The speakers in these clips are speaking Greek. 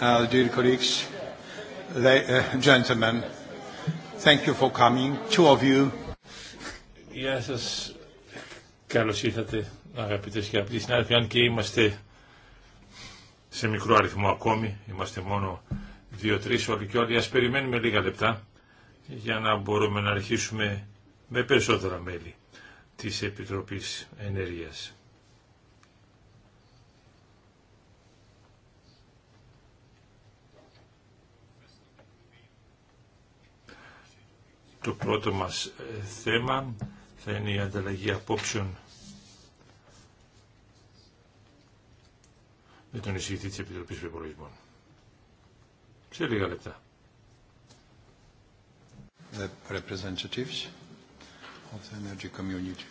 Γεια σας. Καλώς ήρθατε αγαπητές και αγαπητοί συνάδελφοι. Αν και είμαστε σε μικρό αριθμό ακόμη, είμαστε μόνο δύο-τρεις όλοι και όλοι, ας περιμένουμε λίγα λεπτά για να μπορούμε να αρχίσουμε με περισσότερα μέλη της Επιτροπής Ενέργειας. Το πρώτο μας ε, θέμα θα είναι η ανταλλαγή απόψεων με τον εισηγητή της Επιτροπής Προπολογισμών. Σε λίγα λεπτά. The representatives of the energy community.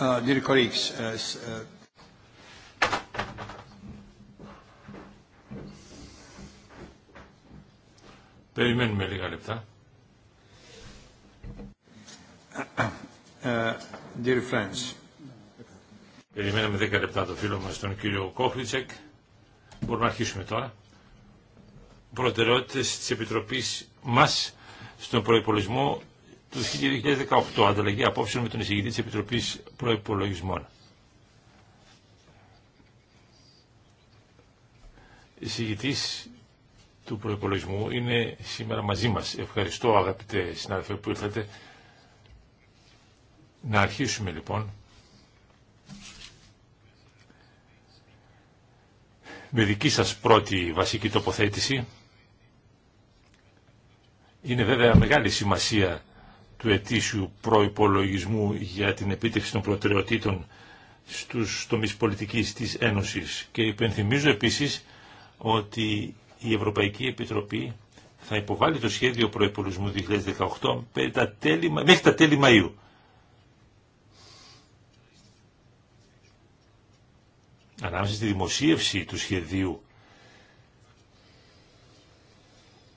Uh, dear colleagues, uh, uh, Περιμένουμε λίγα λεπτά. dear friends. Περιμέναμε 10 λεπτά το φίλο μας τον κύριο Κόχλιτσεκ. Μπορούμε να αρχίσουμε τώρα. Προτεραιότητες της Επιτροπής μας στον προϋπολισμό το 2018, ανταλλαγή απόψεων με τον εισηγητή της Επιτροπής Προϋπολογισμών. Εισηγητής του προϋπολογισμού είναι σήμερα μαζί μας. Ευχαριστώ αγαπητέ συνάδελφε που ήρθατε. Να αρχίσουμε λοιπόν με δική σας πρώτη βασική τοποθέτηση. Είναι βέβαια μεγάλη σημασία του ετήσιου προϋπολογισμού για την επίτευξη των προτεραιοτήτων στους τομείς πολιτικής της Ένωσης. Και υπενθυμίζω επίσης ότι η Ευρωπαϊκή Επιτροπή θα υποβάλει το σχέδιο προϋπολογισμού 2018 τα τέλη, μέχρι τα τέλη Μαΐου. Ανάμεσα στη δημοσίευση του σχεδίου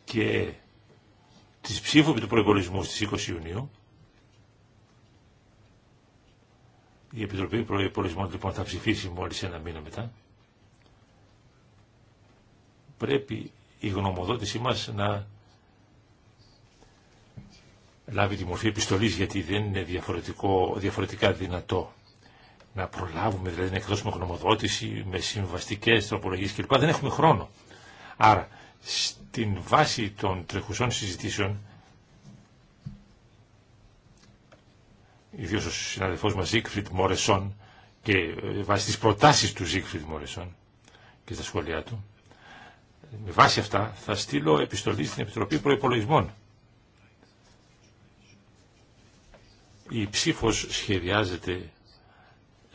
και της ψήφου του προϋπολογισμού στις 20 Ιουνίου. Η Επιτροπή Προϋπολογισμών λοιπόν θα ψηφίσει μόλις ένα μήνα μετά. Πρέπει η γνωμοδότησή μας να λάβει τη μορφή επιστολής γιατί δεν είναι διαφορετικό, διαφορετικά δυνατό να προλάβουμε, δηλαδή να εκδώσουμε γνωμοδότηση με συμβαστικές τροπολογίες κλπ. Δεν έχουμε χρόνο. Άρα στην βάση των τρεχουσών συζητήσεων ιδίως ο συναδελφός μας Ζίκφριτ Μόρεσον και ε, βάσει τις προτάσεις του Ζίκφριτ Μόρεσον και στα σχόλιά του με βάση αυτά θα στείλω επιστολή στην Επιτροπή Προϋπολογισμών η ψήφος σχεδιάζεται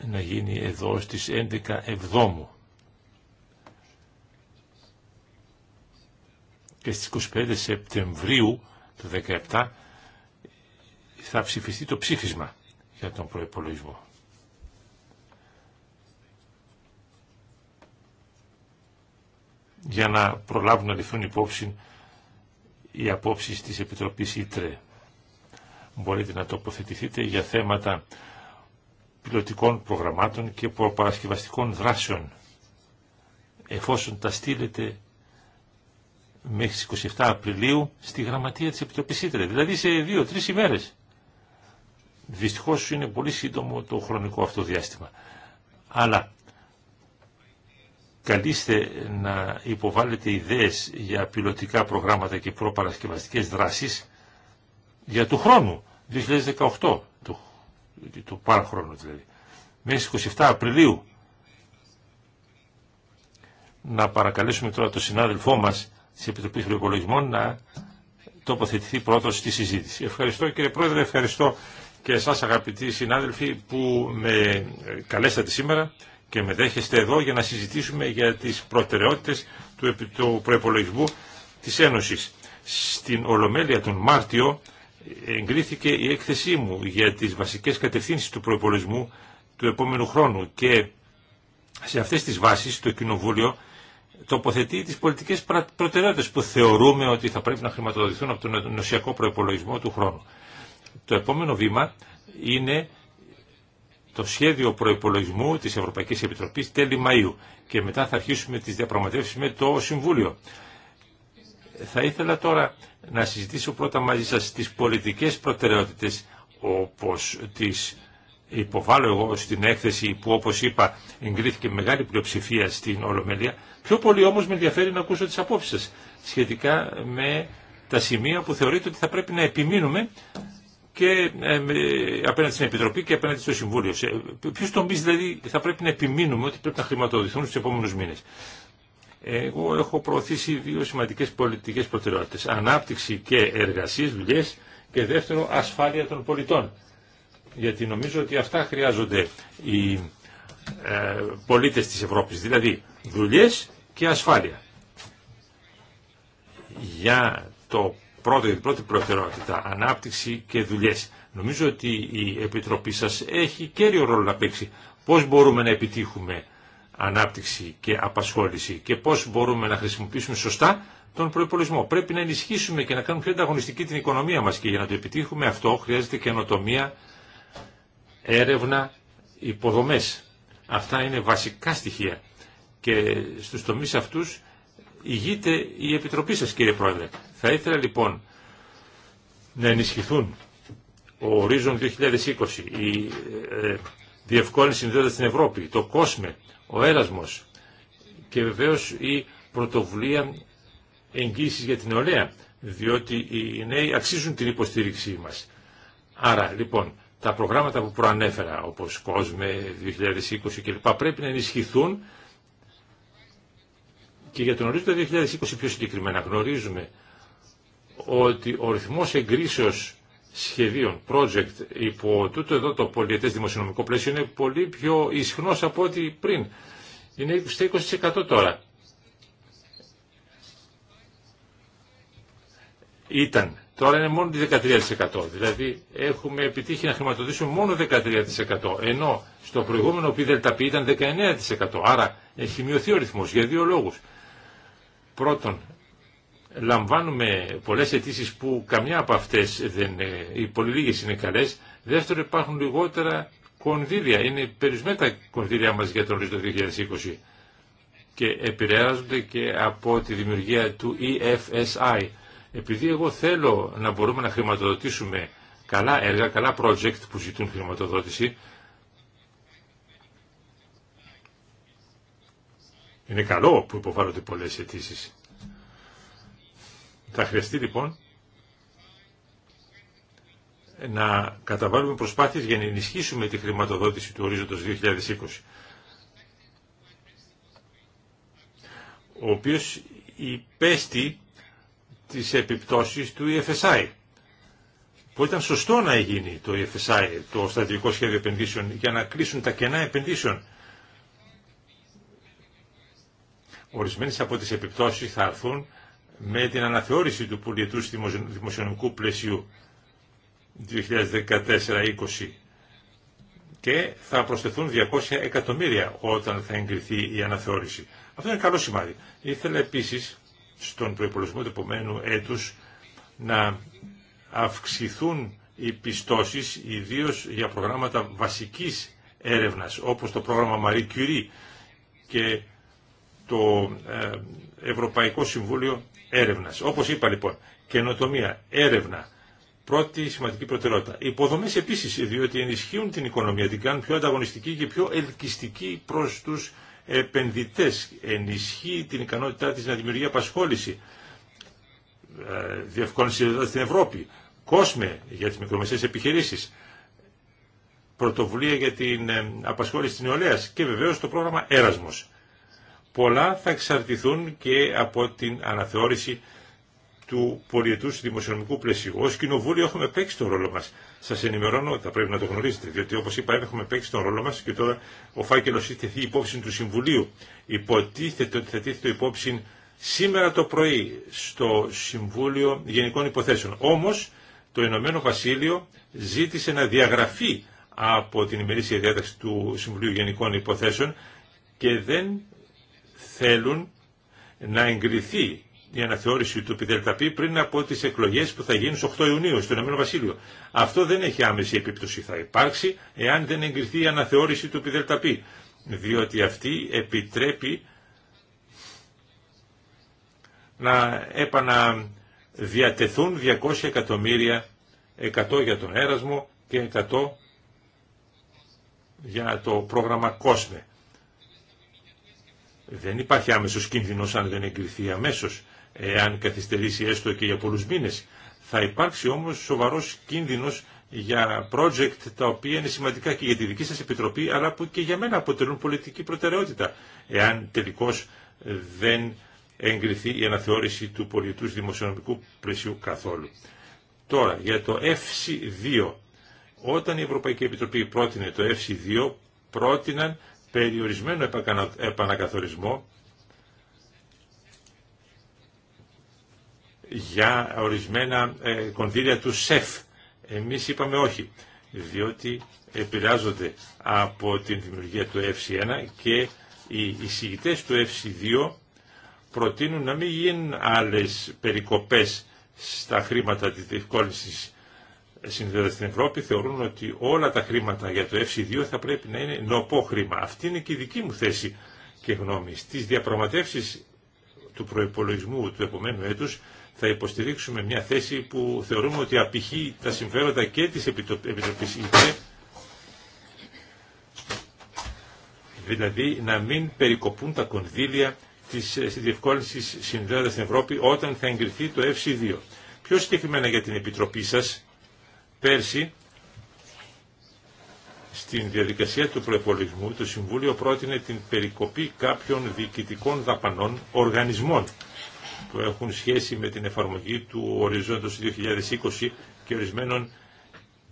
να γίνει εδώ στις 11 Εβδόμου και στις 25 Σεπτεμβρίου του 2017 θα ψηφιστεί το ψήφισμα για τον προϋπολογισμό. για να προλάβουν να ληφθούν υπόψη οι απόψει της Επιτροπής Ήτρε. Μπορείτε να τοποθετηθείτε για θέματα πιλωτικών προγραμμάτων και προπαρασκευαστικών δράσεων εφόσον τα στείλετε μέχρι τις 27 Απριλίου στη γραμματεία της Επιτροπής Ήτρε, δηλαδή σε δύο-τρεις ημέρες. Δυστυχώς είναι πολύ σύντομο το χρονικό αυτό διάστημα. Αλλά καλείστε να υποβάλλετε ιδέες για πιλωτικά προγράμματα και προπαρασκευαστικές δράσεις για του χρόνου, 2018, του, του παραχρόνου δηλαδή, μέχρι 27 Απριλίου. Να παρακαλέσουμε τώρα τον συνάδελφό μας τη επιτροπή Προπολογισμών να τοποθετηθεί πρώτος στη συζήτηση. Ευχαριστώ κύριε Πρόεδρε, ευχαριστώ και εσά αγαπητοί συνάδελφοι που με καλέσατε σήμερα και με δέχεστε εδώ για να συζητήσουμε για τι προτεραιότητε του, προπολογισμού της Ένωσης. Στην Ολομέλεια τον Μάρτιο εγκρίθηκε η έκθεσή μου για τις βασικές κατευθύνσεις του προπολογισμού του επόμενου χρόνου και σε αυτές τις βάσεις το Κοινοβούλιο τοποθετεί τις πολιτικές προτεραιότητες που θεωρούμε ότι θα πρέπει να χρηματοδοτηθούν από τον νοσιακό προϋπολογισμό του χρόνου. Το επόμενο βήμα είναι το σχέδιο προϋπολογισμού της Ευρωπαϊκής Επιτροπής τέλη Μαΐου και μετά θα αρχίσουμε τις διαπραγματεύσεις με το Συμβούλιο. Θα ήθελα τώρα να συζητήσω πρώτα μαζί σας τις πολιτικές προτεραιότητες όπως τις υποβάλλω εγώ στην έκθεση που όπως είπα εγκρίθηκε μεγάλη πλειοψηφία στην Ολομέλεια. Πιο πολύ όμως με ενδιαφέρει να ακούσω τις απόψεις σας σχετικά με τα σημεία που θεωρείτε ότι θα πρέπει να επιμείνουμε και ε, απέναντι στην Επιτροπή και απέναντι στο Συμβούλιο. Ποιο το μπει, δηλαδή θα πρέπει να επιμείνουμε ότι πρέπει να χρηματοδοτηθούν στους επόμενους μήνες. Εγώ έχω προωθήσει δύο σημαντικέ πολιτικέ προτεραιότητε Ανάπτυξη και εργασίε, δουλειέ και δεύτερο ασφάλεια των πολιτών γιατί νομίζω ότι αυτά χρειάζονται οι ε, πολίτες της Ευρώπης, δηλαδή δουλειές και ασφάλεια. Για το πρώτο και την πρώτη προτεραιότητα, ανάπτυξη και δουλειές. Νομίζω ότι η Επιτροπή σας έχει κέριο ρόλο να παίξει. Πώς μπορούμε να επιτύχουμε ανάπτυξη και απασχόληση και πώς μπορούμε να χρησιμοποιήσουμε σωστά τον προπολογισμό. Πρέπει να ενισχύσουμε και να κάνουμε πιο ανταγωνιστική την οικονομία μας και για να το επιτύχουμε αυτό χρειάζεται καινοτομία έρευνα, υποδομές. Αυτά είναι βασικά στοιχεία και στους τομείς αυτούς ηγείται η Επιτροπή σας κύριε Πρόεδρε. Θα ήθελα λοιπόν να ενισχυθούν ο Horizon 2020, η ε, ε, διευκόλυνση συνδέοντας στην Ευρώπη, το κόσμε, ο έρασμος και βεβαίως η πρωτοβουλία εγγύησης για την νεολαία, διότι οι νέοι αξίζουν την υποστήριξή μας. Άρα λοιπόν τα προγράμματα που προανέφερα, όπως COSME 2020 κλπ. πρέπει να ενισχυθούν και για τον ορίζοντα 2020 πιο συγκεκριμένα γνωρίζουμε ότι ο ρυθμός εγκρίσεως σχεδίων, project, υπό τούτο εδώ το πολιετές δημοσιονομικό πλαίσιο είναι πολύ πιο ισχνός από ό,τι πριν. Είναι 20% τώρα. Ήταν Τώρα είναι μόνο 13%. Δηλαδή έχουμε επιτύχει να χρηματοδοτήσουμε μόνο 13%. Ενώ στο προηγούμενο ΠΔΠ ήταν 19%. Άρα έχει μειωθεί ο ρυθμός για δύο λόγους. Πρώτον, λαμβάνουμε πολλές αιτήσει που καμιά από αυτές δεν ε, οι πολύ λίγες είναι καλές. Δεύτερον, υπάρχουν λιγότερα κονδύλια. Είναι περισμένα τα κονδύλια μας για τον 2020 και επηρεάζονται και από τη δημιουργία του EFSI επειδή εγώ θέλω να μπορούμε να χρηματοδοτήσουμε καλά έργα, καλά project που ζητούν χρηματοδότηση, είναι καλό που υποβάλλονται πολλές αιτήσει. Θα χρειαστεί λοιπόν να καταβάλουμε προσπάθειες για να ενισχύσουμε τη χρηματοδότηση του ορίζοντος 2020, ο οποίος υπέστη τις επιπτώσεις του EFSI που ήταν σωστό να γίνει το EFSI, το στρατηγικό σχέδιο επενδύσεων, για να κλείσουν τα κενά επενδύσεων. Ορισμένες από τις επιπτώσεις θα έρθουν με την αναθεώρηση του πολιετού δημοσιονομικού πλαισίου 2014-2020 και θα προσθεθούν 200 εκατομμύρια όταν θα εγκριθεί η αναθεώρηση. Αυτό είναι καλό σημάδι. Ήθελα επίσης στον προπολογισμό του επομένου έτους να αυξηθούν οι πιστώσεις ιδίως για προγράμματα βασικής έρευνας όπως το πρόγραμμα Marie Curie και το ε, Ευρωπαϊκό Συμβούλιο Έρευνας. Όπως είπα λοιπόν, καινοτομία, έρευνα, πρώτη σημαντική προτεραιότητα. Υποδομές επίσης, διότι ενισχύουν την οικονομία, την κάνουν πιο ανταγωνιστική και πιο ελκυστική προς τους επενδυτές, ενισχύει την ικανότητά της να δημιουργεί απασχόληση, ε, διευκόλυνση στην Ευρώπη, κόσμε για τις μικρομεσαίες επιχειρήσεις, πρωτοβουλία για την ε, απασχόληση τη νεολαίας και βεβαίως το πρόγραμμα Έρασμος. Πολλά θα εξαρτηθούν και από την αναθεώρηση του πολιετούς δημοσιονομικού πλαισίου. Ως κοινοβούλιο έχουμε παίξει τον ρόλο μας. Σας ενημερώνω θα πρέπει να το γνωρίζετε, διότι όπως είπα έχουμε παίξει τον ρόλο μας και τώρα ο φάκελος έχει τεθεί υπόψη του Συμβουλίου. Υποτίθεται ότι θα τεθεί υπόψη σήμερα το πρωί στο Συμβούλιο Γενικών Υποθέσεων. Όμως το Ηνωμένο Βασίλειο ζήτησε να διαγραφεί από την ημερήσια διάταξη του Συμβουλίου Γενικών Υποθέσεων και δεν θέλουν να εγκριθεί η αναθεώρηση του ΠΙΔΕΛΤΑΠΗ πριν από τις εκλογές που θα γίνουν στις 8 Ιουνίου στον Ηνωμένο Βασίλειο. Αυτό δεν έχει άμεση επίπτωση. Θα υπάρξει εάν δεν εγκριθεί η αναθεώρηση του ΠΙΔΕΛΤΑΠΗ. Διότι αυτή επιτρέπει να επαναδιατεθούν 200 εκατομμύρια, 100 για τον έρασμο και 100 για το πρόγραμμα COSME. Δεν υπάρχει άμεσος κίνδυνος αν δεν εγκριθεί αμέσως εάν καθυστερήσει έστω και για πολλούς μήνες. Θα υπάρξει όμως σοβαρός κίνδυνος για project τα οποία είναι σημαντικά και για τη δική σας επιτροπή αλλά που και για μένα αποτελούν πολιτική προτεραιότητα εάν τελικώς δεν εγκριθεί η αναθεώρηση του πολιτού δημοσιονομικού πλαισίου καθόλου. Τώρα, για το FC2. Όταν η Ευρωπαϊκή Επιτροπή πρότεινε το FC2, πρότειναν περιορισμένο επανακαθορισμό για ορισμένα ε, κονδύλια του ΣΕΦ. Εμείς είπαμε όχι, διότι επηρεάζονται από την δημιουργία του FC1 και οι εισηγητές του FC2 προτείνουν να μην γίνουν άλλες περικοπές στα χρήματα της διευκόλυνσης συνδέοντας στην Ευρώπη, θεωρούν ότι όλα τα χρήματα για το FC2 θα πρέπει να είναι νοπό χρήμα. Αυτή είναι και η δική μου θέση και γνώμη. Στις διαπραγματεύσεις του προϋπολογισμού του επομένου έτους θα υποστηρίξουμε μια θέση που θεωρούμε ότι απηχεί τα συμφέροντα και της Επιτροπής ΙΤΕ, δηλαδή να μην περικοπούν τα κονδύλια της ε, διευκόλυνσης συνδέοντας στην Ευρώπη όταν θα εγκριθεί το FC2. Πιο συγκεκριμένα για την Επιτροπή σας, πέρσι, στην διαδικασία του προπολογισμού, το Συμβούλιο πρότεινε την περικοπή κάποιων διοικητικών δαπανών οργανισμών που έχουν σχέση με την εφαρμογή του οριζόντος 2020 και ορισμένων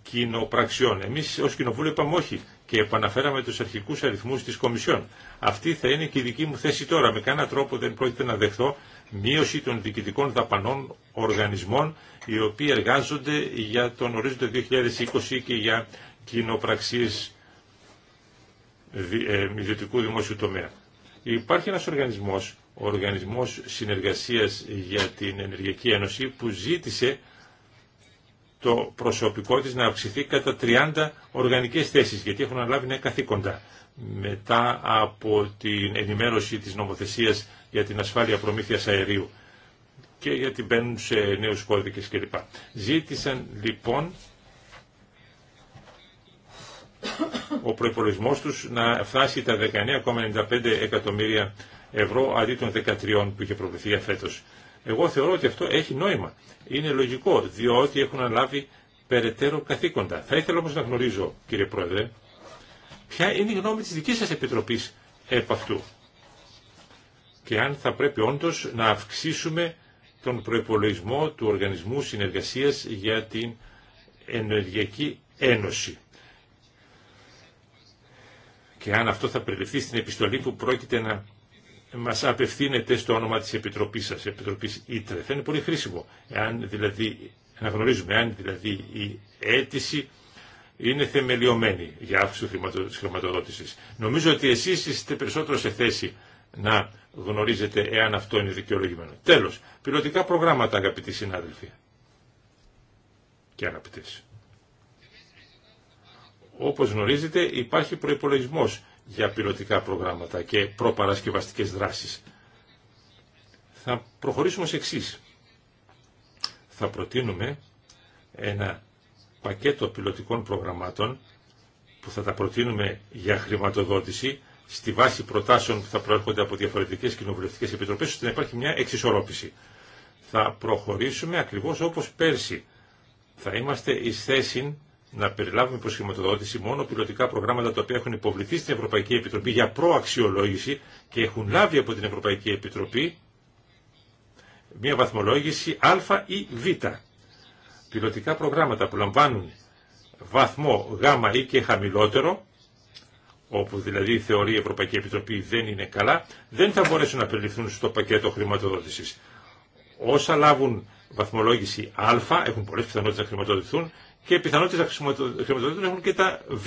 κοινοπραξιών. Εμείς ως κοινοβούλιο είπαμε όχι και επαναφέραμε τους αρχικούς αριθμούς της Κομισιόν. Αυτή θα είναι και η δική μου θέση τώρα. Με κανένα τρόπο δεν πρόκειται να δεχθώ μείωση των διοικητικών δαπανών οργανισμών οι οποίοι εργάζονται για τον ορίζοντα 2020 και για κοινοπραξίες ε, ιδιωτικού δημόσιου τομέα. Υπάρχει ένας οργανισμός Οργανισμός Συνεργασίας για την Ενεργειακή Ένωση που ζήτησε το προσωπικό της να αυξηθεί κατά 30 οργανικές θέσεις γιατί έχουν αναλάβει νέα καθήκοντα. Μετά από την ενημέρωση της νομοθεσίας για την ασφάλεια προμήθειας αερίου και γιατί μπαίνουν σε νέους κώδικες κλπ. Ζήτησαν λοιπόν ο προϋπολογισμός τους να φτάσει τα 19,95 εκατομμύρια ευρώ αντί των 13 που είχε προβληθεί για φέτος. Εγώ θεωρώ ότι αυτό έχει νόημα. Είναι λογικό, διότι έχουν αναλάβει περαιτέρω καθήκοντα. Θα ήθελα όμως να γνωρίζω, κύριε Πρόεδρε, ποια είναι η γνώμη της δικής σας Επιτροπής επ' αυτού. Και αν θα πρέπει όντως να αυξήσουμε τον προϋπολογισμό του Οργανισμού Συνεργασίας για την Ενεργειακή Ένωση. Και αν αυτό θα περιληφθεί στην επιστολή που πρόκειται να μας απευθύνεται στο όνομα της Επιτροπής σας, Επιτροπής Ήτρε. Θα είναι πολύ χρήσιμο, εάν δηλαδή, να γνωρίζουμε, εάν δηλαδή η αίτηση είναι θεμελιωμένη για αύξηση της χρηματοδότησης. Νομίζω ότι εσείς είστε περισσότερο σε θέση να γνωρίζετε εάν αυτό είναι δικαιολογημένο. Τέλος, πιλωτικά προγράμματα αγαπητοί συνάδελφοι και αγαπητές. Όπως γνωρίζετε υπάρχει προϋπολογισμός για πιλωτικά προγράμματα και προπαρασκευαστικές δράσεις. Θα προχωρήσουμε σε εξή. Θα προτείνουμε ένα πακέτο πιλωτικών προγραμμάτων που θα τα προτείνουμε για χρηματοδότηση στη βάση προτάσεων που θα προέρχονται από διαφορετικές κοινοβουλευτικές επιτροπές ώστε να υπάρχει μια εξισορρόπηση. Θα προχωρήσουμε ακριβώς όπως πέρσι. Θα είμαστε εις θέση να περιλάβουμε προ χρηματοδότηση μόνο πιλωτικά προγράμματα τα οποία έχουν υποβληθεί στην Ευρωπαϊκή Επιτροπή για προαξιολόγηση και έχουν λάβει από την Ευρωπαϊκή Επιτροπή μια βαθμολόγηση α ή β. Πιλωτικά προγράμματα που λαμβάνουν βαθμό γ ή και χαμηλότερο, όπου δηλαδή θεωρεί η Ευρωπαϊκή Επιτροπή δεν είναι καλά, δεν θα μπορέσουν να περιληφθούν στο πακέτο χρηματοδότησης. Όσα λάβουν βαθμολόγηση α έχουν πολλές πιθανότητες να χρηματοδοτηθούν, και πιθανότητες να χρηματοδοτούν έχουν και τα Β.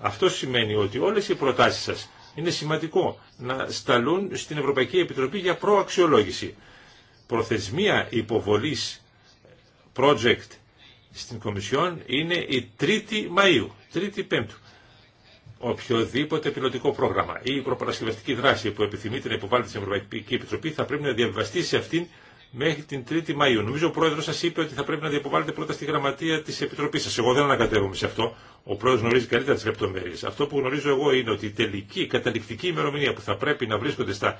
Αυτό σημαίνει ότι όλες οι προτάσεις σας είναι σημαντικό να σταλούν στην Ευρωπαϊκή Επιτροπή για προαξιολόγηση. Προθεσμία υποβολής project στην Κομισιόν είναι η 3η Μαΐου, 3η Πέμπτου. Οποιοδήποτε πιλωτικό πρόγραμμα ή προπαρασκευαστική δράση που επιθυμείτε να υποβάλλετε στην Ευρωπαϊκή Επιτροπή θα πρέπει να διαβιβαστεί σε αυτήν μέχρι την 3η Μαΐου. Νομίζω ο πρόεδρος σας είπε ότι θα πρέπει να διαποβάλλετε πρώτα στη γραμματεία της Επιτροπής σας. Εγώ δεν ανακατεύομαι σε αυτό. Ο πρόεδρος γνωρίζει καλύτερα τις λεπτομέρειες. Αυτό που γνωρίζω εγώ είναι ότι η τελική καταληκτική ημερομηνία που θα πρέπει να βρίσκονται στα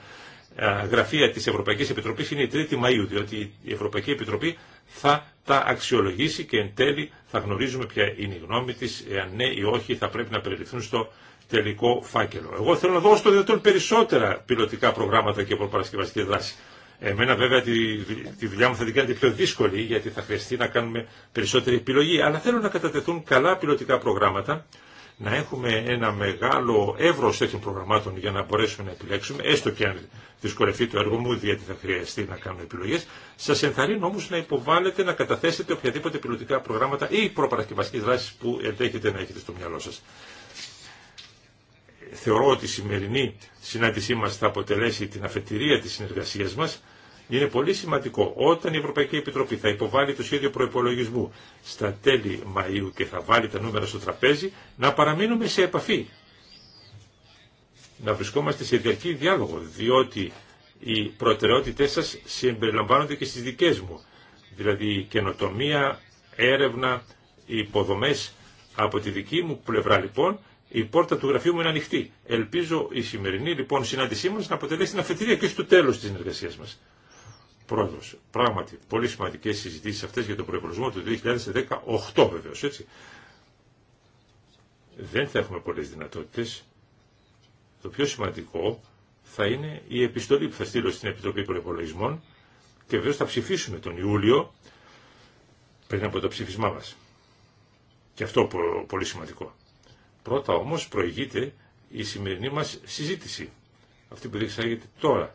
γραφεία της Ευρωπαϊκής Επιτροπής είναι η 3η Μαΐου, διότι η Ευρωπαϊκή Επιτροπή θα τα αξιολογήσει και εν τέλει θα γνωρίζουμε ποια είναι η γνώμη της, εάν ναι ή όχι θα πρέπει να περιληφθούν στο τελικό φάκελο. Εγώ θέλω να δώσω στο δυνατόν περισσότερα πιλωτικά προγράμματα και προπαρασκευαστική δράση. Εμένα βέβαια τη, τη δουλειά μου θα την κάνετε πιο δύσκολη γιατί θα χρειαστεί να κάνουμε περισσότερη επιλογή. Αλλά θέλω να κατατεθούν καλά πιλωτικά προγράμματα, να έχουμε ένα μεγάλο εύρο τέτοιων προγραμμάτων για να μπορέσουμε να επιλέξουμε, έστω και αν δυσκολευτεί το έργο μου γιατί θα χρειαστεί να κάνουμε επιλογέ. Σα ενθαρρύνω όμω να υποβάλλετε, να καταθέσετε οποιαδήποτε πιλωτικά προγράμματα ή προπαρασκευαστικέ δράσει που ενδέχεται να έχετε στο μυαλό σα θεωρώ ότι η σημερινή συνάντησή μα θα αποτελέσει την αφετηρία τη συνεργασία μα. Είναι πολύ σημαντικό όταν η Ευρωπαϊκή Επιτροπή θα υποβάλει το σχέδιο προπολογισμού στα τέλη Μαΐου και θα βάλει τα νούμερα στο τραπέζι να παραμείνουμε σε επαφή. Να βρισκόμαστε σε διαρκή διάλογο διότι οι προτεραιότητές σας συμπεριλαμβάνονται και στις δικές μου. Δηλαδή καινοτομία, έρευνα, υποδομές από τη δική μου πλευρά λοιπόν η πόρτα του γραφείου μου είναι ανοιχτή. Ελπίζω η σημερινή λοιπόν συνάντησή μας να αποτελέσει την αφετηρία και όχι το τέλος της συνεργασίας μας. Πρόεδρο. πράγματι, πολύ σημαντικέ συζητήσει αυτές για τον προϋπολογισμό του 2018 βεβαίω έτσι. Δεν θα έχουμε πολλέ δυνατότητε. Το πιο σημαντικό θα είναι η επιστολή που θα στείλω στην Επιτροπή Προπολογισμών και βεβαίω θα ψηφίσουμε τον Ιούλιο πριν από το ψήφισμά μα. Και αυτό πολύ σημαντικό. Πρώτα όμω προηγείται η σημερινή μα συζήτηση, αυτή που διεξάγεται τώρα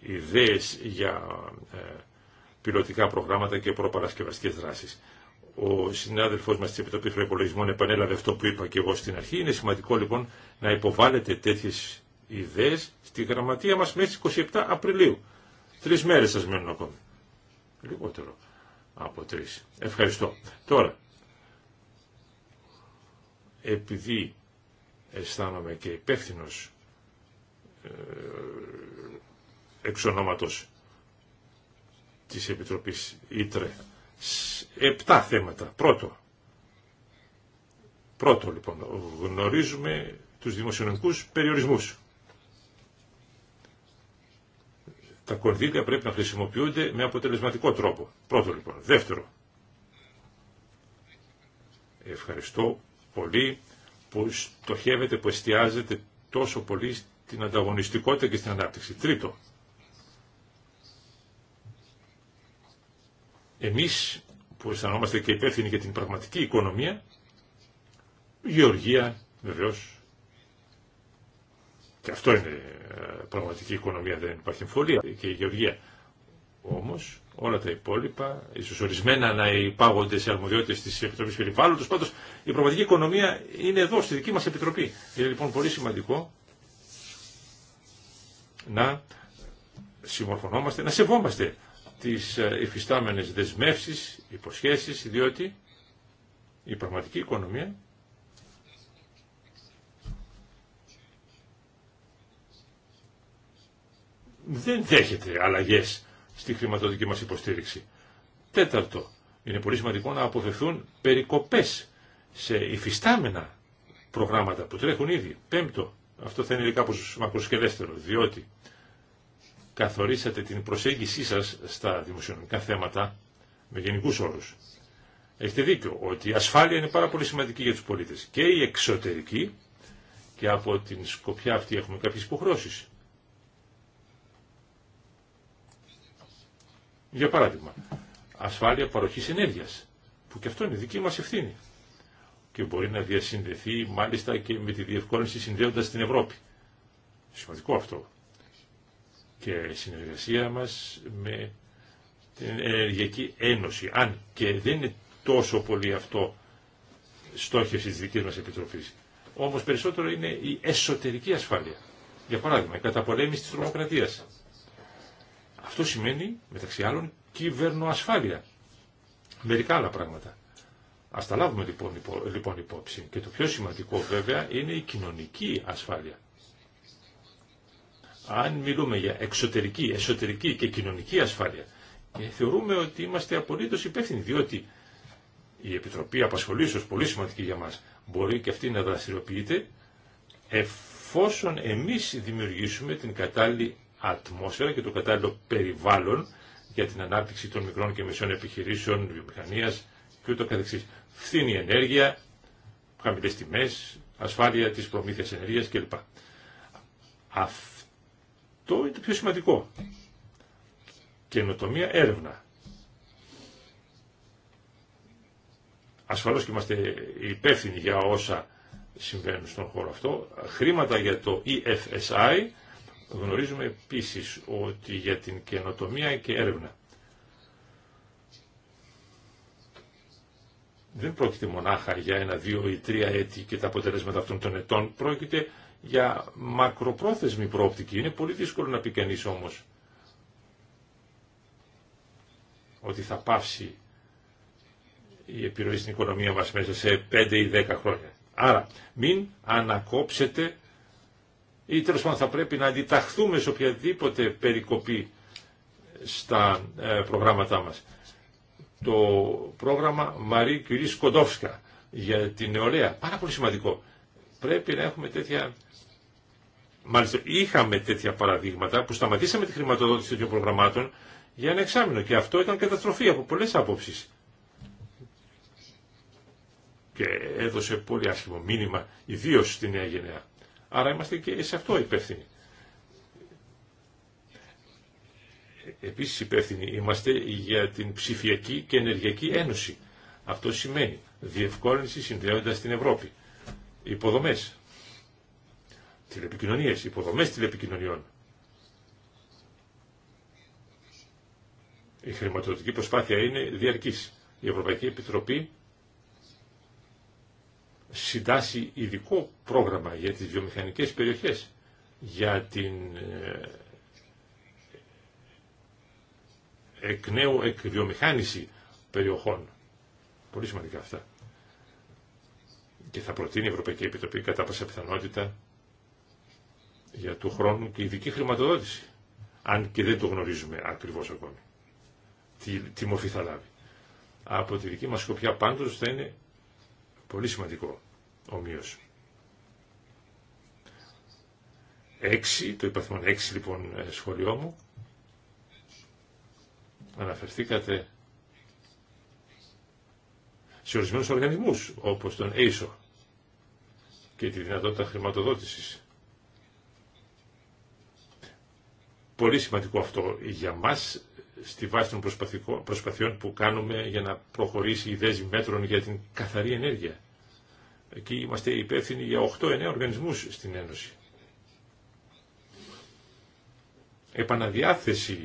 ιδέες για ε, πιλωτικά προγράμματα και προπαρασκευαστικές δράσεις. Ο συνάδελφός μας της Επιτροπής Προϋπολογισμών επανέλαβε αυτό που είπα και εγώ στην αρχή. Είναι σημαντικό λοιπόν να υποβάλλετε τέτοιες ιδέες στη γραμματεία μας μέχρι 27 Απριλίου. Τρεις μέρες σας μένουν ακόμη. Λιγότερο από τρεις. Ευχαριστώ. Τώρα, επειδή αισθάνομαι και υπεύθυνο ε, εξ ονόματος της Επιτροπής Ήτρε επτά θέματα. Πρώτο, πρώτο λοιπόν, γνωρίζουμε τους δημοσιονομικούς περιορισμούς. Τα κονδύλια πρέπει να χρησιμοποιούνται με αποτελεσματικό τρόπο. Πρώτο λοιπόν. Δεύτερο, ευχαριστώ πολύ που στοχεύετε, που εστιάζετε τόσο πολύ στην ανταγωνιστικότητα και στην ανάπτυξη. Τρίτο, Εμείς που αισθανόμαστε και υπεύθυνοι για την πραγματική οικονομία, γεωργία βεβαίως, και αυτό είναι ε, πραγματική οικονομία, δεν υπάρχει εμφωλία και η γεωργία. Όμως όλα τα υπόλοιπα, ίσως ορισμένα να υπάγονται σε αρμοδιότητες της Επιτροπής Περιβάλλοντος, πάντως η πραγματική οικονομία είναι εδώ, στη δική μας Επιτροπή. Είναι λοιπόν πολύ σημαντικό να συμμορφωνόμαστε, να σεβόμαστε τις ε, υφιστάμενες δεσμεύσεις, υποσχέσεις, διότι η πραγματική οικονομία δεν δέχεται αλλαγές στη χρηματοδοτική μας υποστήριξη. Τέταρτο, είναι πολύ σημαντικό να αποφευθούν περικοπές σε υφιστάμενα προγράμματα που τρέχουν ήδη. Πέμπτο, αυτό θα είναι κάπως μακροσκελέστερο, διότι καθορίσατε την προσέγγισή σας στα δημοσιονομικά θέματα με γενικούς όρους. Έχετε δίκιο ότι η ασφάλεια είναι πάρα πολύ σημαντική για τους πολίτες και η εξωτερική και από την σκοπιά αυτή έχουμε κάποιες υποχρώσεις. Για παράδειγμα, ασφάλεια παροχής ενέργειας, που και αυτό είναι δική μας ευθύνη και μπορεί να διασυνδεθεί μάλιστα και με τη διευκόλυνση συνδέοντας την Ευρώπη. Σημαντικό αυτό και συνεργασία μας με την Ενεργειακή Ένωση. Αν και δεν είναι τόσο πολύ αυτό στόχευση της δικής μας Επιτροπής. Όμως περισσότερο είναι η εσωτερική ασφάλεια. Για παράδειγμα, η καταπολέμηση της τρομοκρατίας. Αυτό σημαίνει, μεταξύ άλλων, κυβερνοασφάλεια. Μερικά άλλα πράγματα. Ας τα λάβουμε λοιπόν, υπό, λοιπόν υπόψη. Και το πιο σημαντικό βέβαια είναι η κοινωνική ασφάλεια αν μιλούμε για εξωτερική, εσωτερική και κοινωνική ασφάλεια, θεωρούμε ότι είμαστε απολύτως υπεύθυνοι, διότι η Επιτροπή Απασχολήσεω, πολύ σημαντική για μας, μπορεί και αυτή να δραστηριοποιείται εφόσον εμείς δημιουργήσουμε την κατάλληλη ατμόσφαιρα και το κατάλληλο περιβάλλον για την ανάπτυξη των μικρών και μεσών επιχειρήσεων, βιομηχανία και Φθήνη ενέργεια, χαμηλέ τιμέ, ασφάλεια τη προμήθεια ενέργεια κλπ. Το είναι το πιο σημαντικό. Καινοτομία έρευνα. Ασφαλώς και είμαστε υπεύθυνοι για όσα συμβαίνουν στον χώρο αυτό. Χρήματα για το EFSI γνωρίζουμε επίσης ότι για την καινοτομία και έρευνα. Δεν πρόκειται μονάχα για ένα, δύο ή τρία έτη και τα αποτελέσματα αυτών των ετών. Πρόκειται για μακροπρόθεσμη προοπτική. Είναι πολύ δύσκολο να πει κανείς όμως ότι θα πάψει η επιρροή στην οικονομία μας μέσα σε 5 ή 10 χρόνια. Άρα μην ανακόψετε ή τέλος πάντων θα πρέπει να αντιταχθούμε σε οποιαδήποτε περικοπή στα ε, προγράμματά μας. Το πρόγραμμα Μαρή Curie Σκοντόφσκα για την νεολαία, πάρα πολύ σημαντικό. Πρέπει να έχουμε τέτοια Μάλιστα είχαμε τέτοια παραδείγματα που σταματήσαμε τη χρηματοδότηση τέτοιων προγραμμάτων για ένα εξάμεινο και αυτό ήταν καταστροφή από πολλές άποψει. Και έδωσε πολύ άσχημο μήνυμα, ιδίω στη νέα γενεά. Άρα είμαστε και σε αυτό υπεύθυνοι. Επίσης υπεύθυνοι είμαστε για την ψηφιακή και ενεργειακή ένωση. Αυτό σημαίνει διευκόλυνση συνδέοντας την Ευρώπη. Υποδομές, τηλεπικοινωνίες, υποδομές τηλεπικοινωνιών. Η χρηματοδοτική προσπάθεια είναι διαρκής. Η Ευρωπαϊκή Επιτροπή συντάσσει ειδικό πρόγραμμα για τις βιομηχανικές περιοχές, για την ε, εκ νέου εκβιομηχάνηση περιοχών. Πολύ σημαντικά αυτά. Και θα προτείνει η Ευρωπαϊκή Επιτροπή κατά πάσα πιθανότητα για του χρόνου και ειδική χρηματοδότηση. Αν και δεν το γνωρίζουμε ακριβώς ακόμη. Τι, τι μορφή θα λάβει. Από τη δική μας σκοπιά πάντως θα είναι πολύ σημαντικό ομοίως. έξι το υπαθμό έξι λοιπόν ε, σχολείο μου. Αναφερθήκατε σε ορισμένους οργανισμούς όπως τον ASO και τη δυνατότητα χρηματοδότησης Πολύ σημαντικό αυτό για μας στη βάση των προσπαθειών που κάνουμε για να προχωρήσει η δέση μέτρων για την καθαρή ενέργεια. Εκεί είμαστε υπεύθυνοι για 8-9 οργανισμούς στην Ένωση. Επαναδιάθεση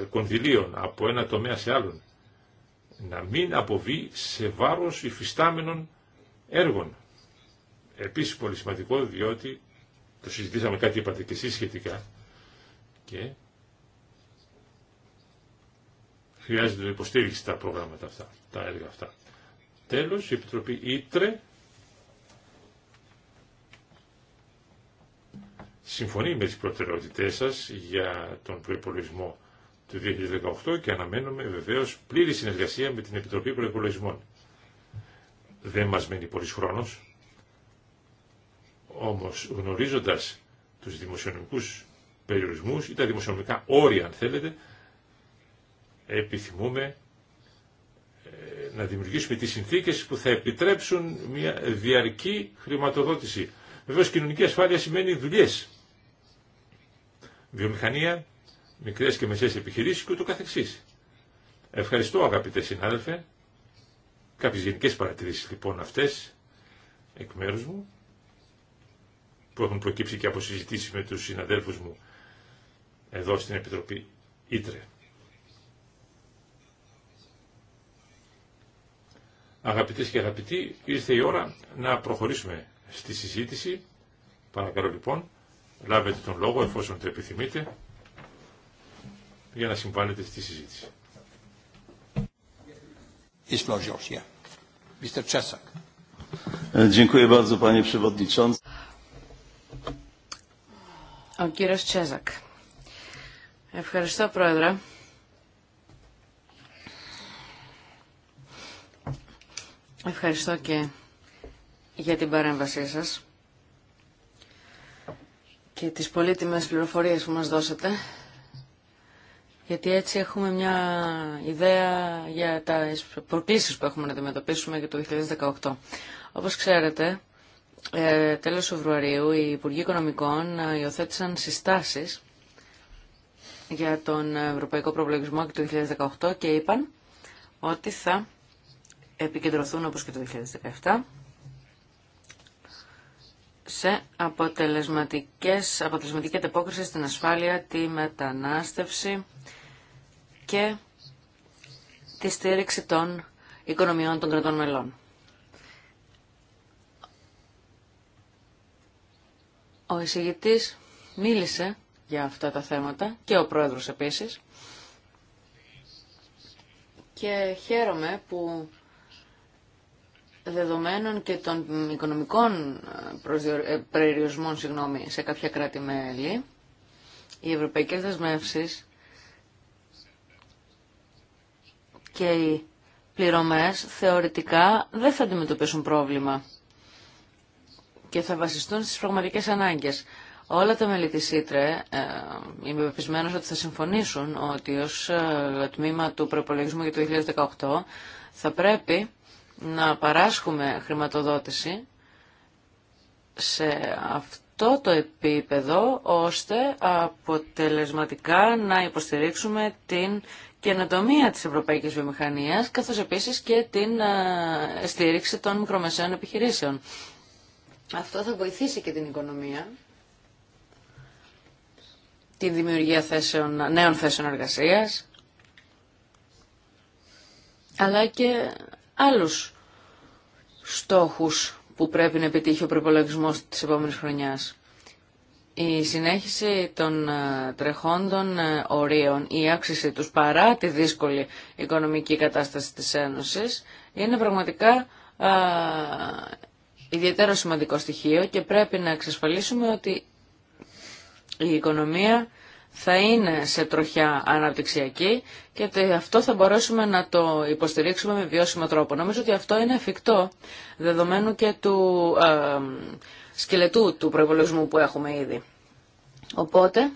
ε, κονδυλίων από ένα τομέα σε άλλον. Να μην αποβεί σε βάρος υφιστάμενων έργων. Επίσης πολύ σημαντικό διότι το συζητήσαμε κάτι είπατε και εσείς σχετικά και χρειάζεται υποστήριξη τα προγράμματα αυτά, τα έργα αυτά. Τέλος, η Επιτροπή Ήτρε συμφωνεί με τις προτεραιότητές σας για τον προϋπολογισμό του 2018 και αναμένουμε βεβαίως πλήρη συνεργασία με την Επιτροπή Προϋπολογισμών. Δεν μας μένει πολύς χρόνος, όμως γνωρίζοντας τους δημοσιονομικούς περιορισμούς ή τα δημοσιονομικά όρια αν θέλετε επιθυμούμε ε, να δημιουργήσουμε τις συνθήκες που θα επιτρέψουν μια διαρκή χρηματοδότηση. Βεβαίως κοινωνική ασφάλεια σημαίνει δουλειές. Βιομηχανία, μικρές και μεσαίες επιχειρήσεις και ούτω καθεξής. Ευχαριστώ αγαπητέ συνάδελφε. Κάποιες γενικές παρατηρήσεις λοιπόν αυτές εκ μέρους μου που έχουν προκύψει και από συζητήσεις με τους συναδέλφους μου εδώ στην Επιτροπή Ήτρε. Αγαπητές και αγαπητοί, ήρθε η ώρα να προχωρήσουμε στη συζήτηση. Παρακαλώ λοιπόν, λάβετε τον λόγο εφόσον το επιθυμείτε για να συμβάλλετε στη συζήτηση. Ε, Ο κύριος Τσέζακ. Ευχαριστώ, Πρόεδρε. Ευχαριστώ και για την παρέμβασή σας και τις πολύτιμες πληροφορίες που μας δώσατε, γιατί έτσι έχουμε μια ιδέα για τα προκλήσεις που έχουμε να αντιμετωπίσουμε για το 2018. Όπως ξέρετε, ε, τέλος Φεβρουαρίου οι Υπουργοί Οικονομικών ε, υιοθέτησαν συστάσεις για τον Ευρωπαϊκό Προβλογισμό και το 2018 και είπαν ότι θα επικεντρωθούν όπως και το 2017 σε αποτελεσματικές, αποτελεσματική ανταπόκριση στην ασφάλεια, τη μετανάστευση και τη στήριξη των οικονομιών των κρατών μελών. Ο εισηγητής μίλησε για αυτά τα θέματα και ο Πρόεδρος επίσης. Και χαίρομαι που δεδομένων και των οικονομικών ε, ε, περιορισμών συγγνώμη, σε κάποια κράτη-μέλη, οι ευρωπαϊκές δεσμεύσεις και οι πληρωμές θεωρητικά δεν θα αντιμετωπίσουν πρόβλημα και θα βασιστούν στις πραγματικές ανάγκες. Όλα τα μέλη της ΣΥΤΡΕ ε, είμαι πεπισμένος ότι θα συμφωνήσουν ότι ως ε, τμήμα του προπολογισμού για το 2018 θα πρέπει να παράσχουμε χρηματοδότηση σε αυτό το επίπεδο ώστε αποτελεσματικά να υποστηρίξουμε την καινοτομία της ευρωπαϊκής βιομηχανίας καθώς επίσης και την ε, στήριξη των μικρομεσαίων επιχειρήσεων. Αυτό θα βοηθήσει και την οικονομία την δημιουργία θέσεων, νέων θέσεων εργασίας, αλλά και άλλους στόχους που πρέπει να επιτύχει ο προπολογισμό της επόμενης χρονιάς. Η συνέχιση των ε, τρεχόντων ε, ορίων, η άξιση τους παρά τη δύσκολη οικονομική κατάσταση της Ένωσης, είναι πραγματικά ε, ιδιαίτερο σημαντικό στοιχείο και πρέπει να εξασφαλίσουμε ότι η οικονομία θα είναι σε τροχιά αναπτυξιακή και αυτό θα μπορέσουμε να το υποστηρίξουμε με βιώσιμο τρόπο. Νομίζω ότι αυτό είναι εφικτό δεδομένου και του σκελετού του προϋπολογισμού που έχουμε ήδη. Οπότε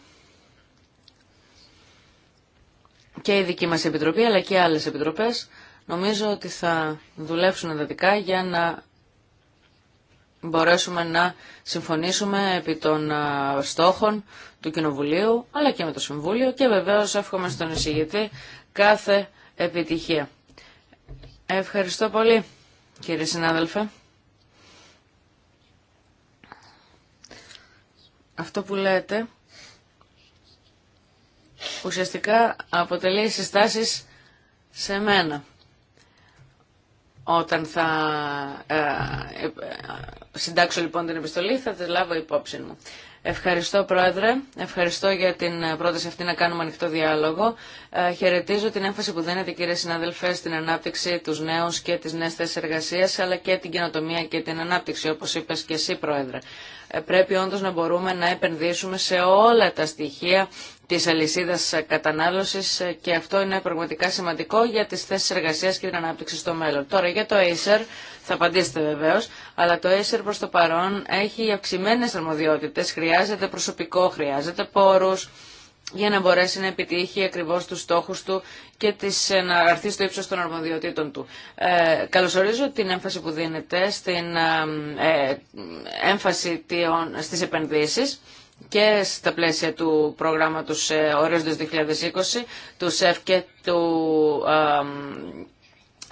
και η δική μας επιτροπή αλλά και άλλες επιτροπές νομίζω ότι θα δουλέψουν εντατικά για να μπορέσουμε να συμφωνήσουμε επί των στόχων του Κοινοβουλίου, αλλά και με το Συμβούλιο και βεβαίως εύχομαι στον εισηγητή κάθε επιτυχία. Ευχαριστώ πολύ, κύριε συνάδελφε. Αυτό που λέτε ουσιαστικά αποτελεί συστάσεις σε μένα. Όταν θα ε, ε, συντάξω λοιπόν την επιστολή θα τη λάβω υπόψη μου. Ευχαριστώ Πρόεδρε, ευχαριστώ για την πρόταση αυτή να κάνουμε ανοιχτό διάλογο. Ε, χαιρετίζω την έμφαση που δίνετε κύριε συνάδελφε στην ανάπτυξη τους νέους και τις νέες θέσεις εργασίας αλλά και την καινοτομία και την ανάπτυξη όπως είπες και εσύ Πρόεδρε. Ε, πρέπει όντως να μπορούμε να επενδύσουμε σε όλα τα στοιχεία της αλυσίδας κατανάλωσης και αυτό είναι πραγματικά σημαντικό για τις θέσεις εργασίας και την ανάπτυξη στο μέλλον. Τώρα για το Acer, θα απαντήσετε βεβαίως, αλλά το Acer προς το παρόν έχει αυξημένες αρμοδιότητες, χρειάζεται προσωπικό, χρειάζεται πόρους, για να μπορέσει να επιτύχει ακριβώς τους στόχους του και τις, να αρθεί στο ύψος των αρμοδιοτήτων του. Ε, καλωσορίζω την έμφαση που δίνεται στην ε, ε έμφαση στις επενδύσεις και στα πλαίσια του προγράμματος ε, ορίζοντας 2020, του ΣΕΦ και του ε,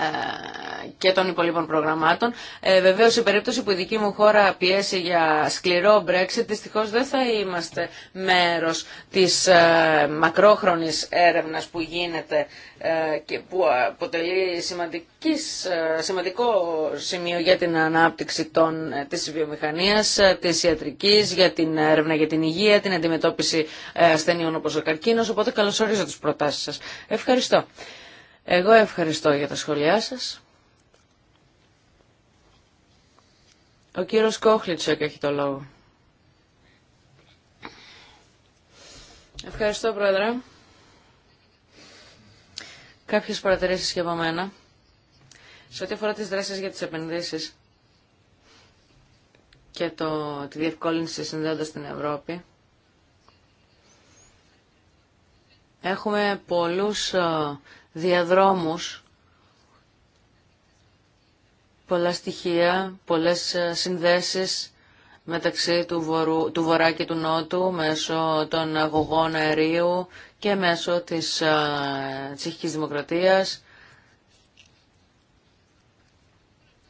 ε, και των υπολείπων προγραμμάτων. Ε, Βεβαίω, σε περίπτωση που η δική μου χώρα πιέσει για σκληρό Brexit, δυστυχώ δεν θα είμαστε μέρο τη ε, μακρόχρονη έρευνα που γίνεται ε, και που αποτελεί σημαντικής, ε, σημαντικό σημείο για την ανάπτυξη τη της βιομηχανίας, της ιατρικής, για την έρευνα για την υγεία, την αντιμετώπιση ασθενειών όπω ο Καρκίνο, οπότε καλωσορίζω τι προτάσει σα. Ευχαριστώ. Εγώ ευχαριστώ για τα σχόλιά σας. Ο κύριος Κόχλιτσεκ έχει το λόγο. Ευχαριστώ, Πρόεδρε. Κάποιες παρατηρήσεις και από μένα. Σε ό,τι αφορά τις δράσεις για τις επενδύσεις και το, τη διευκόλυνση συνδέοντας την Ευρώπη, έχουμε πολλούς ε, διαδρόμους, πολλά στοιχεία, πολλές ε, συνδέσεις μεταξύ του, βορού, βορρά και του νότου μέσω των αγωγών αερίου και μέσω της α, ε, τσιχικής δημοκρατίας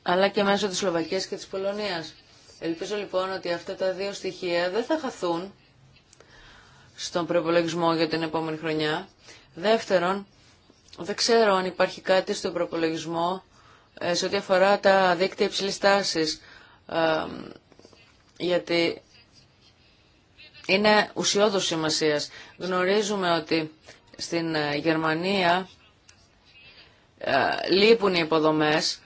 αλλά και μέσω της Σλοβακίας και της Πολωνίας. Ελπίζω λοιπόν ότι αυτά τα δύο στοιχεία δεν θα χαθούν στον προπολογισμό για την επόμενη χρονιά. Δεύτερον, δεν ξέρω αν υπάρχει κάτι στον προπολογισμό ε, σε ό,τι αφορά τα δίκτυα υψηλής τάσης, γιατί είναι ουσιώδος σημασίας. Γνωρίζουμε ότι στην ε, Γερμανία ε, λείπουν οι υποδομές,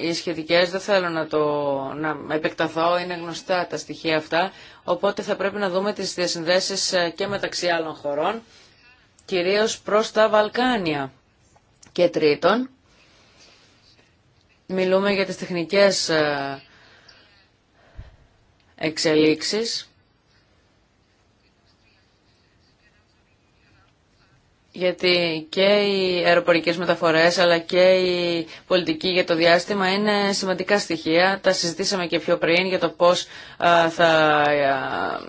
οι σχετικές, δεν θέλω να, το, να επεκταθώ, είναι γνωστά τα στοιχεία αυτά, οπότε θα πρέπει να δούμε τις διασυνδέσεις και μεταξύ άλλων χωρών κυρίως προς τα Βαλκάνια. Και τρίτον, μιλούμε για τις τεχνικές ε, εξελίξεις, γιατί και οι αεροπορικές μεταφορές αλλά και η πολιτική για το διάστημα είναι σημαντικά στοιχεία. Τα συζητήσαμε και πιο πριν για το πώς ε, θα ε,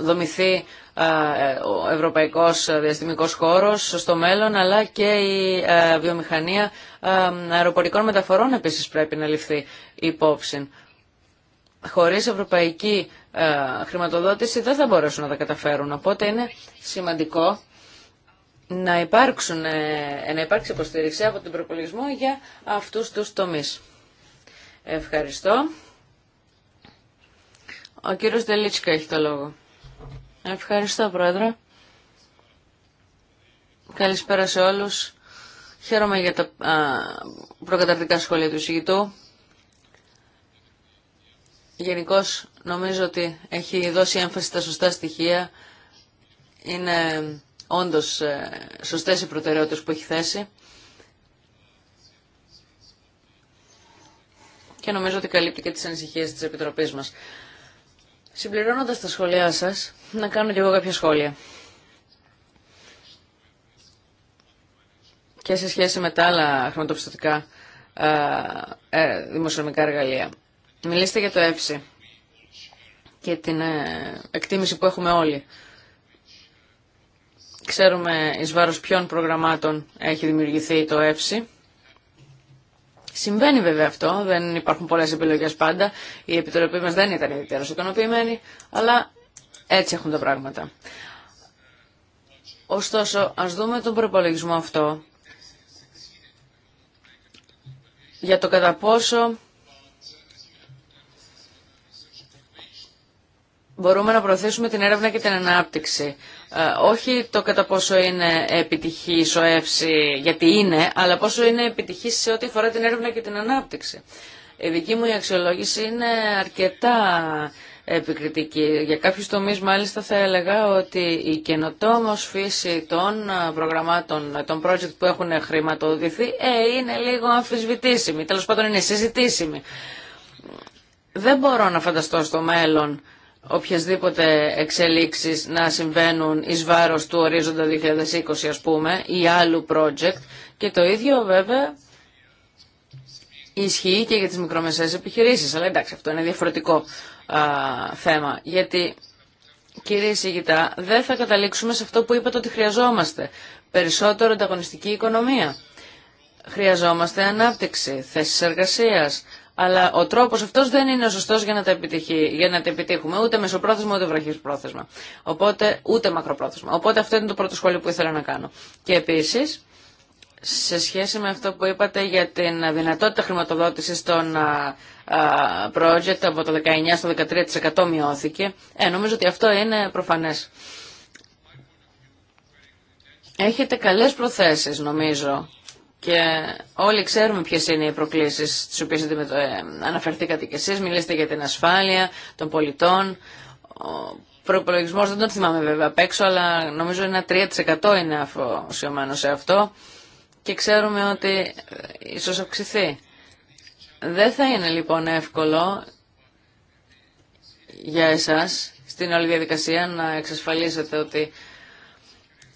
δομηθεί ε, ο ευρωπαϊκός διαστημικός χώρος στο μέλλον, αλλά και η ε, βιομηχανία ε, αεροπορικών μεταφορών επίσης πρέπει να ληφθεί υπόψη. Χωρίς ευρωπαϊκή χρηματοδότηση δεν θα μπορέσουν να τα καταφέρουν, οπότε είναι σημαντικό να, υπάρξουν, να υπάρξει υποστήριξη από τον προπολογισμό για αυτούς τους τομείς. Ευχαριστώ. Ο κύριος Δελίτσικα έχει το λόγο. Ευχαριστώ, Πρόεδρε. Καλησπέρα σε όλους. Χαίρομαι για τα προκαταρτικά σχόλια του εισηγητού. Γενικώ νομίζω ότι έχει δώσει έμφαση στα σωστά στοιχεία. Είναι όντως ε, σωστές οι προτεραιότητες που έχει θέσει. Και νομίζω ότι καλύπτει και τις ανησυχίες της Επιτροπής μας. Συμπληρώνοντα τα σχόλιά σας, να κάνω και εγώ κάποια σχόλια. Και σε σχέση με τα άλλα χρηματοπιστωτικά ε, ε δημοσιονομικά εργαλεία. Μιλήστε για το ΕΦΣΙ και την ε, εκτίμηση που έχουμε όλοι. Ξέρουμε εις βάρος ποιων προγραμμάτων έχει δημιουργηθεί το ΕΦΣΙ Συμβαίνει βέβαια αυτό, δεν υπάρχουν πολλές επιλογές πάντα, η επιτροπή μας δεν ήταν ιδιαίτερα ικανοποιημένη, αλλά έτσι έχουν τα πράγματα. Ωστόσο, ας δούμε τον προπολογισμό αυτό για το κατά πόσο μπορούμε να προωθήσουμε την έρευνα και την ανάπτυξη. Ε, όχι το κατά πόσο είναι επιτυχή η ΣΟΕΦΣΗ, γιατί είναι, αλλά πόσο είναι επιτυχή σε ό,τι αφορά την έρευνα και την ανάπτυξη. Η δική μου η αξιολόγηση είναι αρκετά επικριτική. Για κάποιου τομεί, μάλιστα, θα έλεγα ότι η καινοτόμο φύση των ε, προγραμμάτων, ε, των project που έχουν χρηματοδοτηθεί, ε, είναι λίγο αμφισβητήσιμη. Τέλο πάντων, είναι συζητήσιμη. Δεν μπορώ να φανταστώ στο μέλλον οποιασδήποτε εξελίξεις να συμβαίνουν εις βάρος του ορίζοντα 2020 ας πούμε ή άλλου project και το ίδιο βέβαια ισχύει και για τις μικρομεσαίες επιχειρήσεις αλλά εντάξει αυτό είναι διαφορετικό θέμα γιατί κύριε Σιγητά δεν θα καταλήξουμε σε αυτό που είπατε ότι χρειαζόμαστε περισσότερο ανταγωνιστική οικονομία χρειαζόμαστε ανάπτυξη, θέσεις εργασίας αλλά ο τρόπο αυτό δεν είναι ο σωστό για, να τα για να τα επιτύχουμε, ούτε μεσοπρόθεσμα ούτε πρόθεσμα. Οπότε, ούτε μακροπρόθεσμα. Οπότε αυτό είναι το πρώτο σχόλιο που ήθελα να κάνω. Και επίση, σε σχέση με αυτό που είπατε για την δυνατότητα χρηματοδότηση των project από το 19% στο 13% μειώθηκε, ε, νομίζω ότι αυτό είναι προφανέ. Έχετε καλές προθέσεις νομίζω και όλοι ξέρουμε ποιες είναι οι προκλήσεις στις οποίες ε, αναφερθήκατε κι εσείς. Μιλήσατε για την ασφάλεια των πολιτών. Ο προπολογισμό δεν τον θυμάμαι βέβαια απ' έξω, αλλά νομίζω ένα 3% είναι αφοσιωμένο σε αυτό. Και ξέρουμε ότι ε, ίσως αυξηθεί. Δεν θα είναι λοιπόν εύκολο για εσάς στην όλη διαδικασία να εξασφαλίσετε ότι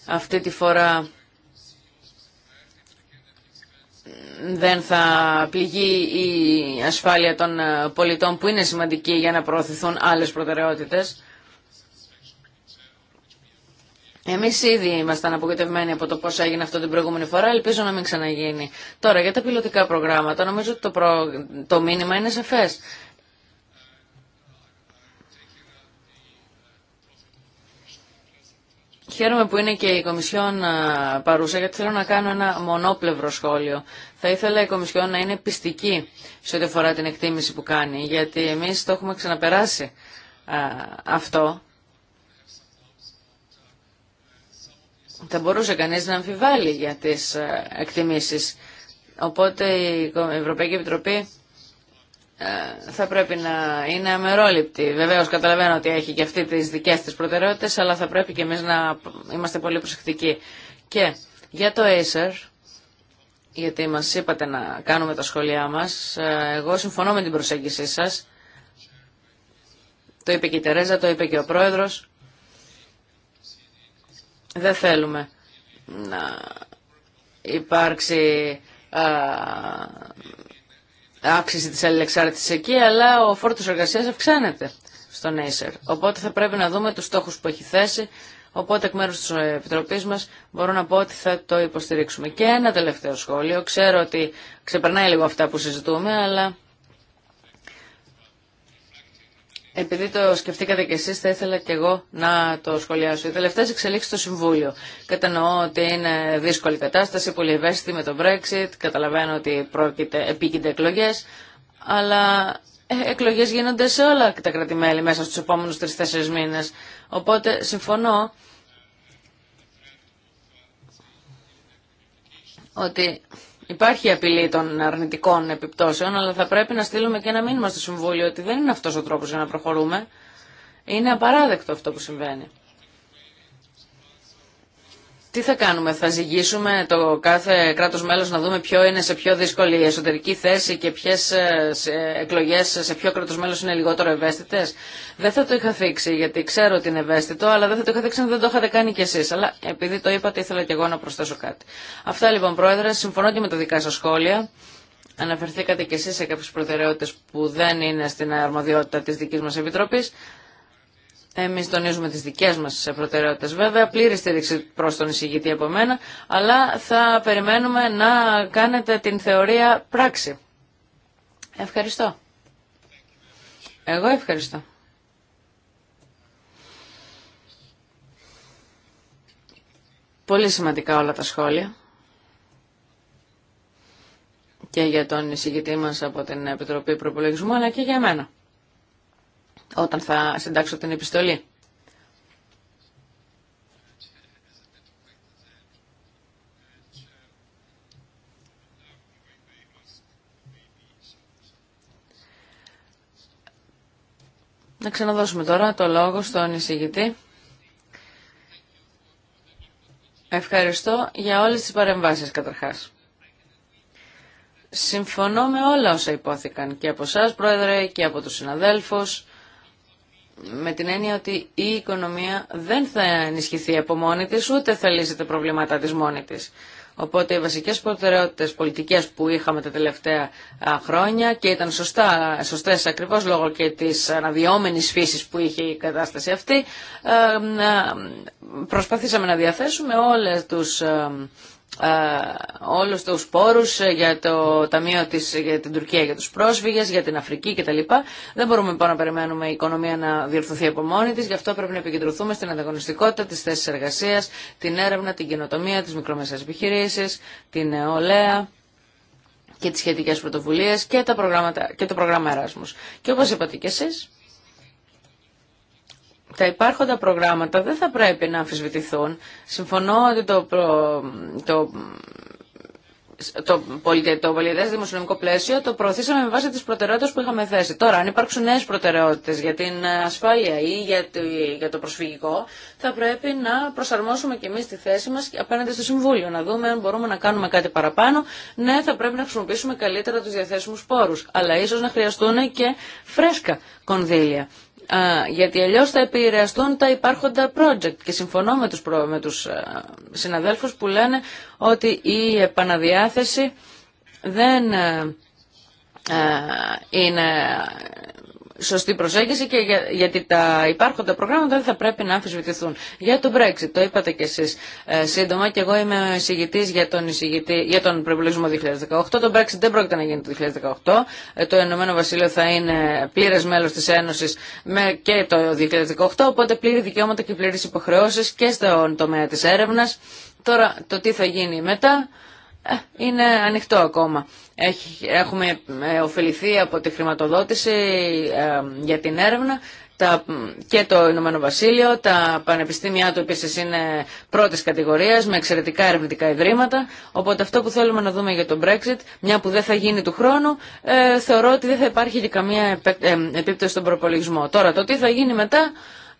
αυτή τη φορά δεν θα πληγεί η ασφάλεια των ε, πολιτών που είναι σημαντική για να προωθηθούν άλλες προτεραιότητες. Εμείς ήδη ήμασταν απογοητευμένοι από το πώς έγινε αυτό την προηγούμενη φορά, ελπίζω να μην ξαναγίνει. Τώρα για τα πιλωτικά προγράμματα, νομίζω ότι το, το μήνυμα είναι σαφές. Χαίρομαι που είναι και η Κομισιόν παρούσα, γιατί θέλω να κάνω ένα μονόπλευρο σχόλιο. Θα ήθελα η Κομισιόν να είναι πιστική σε ό,τι αφορά την εκτίμηση που κάνει, γιατί εμείς το έχουμε ξαναπεράσει αυτό. Θα μπορούσε κανείς να αμφιβάλλει για τις εκτιμήσεις. Οπότε η Ευρωπαϊκή Επιτροπή ε, θα πρέπει να είναι αμερόληπτη. Βεβαίως καταλαβαίνω ότι έχει και αυτή τις δικές της προτεραιότητες, αλλά θα πρέπει και εμείς να είμαστε πολύ προσεκτικοί. Και για το Acer, γιατί μας είπατε να κάνουμε τα σχόλιά μας, ε, εγώ συμφωνώ με την προσέγγιση σας. Το είπε και η Τερέζα, το είπε και ο Πρόεδρος. Δεν θέλουμε να υπάρξει ε, αύξηση της αλληλεξάρτησης εκεί, αλλά ο φόρτος εργασίας αυξάνεται στον Acer. Οπότε θα πρέπει να δούμε τους στόχους που έχει θέσει, οπότε εκ μέρους της Επιτροπής μας μπορώ να πω ότι θα το υποστηρίξουμε. Και ένα τελευταίο σχόλιο, ξέρω ότι ξεπερνάει λίγο αυτά που συζητούμε, αλλά Επειδή το σκεφτήκατε κι εσείς, θα ήθελα κι εγώ να το σχολιάσω. Οι τελευταίες εξελίξεις στο Συμβούλιο. Κατανοώ ότι είναι δύσκολη κατάσταση, πολύ ευαίσθητη με το Brexit, καταλαβαίνω ότι πρόκειται επίκυνται εκλογές, αλλά ε, εκλογές γίνονται σε όλα τα κρατημέλη μέσα στους επόμενους τρει-τέσσερι μήνες. Οπότε συμφωνώ ότι Υπάρχει απειλή των αρνητικών επιπτώσεων, αλλά θα πρέπει να στείλουμε και ένα μήνυμα στο Συμβούλιο ότι δεν είναι αυτός ο τρόπος για να προχωρούμε. Είναι απαράδεκτο αυτό που συμβαίνει. Τι θα κάνουμε, θα ζυγίσουμε το κάθε κράτος μέλος να δούμε ποιο είναι σε πιο δύσκολη εσωτερική θέση και ποιες ε, εκλογές σε ποιο κράτος μέλος είναι λιγότερο ευαίσθητες. Δεν θα το είχα θίξει γιατί ξέρω ότι είναι ευαίσθητο, αλλά δεν θα το είχα θίξει αν δεν το είχατε κάνει κι εσείς. Αλλά επειδή το είπατε ήθελα κι εγώ να προσθέσω κάτι. Αυτά λοιπόν πρόεδρε, συμφωνώ και με τα δικά σας σχόλια. Αναφερθήκατε κι εσείς σε κάποιες προτεραιότητε που δεν είναι στην αρμοδιότητα της δικής μας Επιτροπής. Εμεί τονίζουμε τις δικέ μας προτεραιότητε, βέβαια, πλήρη στήριξη προς τον εισηγητή από μένα, αλλά θα περιμένουμε να κάνετε την θεωρία πράξη. Ευχαριστώ. Εγώ ευχαριστώ. Πολύ σημαντικά όλα τα σχόλια και για τον εισηγητή μας από την Επιτροπή Προπολογισμού αλλά και για μένα όταν θα συντάξω την επιστολή. Να ξαναδώσουμε τώρα το λόγο στον εισηγητή. Ευχαριστώ για όλες τις παρεμβάσεις καταρχάς. Συμφωνώ με όλα όσα υπόθηκαν και από εσά, Πρόεδρε, και από τους συναδέλφους με την έννοια ότι η οικονομία δεν θα ενισχυθεί από μόνη της, ούτε θα λύσει τα προβλήματά της μόνη της. Οπότε οι βασικές προτεραιότητες πολιτικές που είχαμε τα τελευταία χρόνια και ήταν σωστά, σωστές ακριβώς λόγω και της αναδυόμενης φύσης που είχε η κατάσταση αυτή, ε, ε, ε, προσπαθήσαμε να διαθέσουμε όλες τους ε, Όλου του πόρου ε, για το Ταμείο της, για την Τουρκία για τους πρόσφυγε, για την Αφρική κτλ. Δεν μπορούμε πάνω λοιπόν να περιμένουμε η οικονομία να διορθωθεί από μόνη της, γι' αυτό πρέπει να επικεντρωθούμε στην ανταγωνιστικότητα της θέσης εργασία, την έρευνα, την κοινοτομία τι μικρομεσαίε επιχειρήσει, την νεολαία και τις σχετικές πρωτοβουλίες και, τα και το πρόγραμμα Εράσμους. Και όπως είπατε και εσείς, τα υπάρχοντα προγράμματα δεν θα πρέπει να αμφισβητηθούν. Συμφωνώ ότι το, προ... το το, δημοσιονομικό πλαίσιο το προωθήσαμε με βάση τις προτεραιότητες που είχαμε θέσει. Τώρα, αν υπάρξουν νέες προτεραιότητες για την ασφάλεια ή για το, για το προσφυγικό, θα πρέπει να προσαρμόσουμε και εμείς τη θέση μας απέναντι στο Συμβούλιο, να δούμε αν μπορούμε να κάνουμε κάτι παραπάνω. Ναι, θα πρέπει να χρησιμοποιήσουμε καλύτερα τους διαθέσιμους πόρους, αλλά ίσως να χρειαστούν και φρέσκα κονδύλια γιατί αλλιώς θα επηρεαστούν τα υπάρχοντα project και συμφωνώ με τους, με τους συναδέλφους που λένε ότι η επαναδιάθεση δεν ε, ε, είναι σωστή προσέγγιση και για, γιατί τα υπάρχοντα προγράμματα δεν θα πρέπει να αμφισβητηθούν. Για το Brexit, το είπατε κι εσείς ε, σύντομα και εγώ είμαι εισηγητής για τον, εισηγητή, για τον προϋπολογισμό 2018. Το Brexit δεν πρόκειται να γίνει το 2018. Ε, το Ηνωμένο Βασίλειο θα είναι πλήρε μέλος της Ένωσης και το 2018, οπότε πλήρη δικαιώματα και πλήρε υποχρεώσει και στον τομέα της έρευνα. Τώρα το τι θα γίνει μετά ε, είναι ανοιχτό ακόμα. Έχουμε ε, ωφεληθεί από τη χρηματοδότηση ε, για την έρευνα και το Ηνωμένο Βασίλειο. Τα πανεπιστήμια του επίση είναι πρώτη κατηγορία με εξαιρετικά ερευνητικά ιδρύματα. Οπότε αυτό που θέλουμε να δούμε για τον Brexit, μια που δεν θα γίνει του χρόνου, θεωρώ ότι δεν θα υπάρχει και καμία επίπτωση στον προπολογισμό. Τώρα, το τι θα γίνει μετά,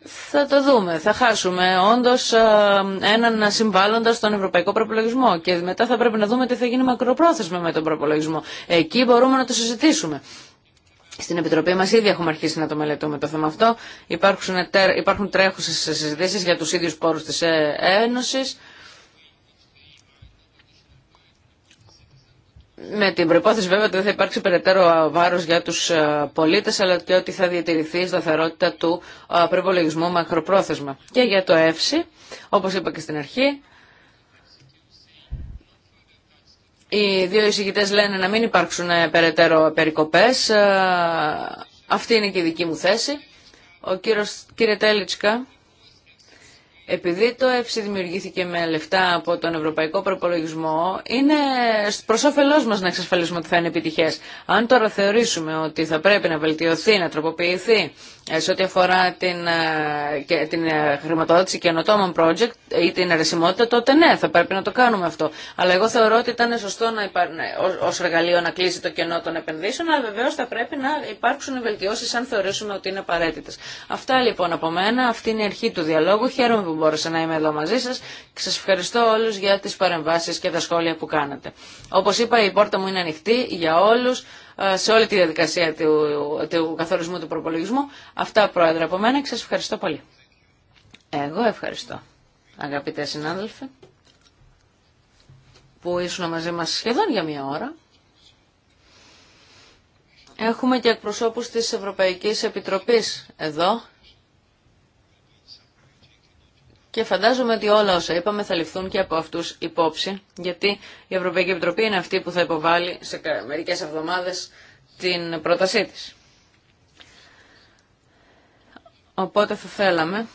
θα το δούμε. Θα χάσουμε όντω ε, έναν συμβάλλοντα στον ευρωπαϊκό προπολογισμό και μετά θα πρέπει να δούμε τι θα γίνει μακροπρόθεσμα με τον προπολογισμό. Εκεί μπορούμε να το συζητήσουμε. Στην Επιτροπή μα ήδη έχουμε αρχίσει να το μελετούμε το θέμα αυτό. Υπάρχουν, υπάρχουν τρέχουσε συζητήσει για του ίδιου πόρου τη ε, Ένωση. με την προπόθεση βέβαια ότι δεν θα υπάρξει περαιτέρω βάρο για του ε, πολίτε, αλλά και ότι θα διατηρηθεί η σταθερότητα του ε, προπολογισμού μακροπρόθεσμα. Και για το ΕΦΣΥ, όπω είπα και στην αρχή, οι δύο εισηγητέ λένε να μην υπάρξουν ε, περαιτέρω περικοπέ. Αυτή είναι και η δική μου θέση. Ο κύριος, κύριε Τέλιτσκα, επειδή το ΕΦΣΙ δημιουργήθηκε με λεφτά από τον Ευρωπαϊκό Προπολογισμό, είναι προ όφελό μα να εξασφαλίσουμε ότι θα είναι επιτυχέ. Αν τώρα θεωρήσουμε ότι θα πρέπει να βελτιωθεί, να τροποποιηθεί ε, σε ό,τι αφορά την, ε, την ε, χρηματοδότηση καινοτόμων project ή την αρεσιμότητα, τότε ναι, θα πρέπει να το κάνουμε αυτό. Αλλά εγώ θεωρώ ότι ήταν σωστό να υπά... Ναι, ω εργαλείο να κλείσει το κενό των επενδύσεων, αλλά βεβαίω θα πρέπει να υπάρξουν βελτιώσει αν θεωρήσουμε ότι είναι απαραίτητε. Αυτά λοιπόν από μένα. Αυτή είναι η αρχή του διαλόγου. Χαίρομαι που μπόρεσα να είμαι εδώ μαζί σας και σας ευχαριστώ όλους για τις παρεμβάσεις και τα σχόλια που κάνατε. Όπως είπα η πόρτα μου είναι ανοιχτή για όλους ε, σε όλη τη διαδικασία του, καθορισμού του προπολογισμού. Αυτά πρόεδρε από μένα και σας ευχαριστώ πολύ. Εγώ ευχαριστώ αγαπητέ συνάδελφοι που ήσουν μαζί μας σχεδόν για μία ώρα. Έχουμε και εκπροσώπους της Ευρωπαϊκής Επιτροπής εδώ. Και φαντάζομαι ότι όλα όσα είπαμε θα ληφθούν και από αυτούς υπόψη, γιατί η Ευρωπαϊκή Επιτροπή είναι αυτή που θα υποβάλει σε μερικές εβδομάδες την πρότασή της. Οπότε θα θέλαμε,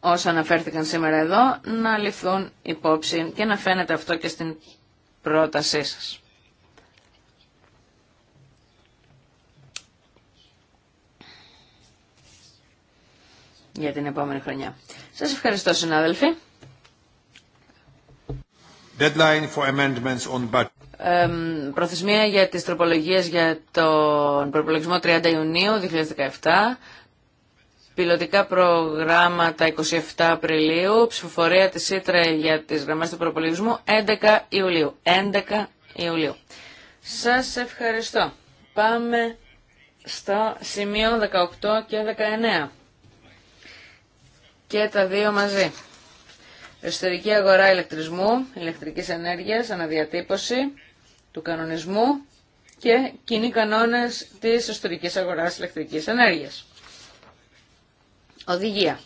όσα αναφέρθηκαν σήμερα εδώ, να ληφθούν υπόψη και να φαίνεται αυτό και στην πρότασή σας. για την επόμενη χρονιά. Σας ευχαριστώ συνάδελφοι. Deadline for amendments on budget. προθεσμία για τις τροπολογίες για τον προπολογισμό 30 Ιουνίου 2017. Πιλωτικά προγράμματα 27 Απριλίου, ψηφοφορία της ΣΥΤΡΕ για τις γραμμές του προπολογισμού 11 Ιουλίου. 11 Ιουλίου. Σας ευχαριστώ. Πάμε στο σημείο 18 και 19 και τα δύο μαζί. Εσωτερική αγορά ηλεκτρισμού, ηλεκτρικής ενέργειας, αναδιατύπωση του κανονισμού και κοινή κανόνες της εσωτερικής αγοράς ηλεκτρικής ενέργειας. Οδηγία.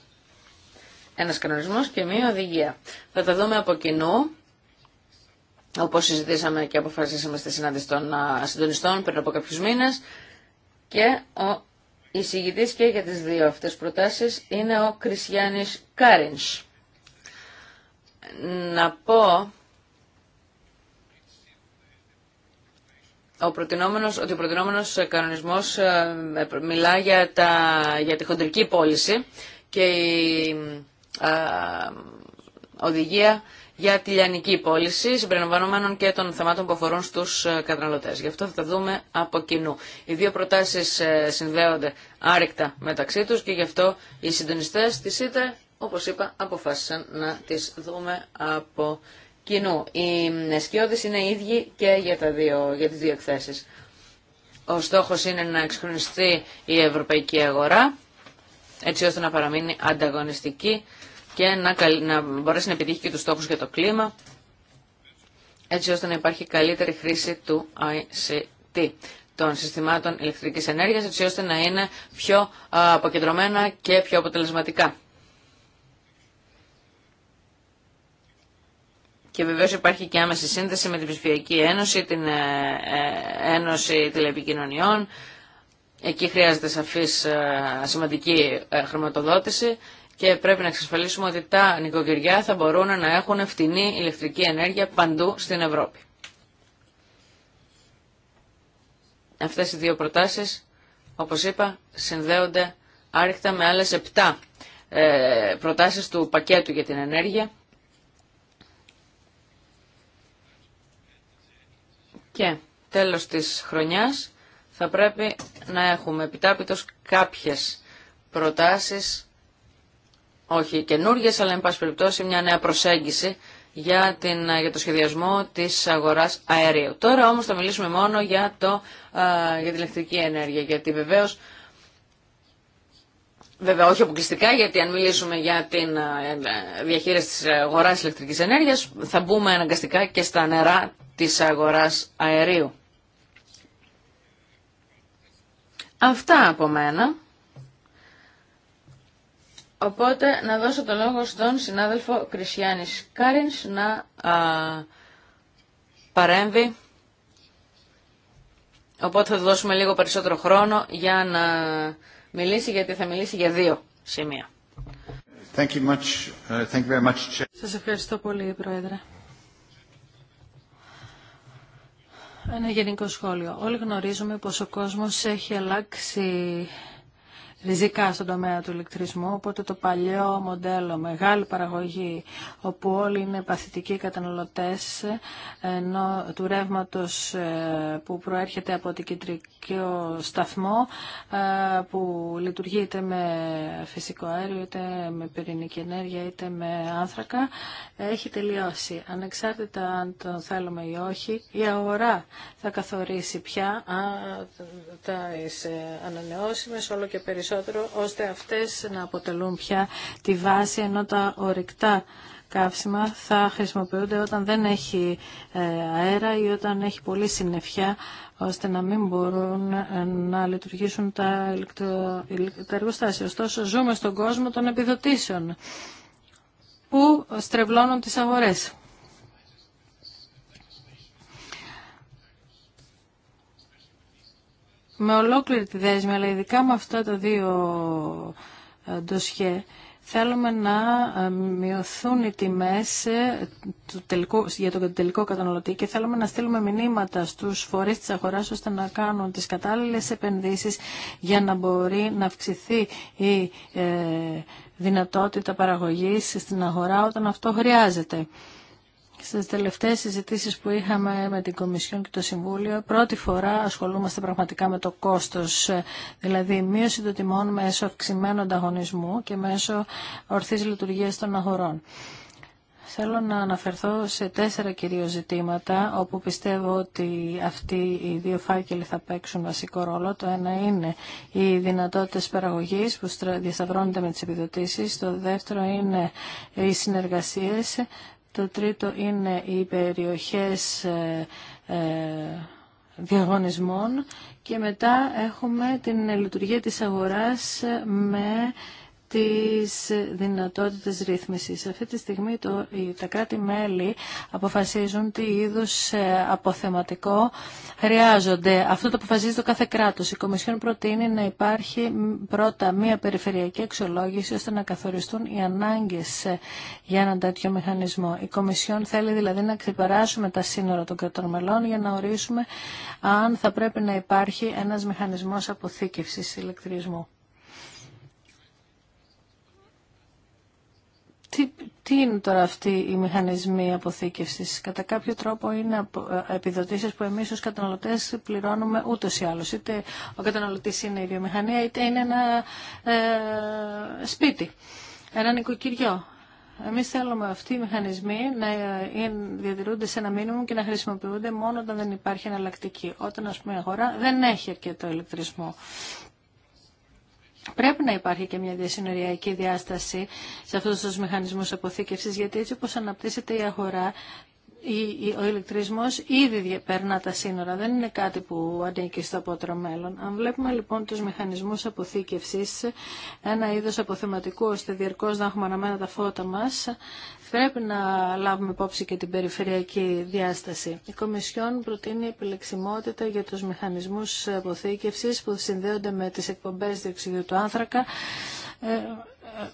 Ένας κανονισμός και μία οδηγία. Θα τα δούμε από κοινού, όπως συζητήσαμε και αποφασίσαμε στη συνάντηση των συντονιστών πριν από κάποιους μήνες, και ο η και για τις δύο αυτές προτάσεις είναι ο Κρισιάνης Κάρινς. Να πω ο προτινόμενος, ότι ο προτινόμενος κανονισμός ε, ε, μιλά για, τα, για τη χοντρική πώληση και η ε, οδηγία για τη λιανική πώληση, συμπεριλαμβανομένων και των θεμάτων που αφορούν στου ε, καταναλωτέ. Γι' αυτό θα τα δούμε από κοινού. Οι δύο προτάσει ε, συνδέονται άρρηκτα μεταξύ του και γι' αυτό οι συντονιστέ τη ΣΥΤΕ, όπω είπα, αποφάσισαν να τι δούμε από κοινού. Οι ε, σκιώδει είναι οι ίδιοι και για, τα δύο, για τις δύο εκθέσεις. Ο στόχο είναι να εξχρονιστεί η ευρωπαϊκή αγορά, έτσι ώστε να παραμείνει ανταγωνιστική και να, να μπορέσει να επιτύχει και τους στόχους για το κλίμα, έτσι ώστε να υπάρχει καλύτερη χρήση του ICT των συστημάτων ηλεκτρικής ενέργειας, έτσι ώστε να είναι πιο αποκεντρωμένα και πιο αποτελεσματικά. Και βεβαίω υπάρχει και άμεση σύνδεση με την Ψηφιακή Ένωση, την ε, ε, Ένωση Τηλεπικοινωνιών. Εκεί χρειάζεται σαφής ε, σημαντική χρηματοδότηση και πρέπει να εξασφαλίσουμε ότι τα νοικοκυριά θα μπορούν να έχουν φτηνή ηλεκτρική ενέργεια παντού στην Ευρώπη. Αυτές οι δύο προτάσεις, όπως είπα, συνδέονται άρρηκτα με άλλες 7 ε, προτάσεις του πακέτου για την ενέργεια και τέλος της χρονιάς θα πρέπει να έχουμε επιτάπητος κάποιες προτάσεις όχι καινούργιες, αλλά εν πάση περιπτώσει μια νέα προσέγγιση για, την, για το σχεδιασμό της αγοράς αερίου. Τώρα όμως θα μιλήσουμε μόνο για, το, για την ηλεκτρική ενέργεια, γιατί βεβαίως Βέβαια όχι αποκλειστικά γιατί αν μιλήσουμε για την διαχείριση της αγοράς ηλεκτρικής ενέργειας θα μπούμε αναγκαστικά και στα νερά της αγοράς αερίου. Αυτά από μένα. Οπότε να δώσω το λόγο στον συνάδελφο Κρισιάνης Κάριν να α, παρέμβει. Οπότε θα του δώσουμε λίγο περισσότερο χρόνο για να μιλήσει, γιατί θα μιλήσει για δύο σημεία. Thank uh, Σας ευχαριστώ πολύ, Πρόεδρε. Ένα γενικό σχόλιο. Όλοι γνωρίζουμε πως ο κόσμος έχει αλλάξει ριζικά στον τομέα του ηλεκτρισμού, οπότε το παλιό μοντέλο μεγάλη παραγωγή, όπου όλοι είναι παθητικοί καταναλωτές ενώ, του ρεύματος ε, που προέρχεται από την κεντρική σταθμό, ε, που λειτουργεί είτε με φυσικό αέριο, είτε με πυρηνική ενέργεια, είτε με άνθρακα, έχει τελειώσει. Ανεξάρτητα αν τον θέλουμε ή όχι, η αγορά θα καθορίσει πια τα ε, ανανεώσιμες όλο και περισσότερο περισσότερο ώστε αυτές να αποτελούν πια τη βάση ενώ τα ορυκτά καύσιμα θα χρησιμοποιούνται όταν δεν έχει ε, αέρα ή όταν έχει πολύ συννεφιά ώστε να μην μπορούν ε, να λειτουργήσουν τα, ηλεκτρο... τα εργοστάσια. Ωστόσο ζούμε στον κόσμο των επιδοτήσεων που στρεβλώνουν τις αγορές. με ολόκληρη τη δέσμη, αλλά ειδικά με αυτά τα δύο ε, ντοσιέ, θέλουμε να ε, μειωθούν οι τιμές ε, για τον τελικό καταναλωτή και θέλουμε να στείλουμε μηνύματα στους φορείς της αγοράς ώστε να κάνουν τις κατάλληλες επενδύσεις για να μπορεί να αυξηθεί η δυνατότητα παραγωγής στην αγορά όταν αυτό χρειάζεται. Στις τελευταίες συζητήσεις που είχαμε με την Κομισιόν και το Συμβούλιο, πρώτη φορά ασχολούμαστε πραγματικά με το κόστος, δηλαδή μείωση των τιμών μέσω αυξημένου ανταγωνισμού και μέσω ορθής λειτουργίας των αγορών. Θέλω να αναφερθώ σε τέσσερα κυρίω ζητήματα, όπου πιστεύω ότι αυτοί οι δύο φάκελοι θα παίξουν βασικό ρόλο. Το ένα είναι οι δυνατότητες παραγωγής που διασταυρώνονται με τις επιδοτήσεις. Το δεύτερο είναι οι συνεργασίες το τρίτο είναι οι περιοχές ε, ε, διαγωνισμών και μετά έχουμε την λειτουργία της αγοράς με τις δυνατότητες ρύθμισης. Αυτή τη στιγμή το, τα κράτη-μέλη αποφασίζουν τι είδους ε, αποθεματικό χρειάζονται. Αυτό το αποφασίζει το κάθε κράτος. Η Κομισιόν προτείνει να υπάρχει πρώτα μία περιφερειακή αξιολόγηση ώστε να καθοριστούν οι ανάγκες ε, για έναν τέτοιο μηχανισμό. Η Κομισιόν θέλει δηλαδή να ξεπεράσουμε τα σύνορα των κρατών μελών για να ορίσουμε αν θα πρέπει να υπάρχει ένας μηχανισμός αποθήκευσης ηλεκτρισμού. Τι, είναι τώρα αυτοί οι μηχανισμοί αποθήκευσης. Κατά κάποιο τρόπο είναι ε, επιδοτήσεις που εμείς ως καταναλωτές πληρώνουμε ούτως ή άλλως. Είτε ο καταναλωτής είναι η βιομηχανία, είτε είναι ένα ε, σπίτι, ένα νοικοκυριό. Εμείς θέλουμε αυτοί οι μηχανισμοί να ε, διατηρούνται σε ένα μήνυμα και να χρησιμοποιούνται μόνο όταν δεν υπάρχει εναλλακτική. Όταν, ας πούμε, η αγορά δεν έχει αρκετό ηλεκτρισμό. Πρέπει να υπάρχει και μια διασυνοριακή διάσταση σε αυτούς τους μηχανισμούς αποθήκευσης, γιατί έτσι όπως αναπτύσσεται η αγορά, ο ηλεκτρισμός ήδη περνά τα σύνορα, δεν είναι κάτι που ανήκει στο απότερο μέλλον. Αν βλέπουμε λοιπόν τους μηχανισμούς αποθήκευσης, ένα είδος αποθεματικού ώστε διαρκώς να έχουμε αναμένα τα φώτα μας, Πρέπει να λάβουμε υπόψη και την περιφερειακή διάσταση. Η Κομισιόν προτείνει επιλεξιμότητα για τους μηχανισμούς αποθήκευσης που συνδέονται με τις εκπομπές διοξιδίου του άνθρακα. Ε,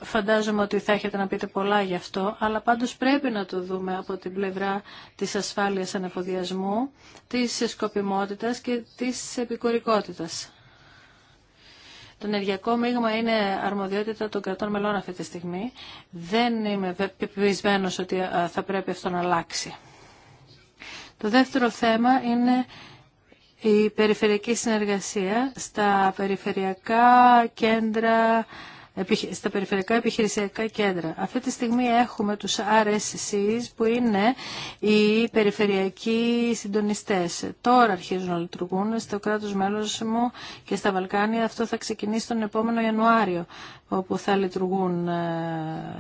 φαντάζομαι ότι θα έχετε να πείτε πολλά γι' αυτό, αλλά πάντως πρέπει να το δούμε από την πλευρά της ασφάλειας ανεφοδιασμού, της σκοπιμότητας και της επικορικότητας. Το ενεργειακό μείγμα είναι αρμοδιότητα των κρατών μελών αυτή τη στιγμή. Δεν είμαι πεπισμένο ότι θα πρέπει αυτό να αλλάξει. Το δεύτερο θέμα είναι η περιφερειακή συνεργασία στα περιφερειακά κέντρα στα περιφερειακά επιχειρησιακά κέντρα. Αυτή τη στιγμή έχουμε τους RSCs που είναι οι περιφερειακοί συντονιστές. Τώρα αρχίζουν να λειτουργούν στο κράτος μέλος μου και στα Βαλκάνια. Αυτό θα ξεκινήσει τον επόμενο Ιανουάριο όπου θα λειτουργούν ε,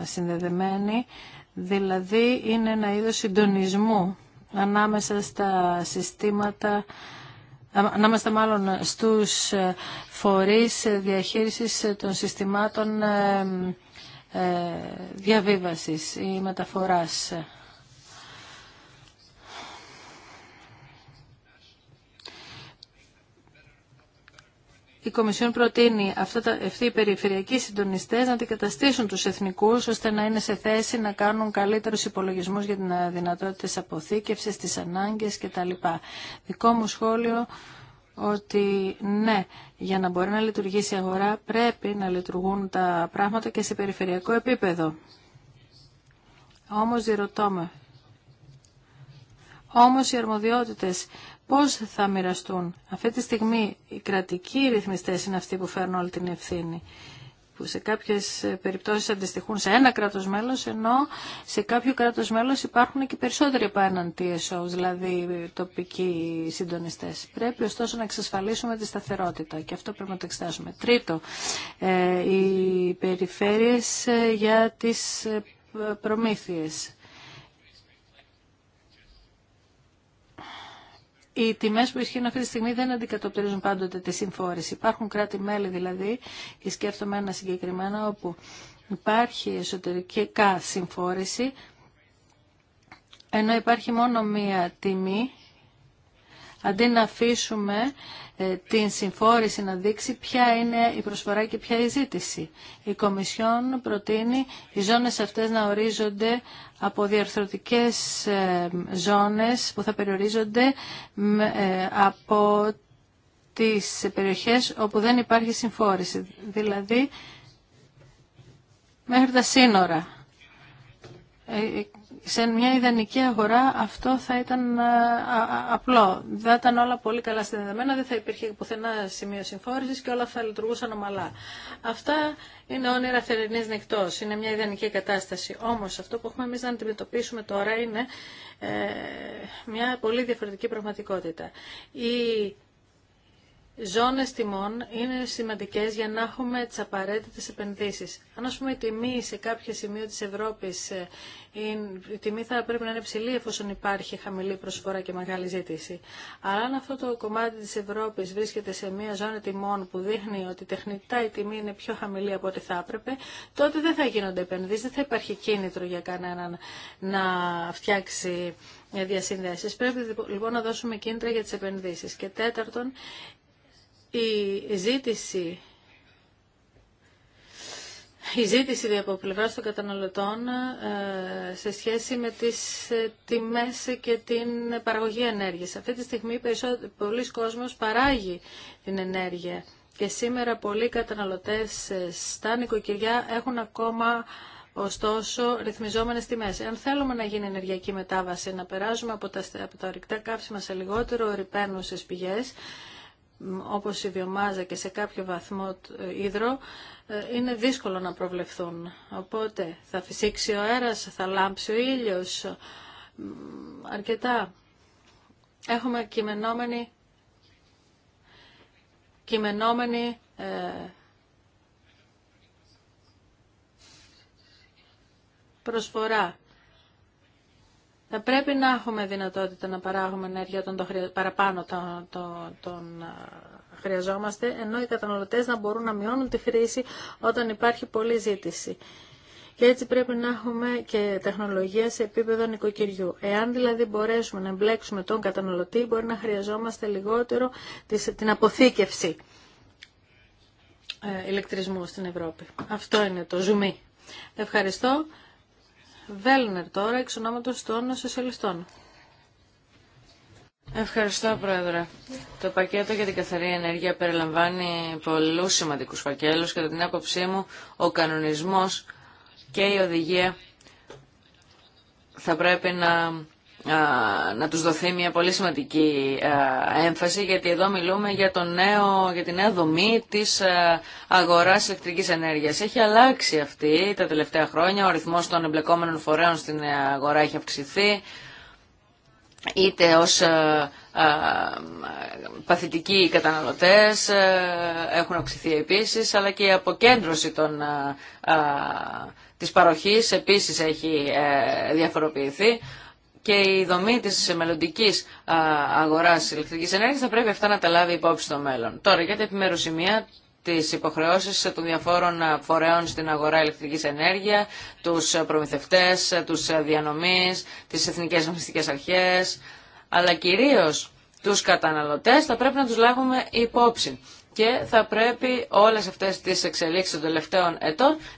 συνδεδεμένοι. Δηλαδή είναι ένα είδος συντονισμού ανάμεσα στα συστήματα να είμαστε μάλλον στους ε, φορείς ε, διαχείρισης ε, των συστημάτων διαβίβασης ή μεταφοράς. η Κομισιόν προτείνει αυτά τα, αυτοί οι περιφερειακοί συντονιστέ να αντικαταστήσουν του εθνικού ώστε να είναι σε θέση να κάνουν καλύτερου υπολογισμού για την ε, δυνατότητα τη αποθήκευσης, τις ανάγκες κτλ. Δικό μου σχόλιο ότι ναι, για να μπορεί να λειτουργήσει η αγορά πρέπει να λειτουργούν τα πράγματα και σε περιφερειακό επίπεδο. Όμως ρωτώ με. Όμως οι αρμοδιότητες πώς θα μοιραστούν. Αυτή τη στιγμή οι κρατικοί ρυθμιστές είναι αυτοί που φέρνουν όλη την ευθύνη που σε κάποιες περιπτώσεις αντιστοιχούν σε ένα κράτος μέλος, ενώ σε κάποιο κράτος μέλος υπάρχουν και περισσότεροι από έναν TSO, δηλαδή τοπικοί συντονιστές. Πρέπει ωστόσο να εξασφαλίσουμε τη σταθερότητα και αυτό πρέπει να το εξετάσουμε. Τρίτο, ε, οι περιφέρειες ε, για τις ε, προμήθειες. οι τιμέ που ισχύουν αυτή τη στιγμή δεν αντικατοπτρίζουν πάντοτε τη συμφόρηση. Υπάρχουν κράτη-μέλη δηλαδή, και σκέφτομαι ένα συγκεκριμένα, όπου υπάρχει εσωτερική συμφόρηση, ενώ υπάρχει μόνο μία τιμή, αντί να αφήσουμε ε, την συμφόρηση να δείξει ποια είναι η προσφορά και ποια η ζήτηση. Η Κομισιόν προτείνει οι ζώνες αυτές να ορίζονται από διαρθρωτικές ε, ζώνες που θα περιορίζονται ε, από τις περιοχές όπου δεν υπάρχει συμφόρηση, δηλαδή μέχρι τα σύνορα σε μια ιδανική αγορά αυτό θα ήταν ε, απλό. Δεν ήταν όλα πολύ καλά συνδεδεμένα, δεν θα υπήρχε πουθενά σημείο συμφόρηση και όλα θα λειτουργούσαν ομαλά. Αυτά είναι όνειρα θερινή νυχτό. Είναι μια ιδανική κατάσταση. Όμω αυτό που έχουμε εμεί να αντιμετωπίσουμε τώρα είναι ε, μια πολύ διαφορετική πραγματικότητα. Η ζώνες τιμών είναι σημαντικές για να έχουμε τι απαραίτητε επενδύσεις. Αν ας πούμε η τιμή σε κάποιο σημείο της Ευρώπης, ε, η τιμή θα πρέπει να είναι ψηλή εφόσον υπάρχει χαμηλή προσφορά και μεγάλη ζήτηση. Αλλά αν αυτό το κομμάτι της Ευρώπης βρίσκεται σε μια ζώνη τιμών που δείχνει ότι τεχνητά η τιμή είναι πιο χαμηλή από ό,τι θα έπρεπε, τότε δεν θα γίνονται επενδύσεις, δεν θα υπάρχει κίνητρο για κανέναν να φτιάξει ε, διασυνδέσεις. Πρέπει λοιπόν να δώσουμε κίνητρα για τις επενδύσεις. Και τέταρτον, η ζήτηση η ζήτηση από πλευράς των καταναλωτών ε, σε σχέση με τις ε, τιμές και την παραγωγή ενέργειας. Αυτή τη στιγμή πολλοί κόσμος παράγει την ενέργεια και σήμερα πολλοί καταναλωτές ε, στα νοικοκυριά έχουν ακόμα Ωστόσο, ρυθμιζόμενες τιμές. Αν θέλουμε να γίνει ενεργειακή μετάβαση, να περάσουμε από τα, από τα ορυκτά καύσιμα σε λιγότερο ρηπαίνουσε πηγέ, όπως η βιομάζα και σε κάποιο βαθμό ύδρο ε, είναι δύσκολο να προβλεφθούν. Οπότε θα φυσήξει ο αέρας, θα λάμψει ο ήλιος, αρκετά. Έχουμε κειμενόμενη, κειμενόμενη ε, προσφορά. Θα πρέπει να έχουμε δυνατότητα να παράγουμε ενέργεια όταν το παραπάνω τον, χρειαζόμαστε, ενώ οι καταναλωτές να μπορούν να μειώνουν τη χρήση όταν υπάρχει πολλή ζήτηση. Και έτσι πρέπει να έχουμε και τεχνολογία σε επίπεδο νοικοκυριού. Εάν δηλαδή μπορέσουμε να εμπλέξουμε τον καταναλωτή, μπορεί να χρειαζόμαστε λιγότερο την αποθήκευση ε, ηλεκτρισμού στην Ευρώπη. Αυτό είναι το ζουμί. Ευχαριστώ. Βέλνερ τώρα, εξ ονόματος των Σοσιαλιστών. Ευχαριστώ, Πρόεδρε. Το πακέτο για την καθαρή ενέργεια περιλαμβάνει πολλούς σημαντικούς φακέλους. Κατά την άποψή μου, ο κανονισμός και η οδηγία θα πρέπει να να τους δοθεί μια πολύ σημαντική έμφαση γιατί εδώ μιλούμε για, το νέο, για τη νέα δομή της αγοράς ηλεκτρικής ενέργειας. Έχει αλλάξει αυτή τα τελευταία χρόνια, ο ρυθμός των εμπλεκόμενων φορέων στην αγορά έχει αυξηθεί είτε ως παθητικοί καταναλωτές έχουν αυξηθεί επίσης, αλλά και η αποκέντρωση των, της παροχής επίσης έχει ε, διαφοροποιηθεί και η δομή τη μελλοντική αγορά ηλεκτρικής ενέργεια θα πρέπει αυτά να τα λάβει υπόψη στο μέλλον. Τώρα για την επιμέρους σημεία υποχρεώσει υποχρεώσεις των διαφόρων φορέων στην αγορά ηλεκτρική ενέργεια, του προμηθευτέ, του διανομή, τι εθνικέ νομιστικές αρχέ, αλλά κυρίω του καταναλωτέ θα πρέπει να του λάβουμε υπόψη και θα πρέπει όλε αυτέ τι εξελίξει των τελευταίων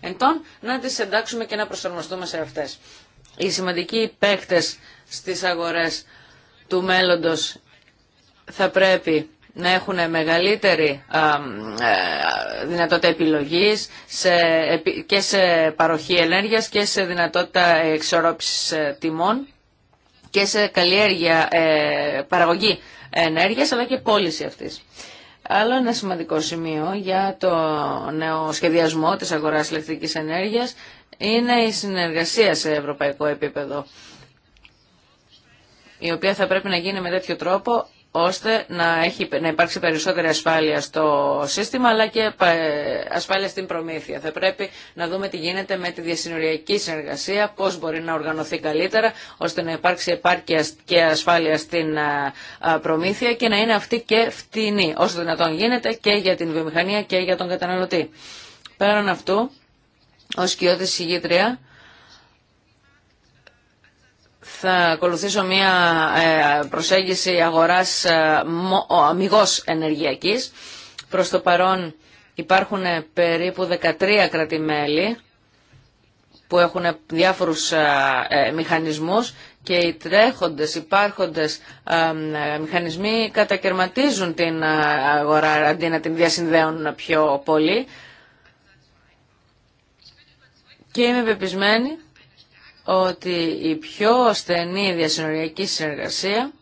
ετών, να τι εντάξουμε και να προσαρμοστούμε σε αυτέ. Οι σημαντικοί παίκτες στις αγορές του μέλλοντος θα πρέπει να έχουν μεγαλύτερη ε, δυνατότητα επιλογής και σε παροχή ενέργειας και σε δυνατότητα εξορρόψης ε, τιμών και σε καλλιέργεια, ε, παραγωγή ενέργειας αλλά και πώληση αυτής. Άλλο ένα σημαντικό σημείο για το νέο σχεδιασμό της αγοράς ηλεκτρικής ενέργειας είναι η συνεργασία σε ευρωπαϊκό επίπεδο η οποία θα πρέπει να γίνει με τέτοιο τρόπο ώστε να, έχει, να υπάρξει περισσότερη ασφάλεια στο σύστημα αλλά και ασφάλεια στην προμήθεια. Θα πρέπει να δούμε τι γίνεται με τη διασυνοριακή συνεργασία, πώς μπορεί να οργανωθεί καλύτερα ώστε να υπάρξει επάρκεια και ασφάλεια στην προμήθεια και να είναι αυτή και φτηνή όσο δυνατόν γίνεται και για την βιομηχανία και για τον καταναλωτή. Πέραν αυτού, ως κοιότηση συγγήτρια, θα ακολουθήσω μια ε, προσέγγιση αγοράς ε, αμυγός ενεργειακής. Προς το παρόν υπάρχουν ε, περίπου 13 κρατημέλη που έχουν διάφορους μηχανισμούς και οι τρέχοντες, υπάρχοντες μηχανισμοί κατακαιρματίζουν την αγορά αντί να την διασυνδέουν πιο πολύ. Και είμαι πεπισμένη ότι η πιο στενή διασυνοριακή συνεργασία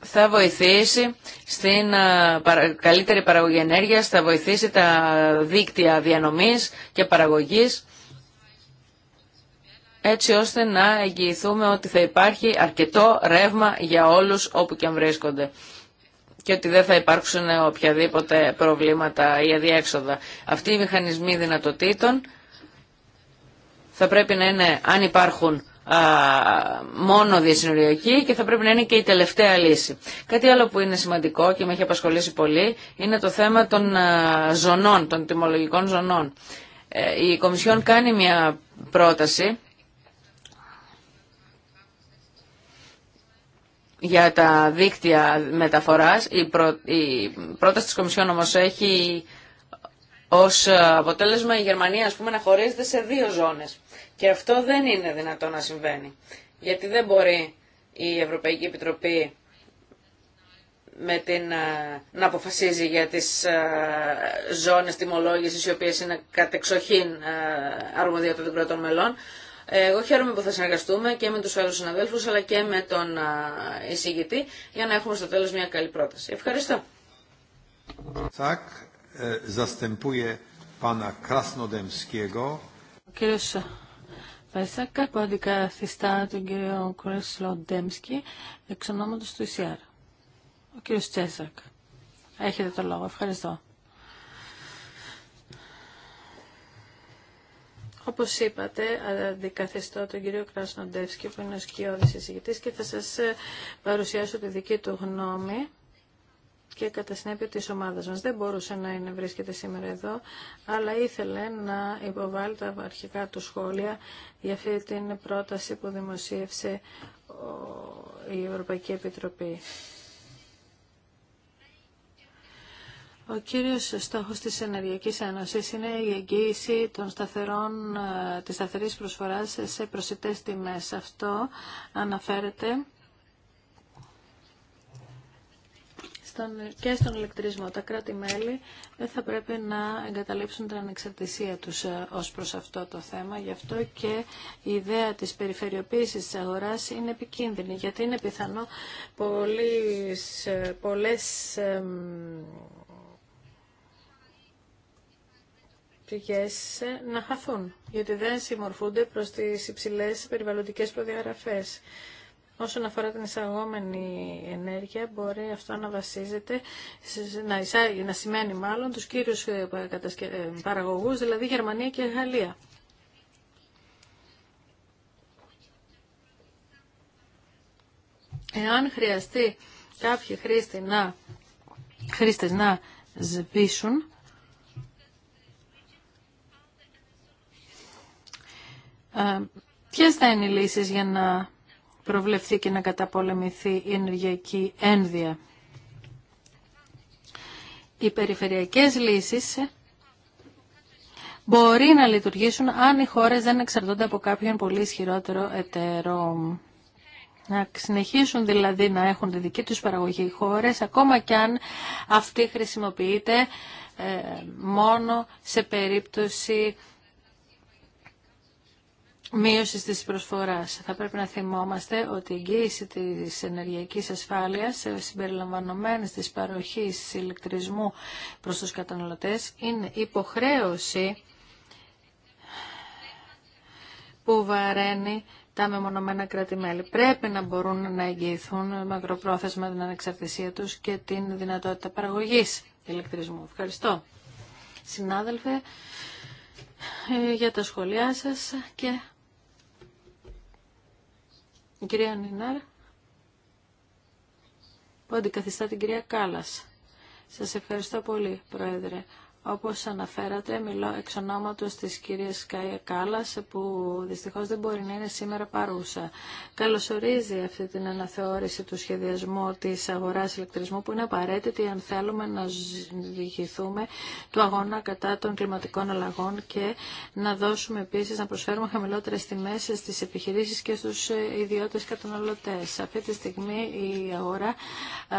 θα βοηθήσει στην καλύτερη παραγωγή ενέργειας, θα βοηθήσει τα δίκτυα διανομής και παραγωγής έτσι ώστε να εγγυηθούμε ότι θα υπάρχει αρκετό ρεύμα για όλους όπου και αν βρίσκονται και ότι δεν θα υπάρξουν οποιαδήποτε προβλήματα ή αδιέξοδα. Αυτοί οι μηχανισμοί δυνατοτήτων θα πρέπει να είναι, αν υπάρχουν, μόνο διασυνοριακοί και θα πρέπει να είναι και η τελευταία λύση. Κάτι άλλο που είναι σημαντικό και με έχει απασχολήσει πολύ είναι το θέμα των ζωνών, των τιμολογικών ζωνών. Ε, η Κομισιόν κάνει μια πρόταση για τα δίκτυα μεταφοράς. Η, η πρόταση της Κομισιόν όμως έχει ως αποτέλεσμα η Γερμανία ας να χωρίζεται σε δύο ζώνες. Και αυτό δεν είναι δυνατό να συμβαίνει. Γιατί δεν μπορεί η Ευρωπαϊκή Επιτροπή με την, ε, να αποφασίζει για τις ε, ζώνες τιμολόγησης οι οποίες είναι κατεξοχήν ε, αρμοδιότητα των κρατών μελών. Εγώ χαίρομαι που θα συνεργαστούμε και με τους άλλους συναδέλφους αλλά και με τον εισηγητή για να έχουμε στο τέλος μια καλή πρόταση. Ευχαριστώ. Ε, Ο κύριος Βαϊσάκα που αντικαθιστά τον κύριο Κρασνοδέμσκι, εξ ονόματος του ΙΣΙΑΡ. Ο κύριος Τσέσακ. Έχετε το λόγο. Ευχαριστώ. Όπως είπατε, αντικαθιστώ τον κύριο Κρασνοντεύσκη που είναι ο σκιώδης εισηγητής και θα σας ε, παρουσιάσω τη δική του γνώμη και κατά συνέπεια της ομάδας μας. Δεν μπορούσε να είναι, βρίσκεται σήμερα εδώ, αλλά ήθελε να υποβάλει τα αρχικά του σχόλια για αυτή την πρόταση που δημοσίευσε η Ευρωπαϊκή Επιτροπή. Ο κύριος στόχος της Ενεργειακής Ένωσης είναι η εγγύηση των σταθερών, ε, της σταθερής προσφοράς σε προσιτές τιμές. Αυτό αναφέρεται και στον ηλεκτρισμό. Τα κράτη-μέλη δεν θα πρέπει να εγκαταλείψουν την ανεξαρτησία τους ε, ως προς αυτό το θέμα. Γι' αυτό και η ιδέα της περιφερειοποίησης της αγοράς είναι επικίνδυνη, γιατί είναι πιθανό ε, πολλές, Ε, να χαθούν, γιατί δεν συμμορφούνται προς τις υψηλές περιβαλλοντικές προδιαγραφές. Όσον αφορά την εισαγόμενη ενέργεια, μπορεί αυτό να βασίζεται, να, να σημαίνει μάλλον τους κύριους ε, ε, παραγωγούς, δηλαδή Γερμανία και Γαλλία. Εάν χρειαστεί κάποιοι χρήστες να, χρήστες να σβήσουν, Ε, ποιες θα είναι οι λύσεις για να προβλεφθεί και να καταπολεμηθεί η ενεργειακή ένδυα. Οι περιφερειακές λύσεις μπορεί να λειτουργήσουν αν οι χώρες δεν εξαρτώνται από κάποιον πολύ ισχυρότερο εταίρο. Να συνεχίσουν δηλαδή να έχουν τη δική τους παραγωγή οι χώρες, ακόμα και αν αυτή χρησιμοποιείται ε, μόνο σε περίπτωση μείωση τη προσφορά. Θα πρέπει να θυμόμαστε ότι η εγγύηση της ενεργειακής ασφάλειας ε, συμπεριλαμβανομένη τη παροχή ηλεκτρισμού προς τους καταναλωτέ είναι υποχρέωση που βαραίνει τα μεμονωμένα κράτη-μέλη. Πρέπει να μπορούν να εγγυηθούν μακροπρόθεσμα την ανεξαρτησία τους και την δυνατότητα παραγωγή ηλεκτρισμού. Ευχαριστώ. Συνάδελφε, ε, για τα σχολιά σας και η κυρία Νινάρ που αντικαθιστά την κυρία Κάλλας. Σας ευχαριστώ πολύ, Πρόεδρε. Όπως αναφέρατε, μιλώ εξ ονόματος της κυρίας Καΐα Κάλλας, που δυστυχώς δεν μπορεί να είναι σήμερα παρούσα. Καλωσορίζει αυτή την αναθεώρηση του σχεδιασμού της αγοράς ηλεκτρισμού, που είναι απαραίτητη αν θέλουμε να διηγηθούμε του αγώνα κατά των κλιματικών αλλαγών και να δώσουμε επίσης, να προσφέρουμε χαμηλότερες τιμές στις επιχειρήσεις και στους ιδιώτες καταναλωτές. Αυτή τη στιγμή η αγορά ε,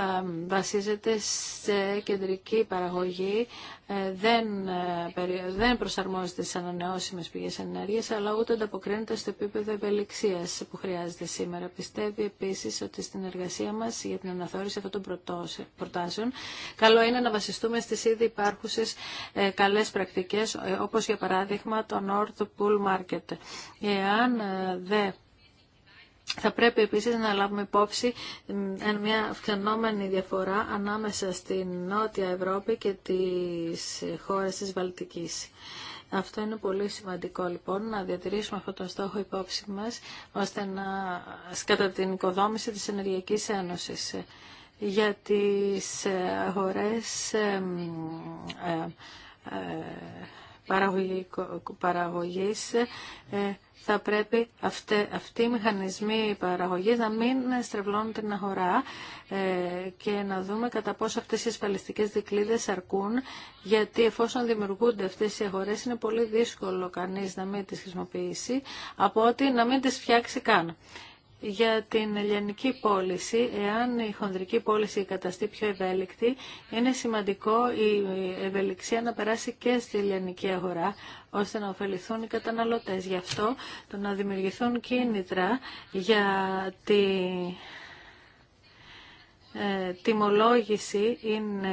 βασίζεται σε κεντρική παραγωγή ε, δεν, ε, δεν προσαρμόζεται στις ανανεώσιμες πηγές ενέργειας, αλλά ούτε ανταποκρίνεται στο επίπεδο ευελιξίας που χρειάζεται σήμερα. Πιστεύει επίσης ότι στην εργασία μας για την αναθεώρηση αυτών των προτάσεων, καλό είναι να βασιστούμε στις ήδη υπάρχουσες ε, καλές πρακτικές, όπως για παράδειγμα το North Pool Market. Εάν δεν θα πρέπει επίσης να λάβουμε υπόψη μια αυξανόμενη διαφορά ανάμεσα στην Νότια Ευρώπη και τις χώρες της Βαλτικής. Αυτό είναι πολύ σημαντικό λοιπόν, να διατηρήσουμε αυτό τον στόχο υπόψη μας, ώστε να κατά την οικοδόμηση της Ενεργειακής Ένωσης για τις ε, αγορές ε, ε, ε θα πρέπει αυτοί, αυτοί οι μηχανισμοί παραγωγής να μην στρεβλώνουν την αγορά ε, και να δούμε κατά πόσο αυτές οι ασφαλιστικές δικλείδες αρκούν, γιατί εφόσον δημιουργούνται αυτές οι αγορές είναι πολύ δύσκολο κανείς να μην τις χρησιμοποιήσει, από ότι να μην τις φτιάξει καν για την ελληνική πώληση, εάν η χονδρική πώληση καταστεί πιο ευέλικτη, είναι σημαντικό η ευελιξία να περάσει και στη ελληνική αγορά, ώστε να ωφεληθούν οι καταναλωτές. Γι' αυτό το να δημιουργηθούν κίνητρα για τη ε, τιμολόγηση είναι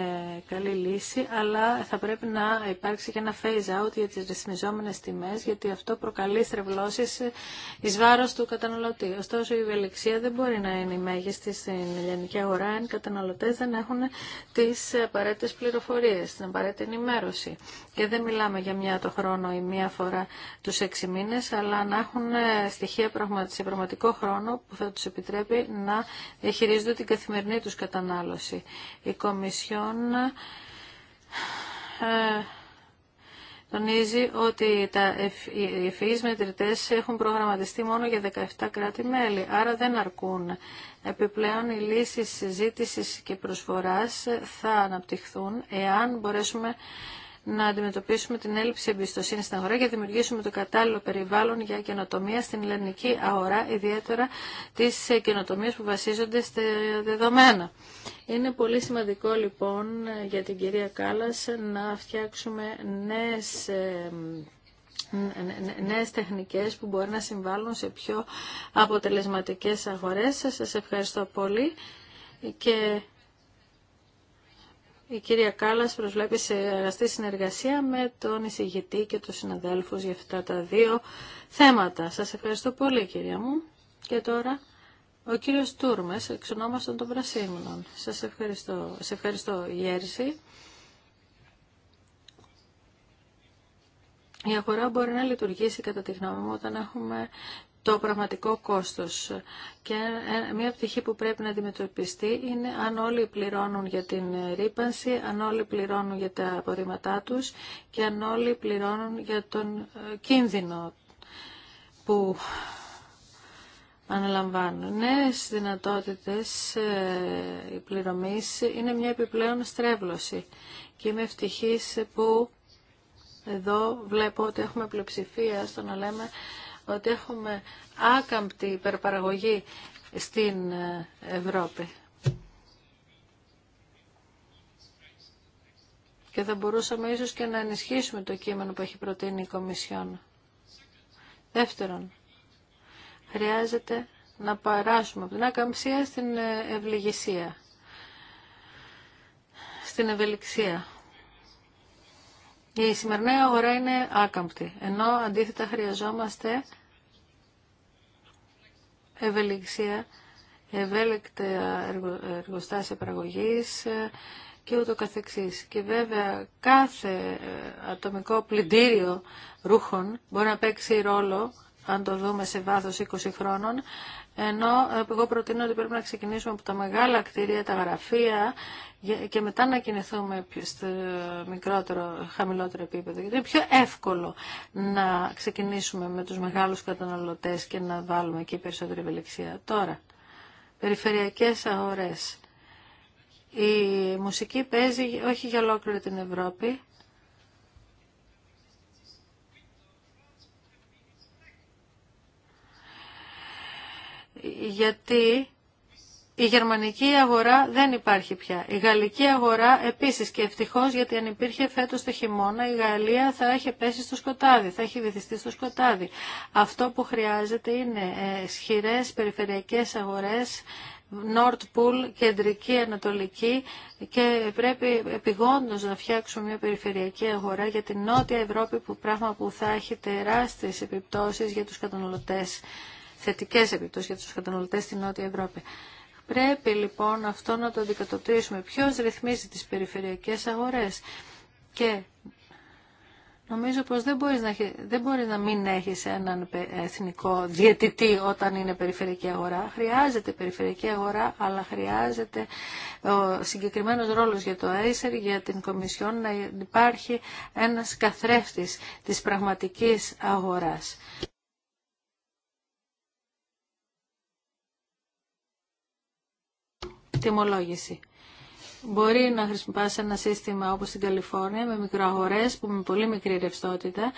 καλή λύση, αλλά θα πρέπει να υπάρξει και ένα phase-out για τις ρυθμιζόμενες τιμές, γιατί αυτό προκαλεί στρεβλώσεις εις βάρος του καταναλωτή. Ωστόσο, η βελεξία δεν μπορεί να είναι η μέγιστη στην ελληνική αγορά, αν οι καταναλωτές δεν έχουν τις απαραίτητες πληροφορίες, την απαραίτητη ενημέρωση. Και δεν μιλάμε για μια το χρόνο ή μια φορά τους έξι μήνες, αλλά να έχουν στοιχεία σε πραγματικό χρόνο που θα τους επιτρέπει να διαχειρίζονται την καθημερινή του τους κατανάλωση. Η Κομισιόν ε, τονίζει ότι τα οι ευφυείς μετρητές έχουν προγραμματιστεί μόνο για 17 κράτη-μέλη, άρα δεν αρκούν. Επιπλέον, οι λύσεις συζήτησης και προσφοράς θα αναπτυχθούν εάν μπορέσουμε να αντιμετωπίσουμε την έλλειψη εμπιστοσύνη στην αγορά και να δημιουργήσουμε το κατάλληλο περιβάλλον για καινοτομία στην ελληνική αγορά, ιδιαίτερα τις καινοτομίε που βασίζονται στα δεδομένα. Είναι πολύ σημαντικό λοιπόν για την κυρία Κάλλας να φτιάξουμε νέες νέες τεχνικές που μπορεί να συμβάλλουν σε πιο αποτελεσματικές αγορές. Σας ευχαριστώ πολύ και η κυρία Κάλλας προσβλέπει σε αγαστή συνεργασία με τον εισηγητή και τους συναδέλφους για αυτά τα δύο θέματα. Σας ευχαριστώ πολύ κυρία μου. Και τώρα ο κύριος Τούρμες, εξ ονόμαστον των Πρασίμων. Σας ευχαριστώ. Σε ευχαριστώ Γέρση. Η αγορά μπορεί να λειτουργήσει κατά τη γνώμη μου όταν έχουμε το πραγματικό κόστος. Και μια πτυχή που πρέπει να αντιμετωπιστεί είναι αν όλοι πληρώνουν για την ρήπανση, αν όλοι πληρώνουν για τα απορρίμματά τους και αν όλοι πληρώνουν για τον ε, κίνδυνο που αναλαμβάνουν. Νέες δυνατότητες ε, πληρωμής είναι μια επιπλέον στρέβλωση και είμαι ευτυχής που εδώ βλέπω ότι έχουμε πλειοψηφία στο να λέμε ότι έχουμε άκαμπτη υπερπαραγωγή στην ε, Ευρώπη. Και θα μπορούσαμε ίσως και να ενισχύσουμε το κείμενο που έχει προτείνει η Κομισιόν. Δεύτερον, χρειάζεται να παράσουμε από την ακαμψία στην ε, ευληγησία, στην ευελιξία. Η σημερινή αγορά είναι άκαμπτη, ενώ αντίθετα χρειαζόμαστε ευελιξία, ευέλικτα εργοστάσια παραγωγής ε, και ούτω καθεξής. Και βέβαια κάθε ε, ατομικό πλυντήριο ρούχων μπορεί να παίξει ρόλο αν το δούμε σε βάθος 20 χρόνων, ενώ εγώ προτείνω ότι πρέπει να ξεκινήσουμε από τα μεγάλα κτίρια, τα γραφεία και μετά να κινηθούμε στο μικρότερο, χαμηλότερο επίπεδο. Γιατί είναι πιο εύκολο να ξεκινήσουμε με τους μεγάλους καταναλωτές και να βάλουμε εκεί περισσότερη ευελιξία. Τώρα, περιφερειακές αγορές. Η μουσική παίζει όχι για ολόκληρη την Ευρώπη, γιατί η γερμανική αγορά δεν υπάρχει πια. Η γαλλική αγορά επίσης και ευτυχώς γιατί αν υπήρχε φέτος το χειμώνα η Γαλλία θα έχει πέσει στο σκοτάδι, θα έχει βυθιστεί στο σκοτάδι. Αυτό που χρειάζεται είναι ε, σχηρές περιφερειακές αγορές, North Pool, κεντρική, ανατολική και πρέπει επιγόντως να φτιάξουμε μια περιφερειακή αγορά για την Νότια Ευρώπη που πράγμα που θα έχει τεράστιες επιπτώσεις για τους καταναλωτές. Θετικέ επιπτώσει για του καταναλωτέ στη Νότια Ευρώπη. Πρέπει λοιπόν αυτό να το αντικατοπτρίσουμε. ποιο ρυθμίζει τις περιφερειακές αγορές και Νομίζω πως δεν μπορείς, να, να μην έχεις έναν εθνικό διαιτητή όταν είναι περιφερειακή αγορά. Χρειάζεται περιφερειακή αγορά, αλλά χρειάζεται ο συγκεκριμένος ρόλο για το ΆΙΣΕΡ, για την Κομισιόν, να υπάρχει ένα καθρέφτη τη πραγματική αγορά. τιμολόγηση. Μπορεί να χρησιμοποιήσει ένα σύστημα όπως στην Καλιφόρνια με μικροαγορές που με πολύ μικρή ρευστότητα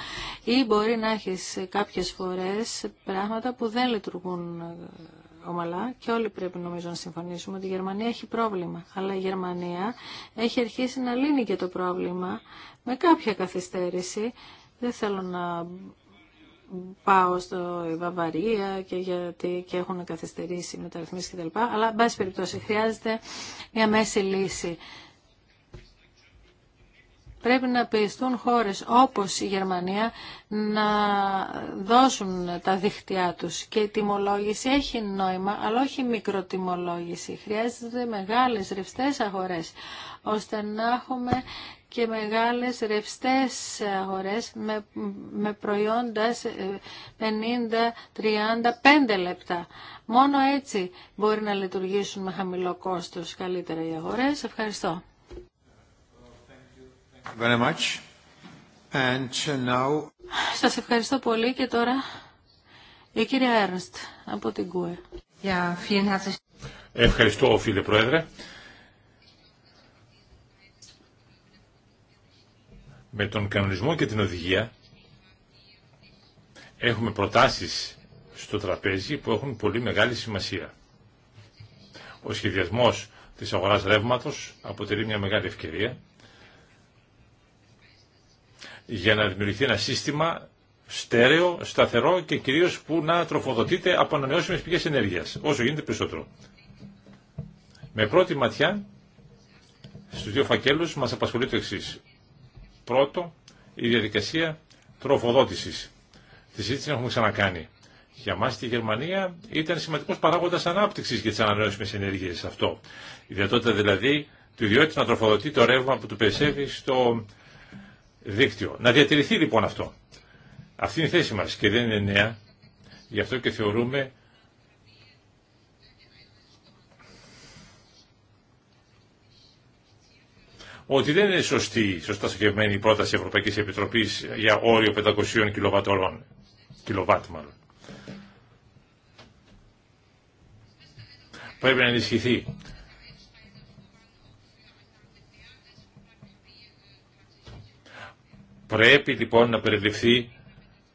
ή μπορεί να έχεις κάποιες φορές πράγματα που δεν λειτουργούν ε, ομαλά και όλοι πρέπει νομίζω να συμφωνήσουμε ότι η Γερμανία έχει πρόβλημα. Αλλά η Γερμανία έχει αρχίσει να λύνει και το πρόβλημα με κάποια καθυστέρηση. Δεν θέλω να πάω στο Βαβαρία και γιατί και έχουν καθυστερήσει τα κτλ. Αλλά, εν πάση περιπτώσει, χρειάζεται μια μέση λύση. Πρέπει να πιεστούν χώρες όπως η Γερμανία να δώσουν τα δίχτυά τους. Και η τιμολόγηση έχει νόημα, αλλά όχι μικροτιμολόγηση. Χρειάζεται μεγάλες ρευστές αγορές, ώστε να έχουμε και μεγάλες ρευστές αγορές με, με προϊόντα 50, 30, 5 λεπτά. Μόνο έτσι μπορεί να λειτουργήσουν με χαμηλό κόστος καλύτερα οι αγορές. Ευχαριστώ. Σας ευχαριστώ πολύ και τώρα η κυρία Έρνστ από την ΚΟΕ. Yeah, Ευχαριστώ, φίλε Πρόεδρε. Με τον κανονισμό και την οδηγία έχουμε προτάσεις στο τραπέζι που έχουν πολύ μεγάλη σημασία. Ο σχεδιασμός της αγοράς ρεύματος αποτελεί μια μεγάλη ευκαιρία για να δημιουργηθεί ένα σύστημα στέρεο, σταθερό και κυρίως που να τροφοδοτείται από ανανεώσιμες πηγές ενέργειας, όσο γίνεται περισσότερο. Με πρώτη ματιά, στους δύο φακέλους μας απασχολεί το εξής. Πρώτο, η διαδικασία τροφοδότηση, Τη συζήτηση έχουμε ξανακάνει. Για μας στη Γερμανία ήταν σημαντικός παράγοντας ανάπτυξη για τι ανανεώσιμε ενέργειε. αυτό. Η δυνατότητα δηλαδή του ιδιότητα να τροφοδοτεί το ρεύμα που του περισσεύει στο δίκτυο. Να διατηρηθεί λοιπόν αυτό. Αυτή είναι η θέση μα και δεν είναι νέα. Γι' αυτό και θεωρούμε ότι δεν είναι σωστή, σωστά στοχευμένη η πρόταση Ευρωπαϊκής Επιτροπής για όριο 500 κιλοβατόρων. Κιλοβάτ μάλλον. Πρέπει να ενισχυθεί. Πρέπει λοιπόν να περιληφθεί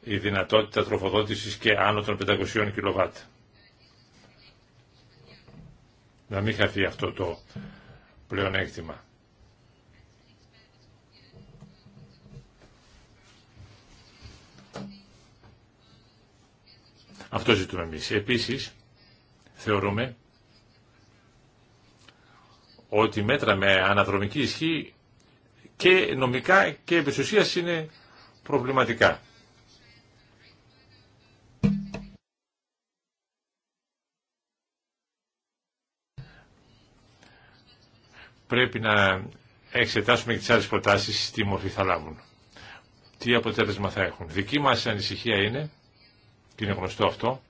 η δυνατότητα τροφοδότησης και άνω των 500 κιλοβάτ. Να μην χαθεί αυτό το πλεονέκτημα. Αυτό ζητούμε εμείς. Επίσης, θεωρούμε ότι μέτρα με αναδρομική ισχύ και νομικά και επισουσίας είναι προβληματικά. Πρέπει να εξετάσουμε και τις άλλες προτάσεις στη μορφή θα λάβουν. Τι αποτέλεσμα θα έχουν. Δική μας ανησυχία είναι και είναι γνωστό αυτό,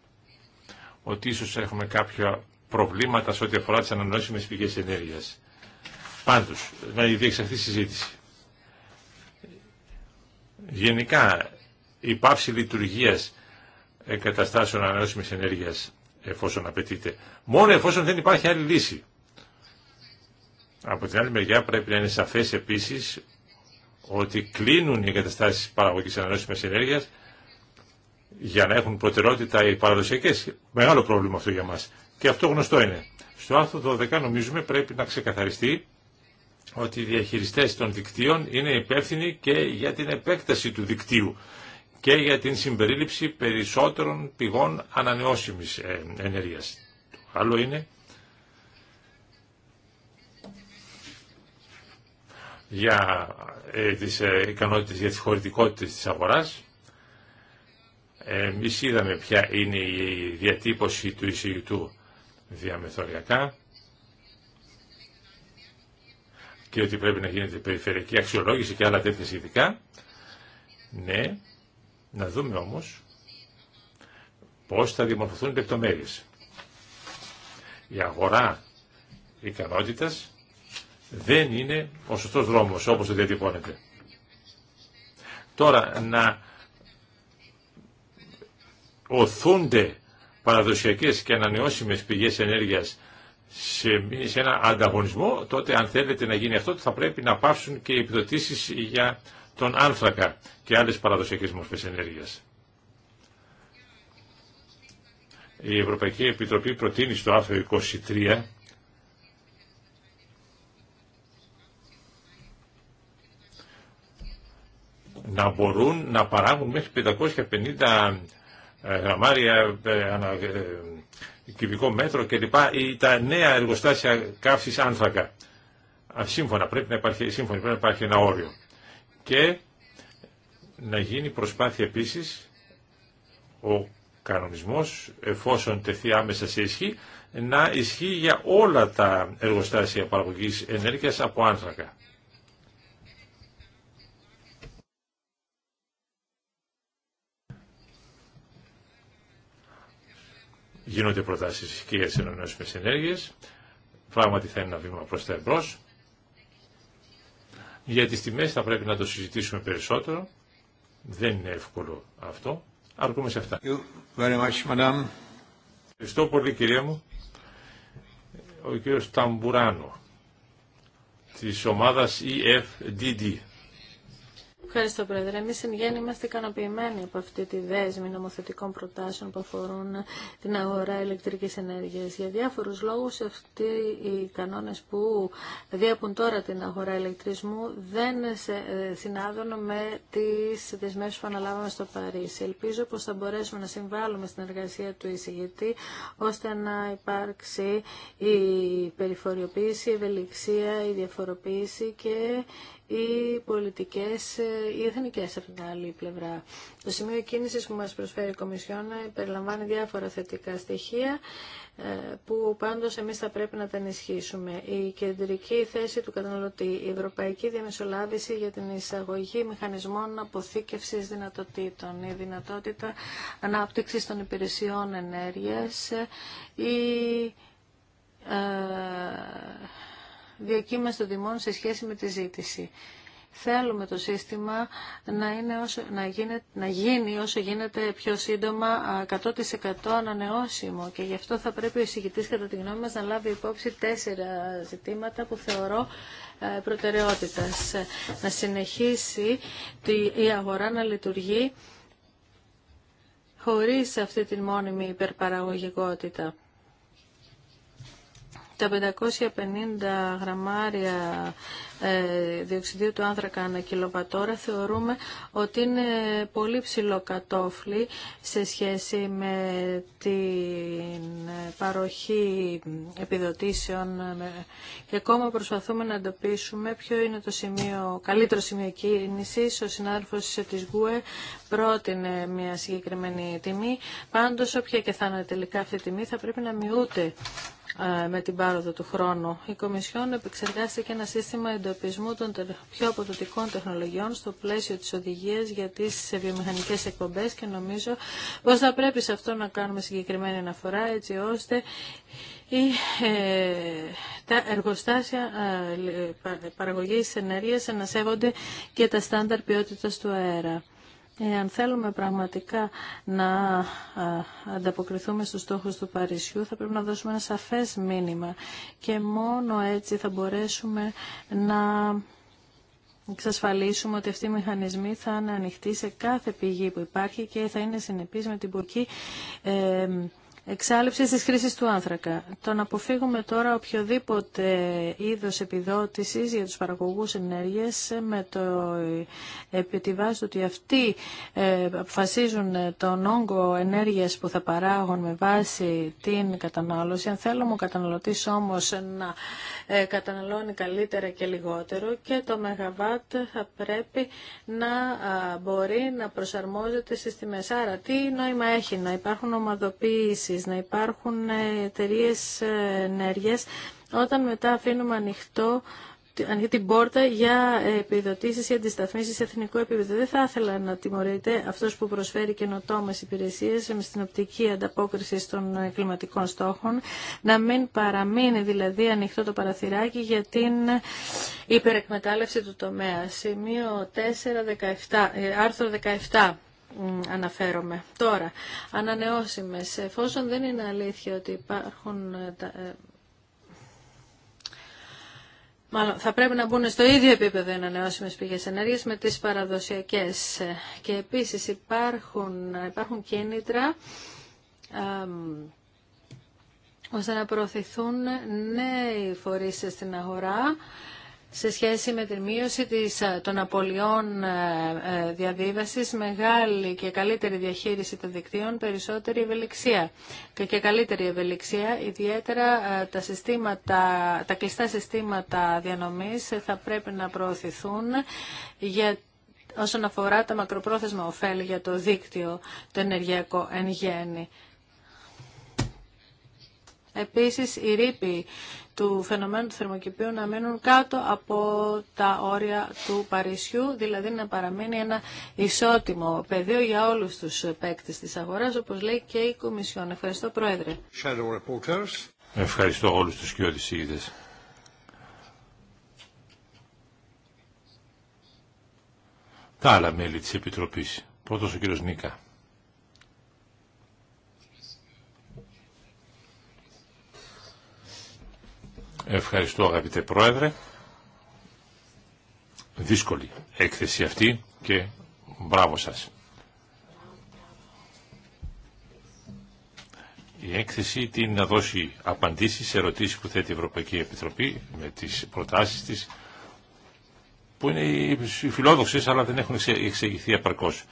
ότι ίσως έχουμε κάποια προβλήματα σε ό,τι αφορά τις ανανεώσιμες πηγές ενέργειας. Πάντως, να διεξαχθεί συζήτηση. Γενικά, η πάυση λειτουργίας εγκαταστάσεων ανανεώσιμης ενέργειας, εφόσον απαιτείται, μόνο εφόσον δεν υπάρχει άλλη λύση. Από την άλλη μεριά πρέπει να είναι σαφές επίσης ότι κλείνουν οι εγκαταστάσεις παραγωγής ανανεώσιμης ενέργειας για να έχουν προτεραιότητα οι παραδοσιακέ Μεγάλο πρόβλημα αυτό για μας. Και αυτό γνωστό είναι. Στο άρθρο 12 νομίζουμε πρέπει να ξεκαθαριστεί ότι οι διαχειριστές των δικτύων είναι υπεύθυνοι και για την επέκταση του δικτύου και για την συμπερίληψη περισσότερων πηγών ανανεώσιμης ε, ενέργειας. Το άλλο είναι για ε, τις ε, ικανότητες για τις χωρητικότητες της αγοράς Εμεί είδαμε ποια είναι η διατύπωση του εισηγητού διαμεθοριακά και ότι πρέπει να γίνεται περιφερειακή αξιολόγηση και άλλα τέτοια σχετικά. Ναι, να δούμε όμως πώς θα διαμορφωθούν οι λεπτομέρειες. Η αγορά ικανότητας δεν είναι ο σωστός δρόμος όπως το διατυπώνεται. Τώρα να οθούνται παραδοσιακές και ανανεώσιμες πηγές ενέργειας σε, ένα ανταγωνισμό, τότε αν θέλετε να γίνει αυτό θα πρέπει να πάψουν και οι επιδοτήσεις για τον άνθρακα και άλλες παραδοσιακές μορφές ενέργειας. Η Ευρωπαϊκή Επιτροπή προτείνει στο άρθρο 23 να μπορούν να παράγουν μέχρι 550 ε, γραμμάρια, ε, ε, κυβικό μέτρο κλπ. ή τα νέα εργοστάσια καύση άνθρακα. Σύμφωνα πρέπει να υπάρχει, σύμφωνα, πρέπει να υπάρχει ένα όριο. Και να γίνει προσπάθεια επίσης ο κανονισμός, εφόσον τεθεί άμεσα σε ισχύ, να ισχύει για όλα τα εργοστάσια παραγωγής ενέργειας από άνθρακα. Γίνονται προτάσεις και για τις Πράγματι θα είναι ένα βήμα προς τα εμπρός. Για τις τιμές θα πρέπει να το συζητήσουμε περισσότερο. Δεν είναι εύκολο αυτό. Αρκούμε σε αυτά. Much, Ευχαριστώ πολύ κυρία μου. Ο κύριος Ταμπουράνο της ομάδας EFDD. Ευχαριστώ, Πρόεδρε. Εμεί εν γέννη είμαστε ικανοποιημένοι από αυτή τη δέσμη νομοθετικών προτάσεων που αφορούν την αγορά ηλεκτρική ενέργεια. Για διάφορου λόγου, αυτοί οι κανόνε που διέπουν τώρα την αγορά ηλεκτρισμού δεν ε, συνάδουν με τι δεσμεύσει που αναλάβαμε στο Παρίσι. Ελπίζω πω θα μπορέσουμε να συμβάλλουμε στην εργασία του εισηγητή ώστε να υπάρξει η περιφοριοποίηση, η ευελιξία, η διαφοροποίηση και ή πολιτικές, ή εθνικές από την άλλη πλευρά. Το σημείο κίνησης που μας προσφέρει η Κομισιόνα περιλαμβάνει διάφορα θετικά στοιχεία ε, που πάντως εμείς θα πρέπει να τα ενισχύσουμε. Η κεντρική θέση του καταναλωτή, η ευρωπαϊκή διαμεσολάβηση για την εισαγωγή μηχανισμών αποθήκευσης δυνατοτήτων, η δυνατότητα ανάπτυξης των υπηρεσιών ενέργειας, η ε, διακύμαση των τιμών σε σχέση με τη ζήτηση. Θέλουμε το σύστημα να, είναι όσο, να, γίνει, να γίνει όσο γίνεται πιο σύντομα 100% ανανεώσιμο και γι' αυτό θα πρέπει ο εισηγητής κατά τη γνώμη μας να λάβει υπόψη τέσσερα ζητήματα που θεωρώ ε, προτεραιότητας. Να συνεχίσει η αγορά να λειτουργεί χωρίς αυτή τη μόνιμη υπερπαραγωγικότητα τα 550 γραμμάρια ε, διοξιδίου του άνθρακα ανά κιλοβατόρα θεωρούμε ότι είναι πολύ ψηλό κατόφλι σε σχέση με την παροχή επιδοτήσεων και ακόμα προσπαθούμε να εντοπίσουμε ποιο είναι το σημείο, καλύτερο σημείο κίνησης. Ο συνάδελφος της ΓΟΕ πρότεινε μια συγκεκριμένη τιμή. Πάντως, όποια και θα είναι τελικά αυτή η τιμή, θα πρέπει να μειούται ε, με την πάροδο του χρόνου. Η Κομισιόν επεξεργάστηκε ένα σύστημα εντοπισμού των πιο αποδοτικών τεχνολογιών στο πλαίσιο της οδηγίας για τις βιομηχανικές εκπομπές και νομίζω πως θα πρέπει σε αυτό να κάνουμε συγκεκριμένη αναφορά έτσι ώστε ή ε, τα εργοστάσια ε, παραγωγής να σέβονται και τα στάνταρ ποιότητας του αέρα. Εάν θέλουμε πραγματικά να ανταποκριθούμε στους στόχους του Παρισιού, θα πρέπει να δώσουμε ένα σαφές μήνυμα και μόνο έτσι θα μπορέσουμε να εξασφαλίσουμε ότι αυτοί οι μηχανισμοί θα είναι ανοιχτοί σε κάθε πηγή που υπάρχει και θα είναι συνεπείς με την ε, Εξάλληψη της χρήσης του άνθρακα. Το να αποφύγουμε τώρα οποιοδήποτε είδος επιδότησης για τους παραγωγούς ενέργειας με το ε, επί ότι αυτοί ε, αποφασίζουν τον όγκο ενέργειας που θα παράγουν με βάση την κατανάλωση. Αν θέλουμε ο καταναλωτής όμως να ε, καταναλώνει καλύτερα και λιγότερο και το ΜΕΓΑΒΑΤ θα πρέπει να μπορεί να προσαρμόζεται στις τιμές. Άρα τι νόημα έχει να υπάρχουν ομαδοποίησεις να υπάρχουν ε, εταιρείε ενέργεια όταν μετά αφήνουμε ανοιχτό την πόρτα για επιδοτήσει ή αντισταθμίσει σε εθνικό επίπεδο. Δεν θα ήθελα να τιμωρείται αυτό που προσφέρει καινοτόμε υπηρεσίε στην οπτική ανταπόκριση των ε, κλιματικών στόχων, να μην παραμείνει δηλαδή ανοιχτό το παραθυράκι για την υπερεκμετάλλευση του τομέα. Σημείο 4, 17, ε, άρθρο 17 αναφέρομαι. Τώρα, ανανεώσιμες. Εφόσον δεν είναι αλήθεια ότι υπάρχουν... Ε, ε, μάλλον θα πρέπει να μπουν στο ίδιο επίπεδο οι ανανεώσιμες πηγές ενέργειας με τις παραδοσιακές. Και επίσης υπάρχουν, υπάρχουν κίνητρα ώστε να προωθηθούν νέοι φορείς στην αγορά σε σχέση με τη μείωση της, ε, των απολειών ε, ε, διαβίβασης, μεγάλη και καλύτερη διαχείριση των δικτύων, περισσότερη ευελιξία και καλύτερη ευελιξία. Ιδιαίτερα τα, συστήματα, τα κλειστά συστήματα διανομής θα πρέπει να προωθηθούν για όσον αφορά τα μακροπρόθεσμα ωφέλη για το δίκτυο το ενεργειακό εν γέννη. Επίσης, η ρήπη του φαινομένου του θερμοκηπίου να μείνουν κάτω από τα όρια του Παρισιού, δηλαδή να παραμείνει ένα ισότιμο πεδίο για όλους τους παίκτες της αγοράς, όπως λέει και η Κομισιόν. Ευχαριστώ, Πρόεδρε. Ευχαριστώ όλους τους κοιόδησίδες. Τα άλλα μέλη της Επιτροπής. Πρώτος ο κύριος Νίκα. Ευχαριστώ αγαπητέ Πρόεδρε. Δύσκολη έκθεση αυτή και μπράβο σας. Η έκθεση την να δώσει απαντήσεις σε ερωτήσεις που θέτει η Ευρωπαϊκή Επιτροπή με τις προτάσεις της που είναι οι φιλόδοξες αλλά δεν έχουν εξεγηθεί απαρκώς.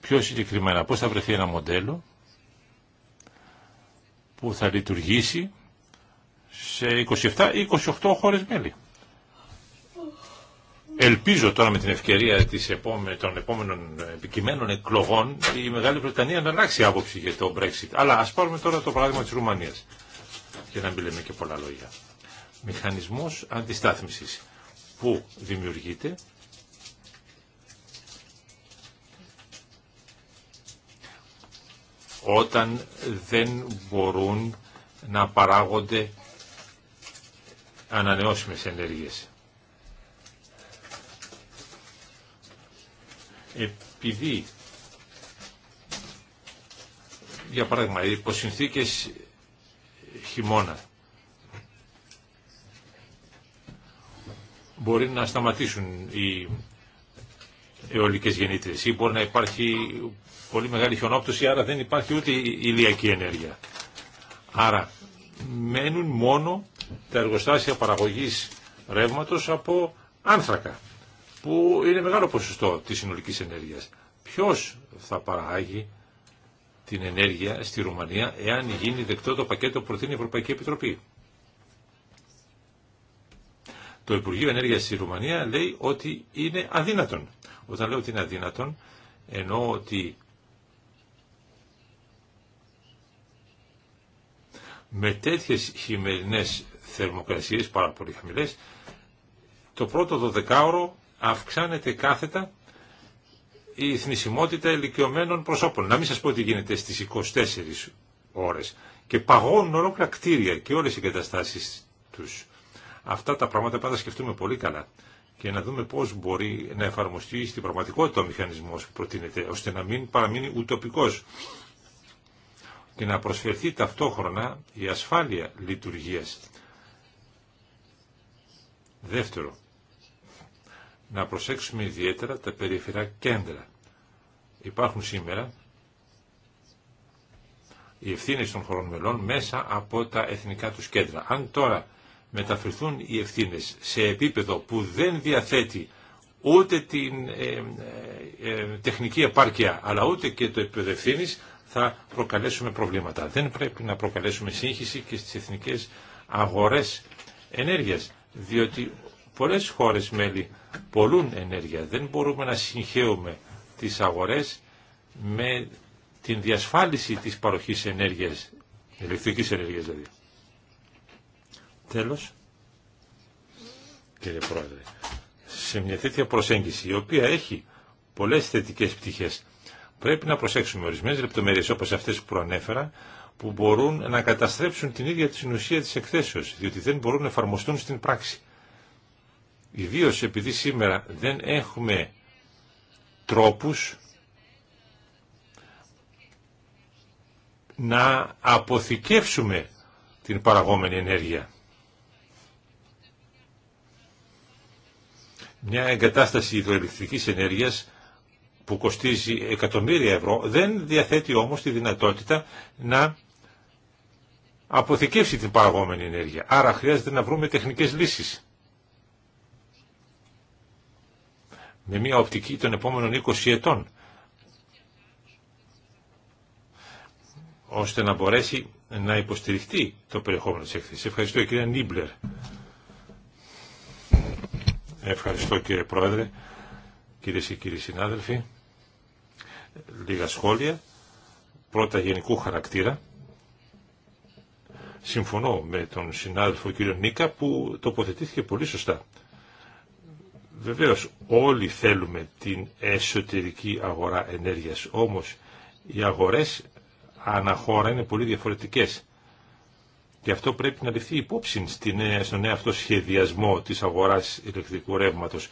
Πιο συγκεκριμένα πώς θα βρεθεί ένα μοντέλο που θα λειτουργήσει σε 27-28 χώρες μέλη. Ελπίζω τώρα με την ευκαιρία της επόμε, των επόμενων επικειμένων εκλογών η Μεγάλη Βρετανία να αλλάξει άποψη για το Brexit. Αλλά ας πάρουμε τώρα το παράδειγμα της Ρουμανίας. Για να μην λέμε και πολλά λόγια. Μηχανισμός αντιστάθμισης που δημιουργείται όταν δεν μπορούν να παράγονται ανανεώσιμες ενέργειες. Επειδή, για παράδειγμα, οι υποσυνθήκες χειμώνα μπορεί να σταματήσουν οι αιωλικές γεννήτρες ή μπορεί να υπάρχει πολύ μεγάλη χιονόπτωση άρα δεν υπάρχει ούτε ηλιακή ενέργεια. Άρα μένουν μόνο τα εργοστάσια παραγωγής ρεύματος από άνθρακα, που είναι μεγάλο ποσοστό της συνολικής ενέργειας. Ποιος θα παράγει την ενέργεια στη Ρουμανία εάν γίνει δεκτό το πακέτο που προτείνει η Ευρωπαϊκή Επιτροπή. Το Υπουργείο Ενέργειας στη Ρουμανία λέει ότι είναι αδύνατον. Όταν λέω ότι είναι αδύνατον, εννοώ ότι με τέτοιες χειμερινές θερμοκρασίες πάρα πολύ χαμηλές, το πρώτο δωδεκάωρο αυξάνεται κάθετα η θνησιμότητα ηλικιωμένων προσώπων. Να μην σας πω τι γίνεται στις 24 ώρες και παγώνουν ολόκληρα κτίρια και όλες οι εγκαταστάσεις τους. Αυτά τα πράγματα πάντα σκεφτούμε πολύ καλά και να δούμε πώς μπορεί να εφαρμοστεί στην πραγματικότητα ο μηχανισμός που προτείνεται, ώστε να μην παραμείνει ουτοπικός και να προσφερθεί ταυτόχρονα η ασφάλεια λειτουργίας Δεύτερο, να προσέξουμε ιδιαίτερα τα περιφερά κέντρα. Υπάρχουν σήμερα οι ευθύνε των χωρών μελών μέσα από τα εθνικά τους κέντρα. Αν τώρα μεταφερθούν οι ευθύνε σε επίπεδο που δεν διαθέτει ούτε την ε, ε, ε, τεχνική επάρκεια αλλά ούτε και το επίπεδο ευθύνη, θα προκαλέσουμε προβλήματα. Δεν πρέπει να προκαλέσουμε σύγχυση και στις εθνικές αγορές ενέργειας διότι πολλές χώρες μέλη πολλούν ενέργεια. Δεν μπορούμε να συγχέουμε τις αγορές με την διασφάλιση της παροχής ενέργειας, ηλεκτρικής ενέργειας δηλαδή. Τέλος, κύριε Πρόεδρε, σε μια τέτοια προσέγγιση, η οποία έχει πολλές θετικές πτυχές, πρέπει να προσέξουμε ορισμένες λεπτομέρειες όπως αυτές που προανέφερα, που μπορούν να καταστρέψουν την ίδια τη ουσία της εκθέσεως, διότι δεν μπορούν να εφαρμοστούν στην πράξη. Ιδίω επειδή σήμερα δεν έχουμε τρόπους να αποθηκεύσουμε την παραγόμενη ενέργεια. Μια εγκατάσταση υδροελεκτρικής ενέργειας που κοστίζει εκατομμύρια ευρώ δεν διαθέτει όμως τη δυνατότητα να αποθηκεύσει την παραγόμενη ενέργεια. Άρα χρειάζεται να βρούμε τεχνικές λύσεις. Με μια οπτική των επόμενων 20 ετών. ώστε να μπορέσει να υποστηριχτεί το περιεχόμενο της έκθεσης. Ευχαριστώ κυρία Νίμπλερ. Ευχαριστώ κύριε Πρόεδρε, κυρίε και κύριοι συνάδελφοι. Λίγα σχόλια. Πρώτα γενικού χαρακτήρα συμφωνώ με τον συνάδελφο κύριο Νίκα που τοποθετήθηκε πολύ σωστά. Βεβαίως όλοι θέλουμε την εσωτερική αγορά ενέργειας, όμως οι αγορές αναχώρα είναι πολύ διαφορετικές. Και αυτό πρέπει να ληφθεί υπόψη στον νέο αυτό σχεδιασμό της αγοράς ηλεκτρικού ρεύματος.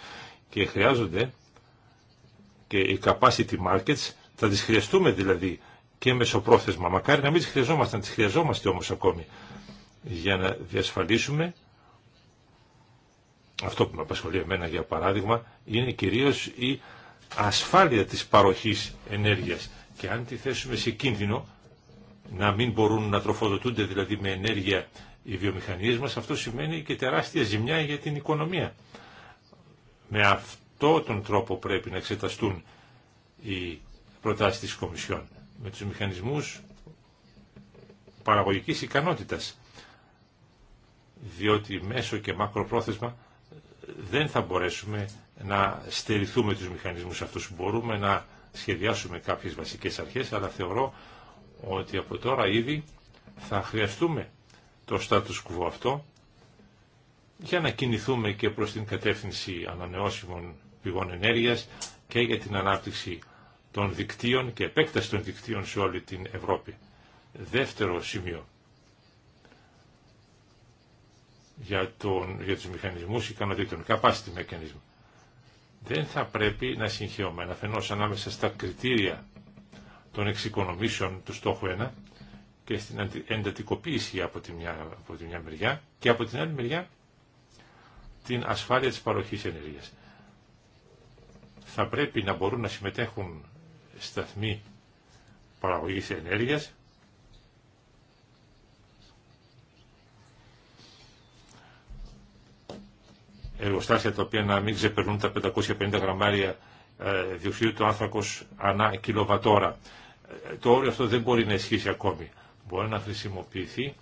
Και χρειάζονται και οι capacity markets, θα τις χρειαστούμε δηλαδή και μεσοπρόθεσμα. Μακάρι να μην τις χρειαζόμαστε, να τις χρειαζόμαστε όμως ακόμη για να διασφαλίσουμε αυτό που με απασχολεί εμένα για παράδειγμα είναι κυρίως η ασφάλεια της παροχής ενέργειας και αν τη θέσουμε σε κίνδυνο να μην μπορούν να τροφοδοτούνται δηλαδή με ενέργεια οι βιομηχανίες μας αυτό σημαίνει και τεράστια ζημιά για την οικονομία. Με αυτό τον τρόπο πρέπει να εξεταστούν οι προτάσεις της Κομισιόν με τους μηχανισμούς παραγωγικής ικανότητας. Διότι μέσω και μακροπρόθεσμα δεν θα μπορέσουμε να στερηθούμε τους μηχανισμούς αυτούς. Μπορούμε να σχεδιάσουμε κάποιες βασικές αρχές, αλλά θεωρώ ότι από τώρα ήδη θα χρειαστούμε το status quo αυτό για να κινηθούμε και προς την κατεύθυνση ανανεώσιμων πηγών ενέργειας και για την ανάπτυξη των δικτύων και επέκταση των δικτύων σε όλη την Ευρώπη. Δεύτερο σημείο για, τον, για τους μηχανισμούς ικανοτήτων, capacity mechanism. Δεν θα πρέπει να να φαινός ανάμεσα στα κριτήρια των εξοικονομήσεων του στόχου 1 και στην εντατικοποίηση από τη, μια, από τη μια μεριά και από την άλλη μεριά την ασφάλεια της παροχής ενέργειας. Θα πρέπει να μπορούν να συμμετέχουν σταθμοί παραγωγής ενέργειας εργοστάσια τα οποία να μην ξεπερνούν τα 550 γραμμάρια ε, διοξιδίου του άνθρακος ανά κιλοβατόρα. Ε, το όριο αυτό δεν μπορεί να ισχύσει ακόμη. Μπορεί να χρησιμοποιηθεί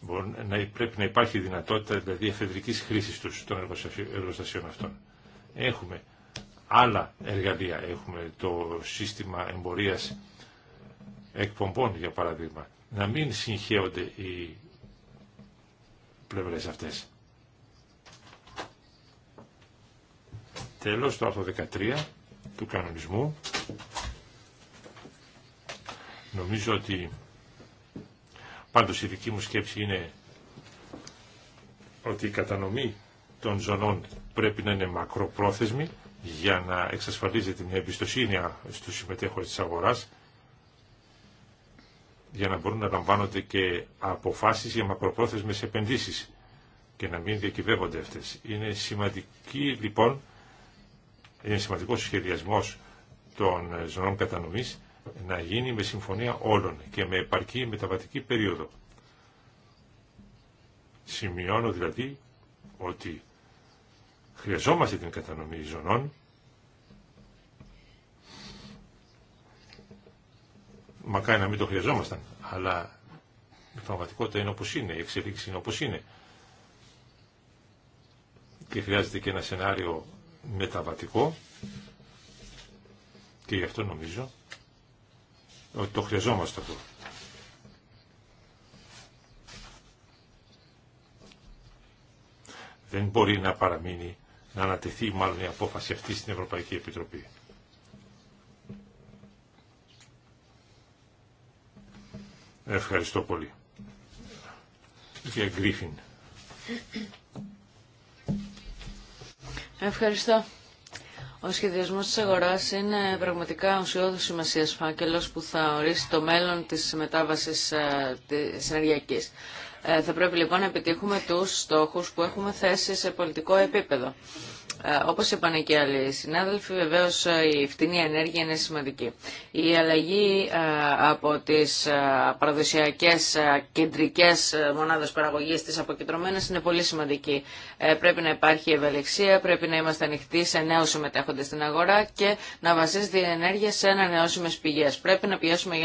μπορεί να, πρέπει να υπάρχει δυνατότητα δηλαδή εφεδρικής χρήσης τους των εργοστασίων αυτών. Έχουμε άλλα εργαλεία. Έχουμε το σύστημα εμπορίας εκπομπών, για παράδειγμα. Να μην συγχέονται οι πλευρές αυτές. Τέλος, το άρθρο 13 του κανονισμού. Νομίζω ότι πάντως η δική μου σκέψη είναι ότι η κατανομή των ζωνών πρέπει να είναι μακροπρόθεσμη για να εξασφαλίζεται μια εμπιστοσύνη στους συμμετέχοντες της αγοράς για να μπορούν να λαμβάνονται και αποφάσεις για μακροπρόθεσμες επενδύσεις και να μην διακυβεύονται αυτές. Είναι σημαντική λοιπόν, είναι σημαντικός σχεδιασμός των ζωνών κατανομής να γίνει με συμφωνία όλων και με επαρκή μεταβατική περίοδο. Σημειώνω δηλαδή ότι Χρειαζόμαστε την κατανομή ζωνών. Μακάρι να μην το χρειαζόμασταν, αλλά η πραγματικότητα είναι όπως είναι, η εξελίξη είναι όπως είναι. Και χρειάζεται και ένα σενάριο μεταβατικό και γι' αυτό νομίζω ότι το χρειαζόμαστε αυτό. Δεν μπορεί να παραμείνει να ανατεθεί μάλλον η απόφαση αυτή στην Ευρωπαϊκή Επιτροπή. Ευχαριστώ πολύ. Γκρίφιν. Ευχαριστώ. Ο σχεδιασμό τη αγορά είναι πραγματικά ουσιώδη σημασία φάκελο που θα ορίσει το μέλλον τη μετάβαση ε, τη ενεργειακή. Ε, θα πρέπει λοιπόν να επιτύχουμε τους στόχους που έχουμε θέσει σε πολιτικό επίπεδο. Ε, όπως είπαν και άλλοι συνάδελφοι, βεβαίως ε, η φτηνή ενέργεια είναι σημαντική. Η αλλαγή ε, από τις παραδοσιακές κεντρικές μονάδες παραγωγής της αποκεντρωμένες είναι πολύ σημαντική. Πρέπει να υπάρχει ευελιξία, πρέπει να είμαστε ανοιχτοί σε νέους συμμετέχοντες στην αγορά και να βασίζεται η ενέργεια σε ανανεώσιμες πηγές. Πρέπει να πιέσουμε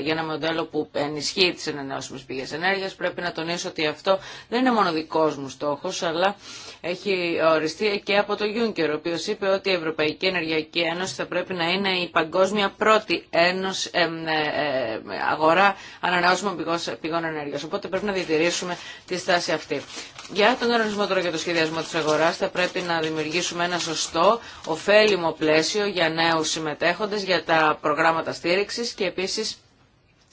για ένα μοντέλο που ενισχύει τις ανανεώσιμες πηγές ενέργειας. Πρέπει να τονίσω ότι αυτό δεν είναι μόνο δικός μου στόχος, αλλά έχει οριστεί και από τον Γιούνκερ, ο οποίος είπε ότι η Ευρωπαϊκή Ενεργειακή Ένωση θα πρέπει να είναι η παγκόσμια πρώτη ένωση, ε, ε, αγορά ανανεώσιμων πηγών ενέργειας. Οπότε πρέπει να διατηρήσουμε τη στάση αυτή. Για τον κανονισμό τώρα για το σχεδιασμό της αγοράς θα πρέπει να δημιουργήσουμε ένα σωστό, ωφέλιμο πλαίσιο για νέους συμμετέχοντες, για τα προγράμματα στήριξης και επίσης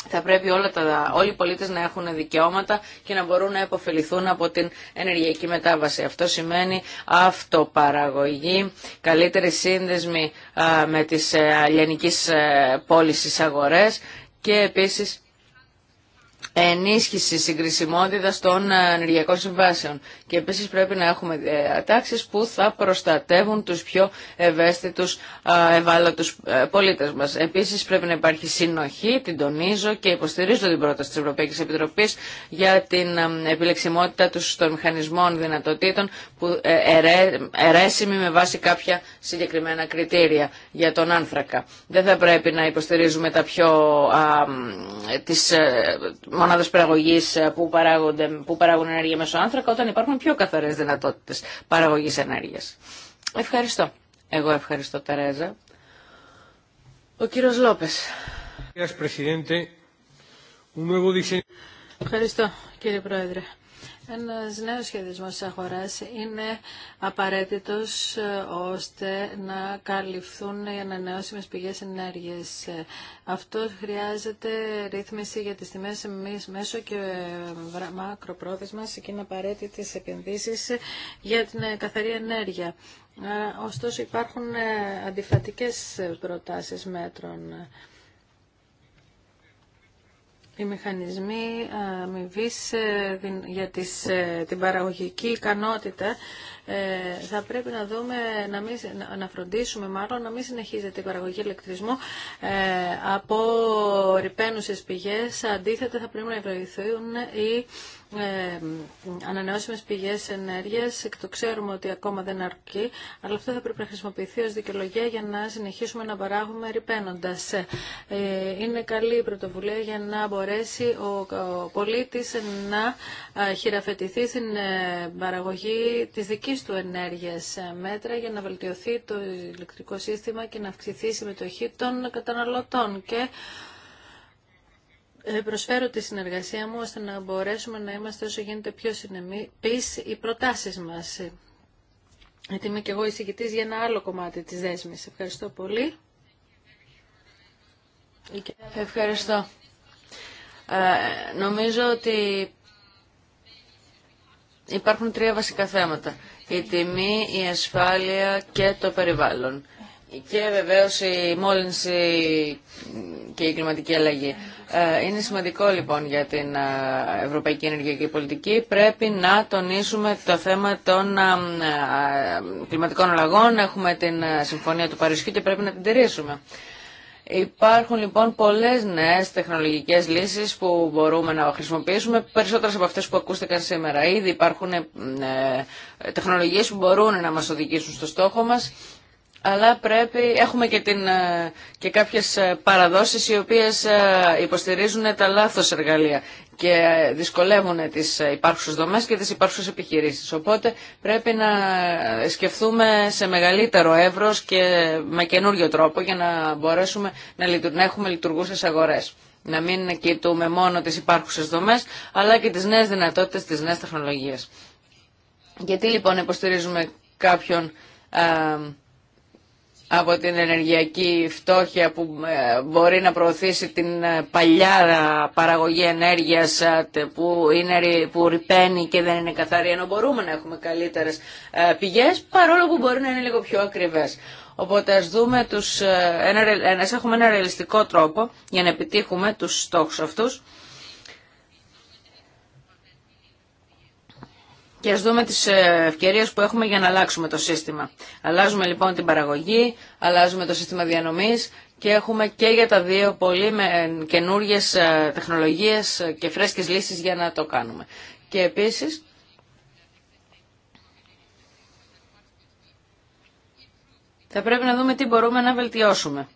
θα πρέπει όλα όλοι οι πολίτες να έχουν δικαιώματα και να μπορούν να επωφεληθούν από την ενεργειακή μετάβαση. Αυτό σημαίνει αυτοπαραγωγή, καλύτερη σύνδεσμη με τις πόλεις ε, ε, πώλησης αγορές και επίσης ενίσχυση συγκρισιμότητας των ε, ενεργειακών συμβάσεων. Και επίσης πρέπει να έχουμε ε, τάξεις που θα προστατεύουν τους πιο ευαίσθητους ευάλωτους ε, πολίτες μας. Επίσης πρέπει να υπάρχει συνοχή, την τονίζω και υποστηρίζω την πρόταση της Ευρωπαϊκής Επιτροπής για την ε, επιλεξιμότητα των μηχανισμών δυνατοτήτων που ερέ, με βάση κάποια συγκεκριμένα κριτήρια για τον άνθρακα. Δεν θα πρέπει να υποστηρίζουμε τα πιο, α, τις μονάδες παραγωγής που, που παράγουν ενέργεια μέσω άνθρακα όταν υπάρχουν πιο καθαρές δυνατότητε παραγωγή ενέργεια. Ευχαριστώ. Εγώ ευχαριστώ, Τερέζα. Ο κύριος Λόπες. Ευχαριστώ, κύριε Πρόεδρε. Ένας νέος σχεδιασμός της αγοράς είναι απαραίτητος ε, ώστε να καλυφθούν οι ανανεώσιμες πηγές ενέργειας. Ε, αυτό χρειάζεται ρύθμιση για τις τιμές μέσω και ε, μακροπρόθεσμα και είναι απαραίτητες επενδύσεις για την καθαρή ενέργεια. Ωστόσο υπάρχουν αντιφατικές προτάσεις μέτρων οι μηχανισμοί αμοιβή ε, για τις, ε, την παραγωγική ικανότητα ε, θα πρέπει να δούμε, να, μην, να φροντίσουμε μάλλον να μην συνεχίζεται η παραγωγή ηλεκτρισμού από ρηπαίνουσες πηγές. Αντίθετα θα πρέπει να ευρωηθούν οι ε, ανανεώσιμες πηγές ενέργειας. Το ξέρουμε ότι ακόμα δεν αρκεί, αλλά αυτό θα πρέπει να χρησιμοποιηθεί ως δικαιολογία για να συνεχίσουμε να παράγουμε ρηπαίνοντας. Ε, είναι καλή η πρωτοβουλία για να μπορέσει ο, ο πολίτης να ε, χειραφετηθεί στην ε, παραγωγή της δικής του ενέργειας μέτρα για να βελτιωθεί το ηλεκτρικό σύστημα και να αυξηθεί η συμμετοχή των καταναλωτών και ε, προσφέρω τη συνεργασία μου ώστε να μπορέσουμε να είμαστε όσο γίνεται πιο συνεμείς οι προτάσεις μας. Γιατί είμαι και εγώ εισηγητής για ένα άλλο κομμάτι της δέσμης. Ευχαριστώ πολύ. Ευχαριστώ. Ε, νομίζω ότι υπάρχουν τρία βασικά θέματα. Η τιμή, η ασφάλεια και το περιβάλλον. Και βεβαίως η μόλυνση και η κλιματική αλλαγή. Ε, είναι σημαντικό λοιπόν για την ε, ευρωπαϊκή ενεργειακή πολιτική. Πρέπει να τονίσουμε το θέμα των ε, κλιματικών αλλαγών. Έχουμε την Συμφωνία του Παρισιού και πρέπει να την τηρήσουμε. Υπάρχουν λοιπόν πολλές νέες τεχνολογικές λύσεις που μπορούμε να χρησιμοποιήσουμε, περισσότερες από αυτές που ακούστηκαν σήμερα. Ήδη υπάρχουν τεχνολογίες που μπορούν να μας οδηγήσουν στο στόχο μας αλλά πρέπει, έχουμε και, την, ε, και κάποιες ε, παραδόσεις οι οποίες ε, υποστηρίζουν τα λάθος εργαλεία και δυσκολεύουν τις υπάρχουσες δομές και τις υπάρχουσες επιχειρήσεις. Οπότε πρέπει να σκεφτούμε σε μεγαλύτερο εύρος και με καινούριο τρόπο για να μπορέσουμε να, να έχουμε λειτουργούσες αγορές. Να μην κοιτούμε μόνο τις υπάρχουσες δομές, αλλά και τις νέες δυνατότητες, τις νέες τεχνολογίες. Γιατί λοιπόν υποστηρίζουμε κάποιον από την ενεργειακή φτώχεια που ε, μπορεί να προωθήσει την ε, παλιά παραγωγή ενέργειας ε, που, είναι, που ρηπαίνει και δεν είναι καθαρή ενώ μπορούμε να έχουμε καλύτερες πηγές παρόλο που μπορεί να είναι λίγο πιο ακριβές. Οπότε ας δούμε τους, έχουμε ένα ρεαλιστικό τρόπο για να επιτύχουμε τους στόχους αυτούς και ας δούμε τις ε, ευκαιρίες που έχουμε για να αλλάξουμε το σύστημα. Αλλάζουμε λοιπόν την παραγωγή, αλλάζουμε το σύστημα διανομής και έχουμε και για τα δύο πολύ με καινούργιες ε, τεχνολογίες ε, και φρέσκες λύσεις για να το κάνουμε. Και επίσης θα πρέπει να δούμε τι μπορούμε να βελτιώσουμε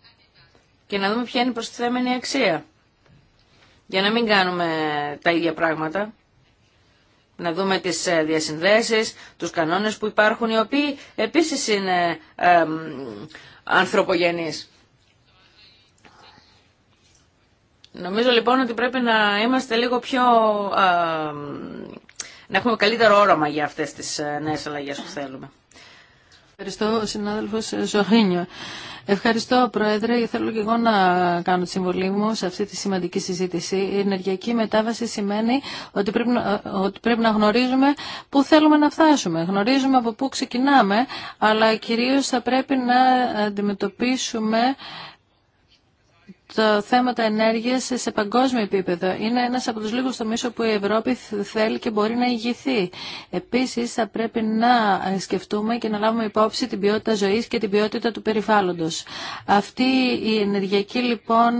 και να δούμε ποια είναι η προστιθέμενη αξία για να μην κάνουμε τα ίδια πράγματα να δούμε τις ε, διασυνδέσεις, τους κανόνες που υπάρχουν, οι οποίοι επίσης είναι ε, ανθρωπογενείς. Νομίζω λοιπόν ότι πρέπει να είμαστε λίγο πιο... να έχουμε καλύτερο όραμα για αυτές τις ε, νέες αλλαγές που θέλουμε. Ευχαριστώ, συνάδελφος Ζωχίνιο. Ευχαριστώ, Πρόεδρε. Θέλω και εγώ να κάνω τη συμβολή μου σε αυτή τη σημαντική συζήτηση. Η ενεργειακή μετάβαση σημαίνει ότι πρέπει, ότι πρέπει να γνωρίζουμε πού θέλουμε να φτάσουμε. Γνωρίζουμε από πού ξεκινάμε, αλλά κυρίως θα πρέπει να αντιμετωπίσουμε τα θέματα ενέργειας σε παγκόσμιο επίπεδο. Είναι ένα από του λίγου τομεί όπου η Ευρώπη θέλει και μπορεί να ηγηθεί. Επίση, θα πρέπει να ε, σκεφτούμε και να λάβουμε υπόψη την ποιότητα ζωή και την ποιότητα του περιβάλλοντο. Αυτή η ενεργειακή λοιπόν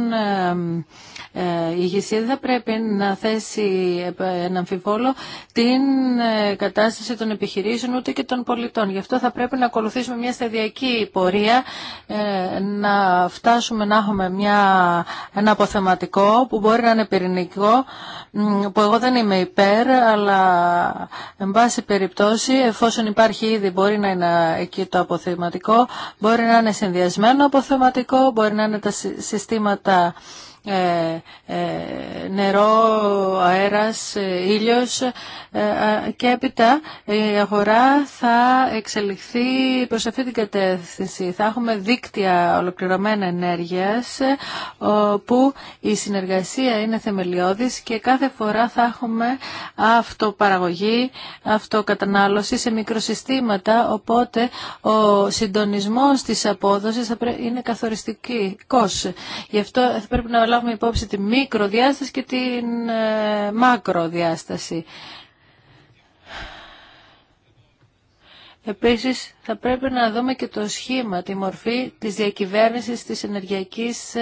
ε, ηγεσία δεν θα πρέπει να θέσει ένα αμφιβόλο την ε, κατάσταση των επιχειρήσεων ούτε και των πολιτών. Γι' αυτό θα πρέπει να ακολουθήσουμε μια σταδιακή πορεία, να φτάσουμε να έχουμε μια ένα αποθεματικό που μπορεί να είναι πυρηνικό, που εγώ δεν είμαι υπέρ, αλλά εν πάση περιπτώσει, εφόσον υπάρχει ήδη, μπορεί να είναι εκεί το αποθεματικό, μπορεί να είναι συνδυασμένο αποθεματικό, μπορεί να είναι τα συστήματα ε, ε, νερό, αέρας, ε, ήλιος και έπειτα η αγορά θα εξελιχθεί προς αυτή την κατεύθυνση. Θα έχουμε δίκτυα ολοκληρωμένα ενέργειας που η συνεργασία είναι θεμελιώδης και κάθε φορά θα έχουμε αυτοπαραγωγή, αυτοκατανάλωση σε μικροσυστήματα οπότε ο συντονισμός της απόδοσης είναι καθοριστικός. Γι' αυτό θα πρέπει να λάβουμε υπόψη τη μικροδιάσταση και την ε, μακροδιάσταση. Επίσης θα πρέπει να δούμε και το σχήμα, τη μορφή της διακυβέρνησης της Ενεργειακής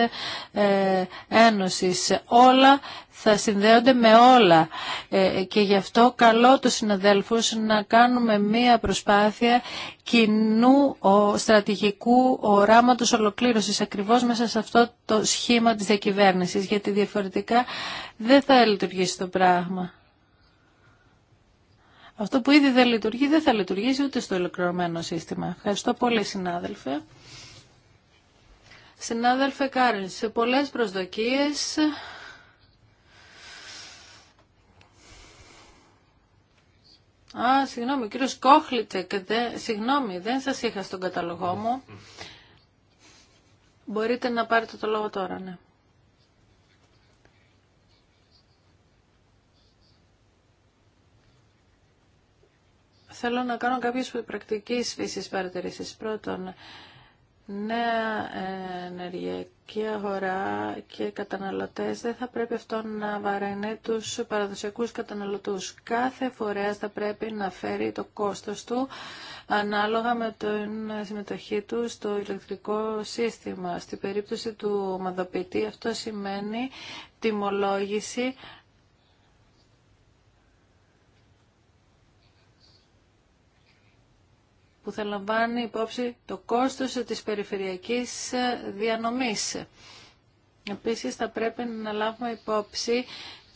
ε, Ένωσης. Όλα θα συνδέονται με όλα ε, και γι' αυτό καλό τους συναδέλφους να κάνουμε μία προσπάθεια κοινού στρατηγικού οράματος ολοκλήρωσης ακριβώς μέσα σε αυτό το σχήμα της διακυβέρνησης γιατί διαφορετικά δεν θα λειτουργήσει το πράγμα. Αυτό που ήδη δεν λειτουργεί δεν θα λειτουργήσει ούτε στο ηλεκτρονικό σύστημα. Ευχαριστώ πολύ συνάδελφε. Συνάδελφε Κάριν, σε πολλές προσδοκίες Α, συγγνώμη, ο κύριος Κόχλιτσεκ, δε, συγγνώμη, δεν σας είχα στον καταλογό μου. Μπορείτε να πάρετε το λόγο τώρα, ναι. θέλω να κάνω κάποιες πρακτικές φύσης παρατηρήσεις. Πρώτον, νέα ε, ενεργειακή αγορά και καταναλωτές δεν θα πρέπει αυτό να βαραίνει τους παραδοσιακούς καταναλωτούς. Κάθε φορέας θα πρέπει να φέρει το κόστος του ανάλογα με την συμμετοχή του στο ηλεκτρικό σύστημα. Στην περίπτωση του ομαδοποιητή αυτό σημαίνει τιμολόγηση που θα λαμβάνει υπόψη το κόστος της περιφερειακής ε, διανομής. Επίσης θα πρέπει να λάβουμε υπόψη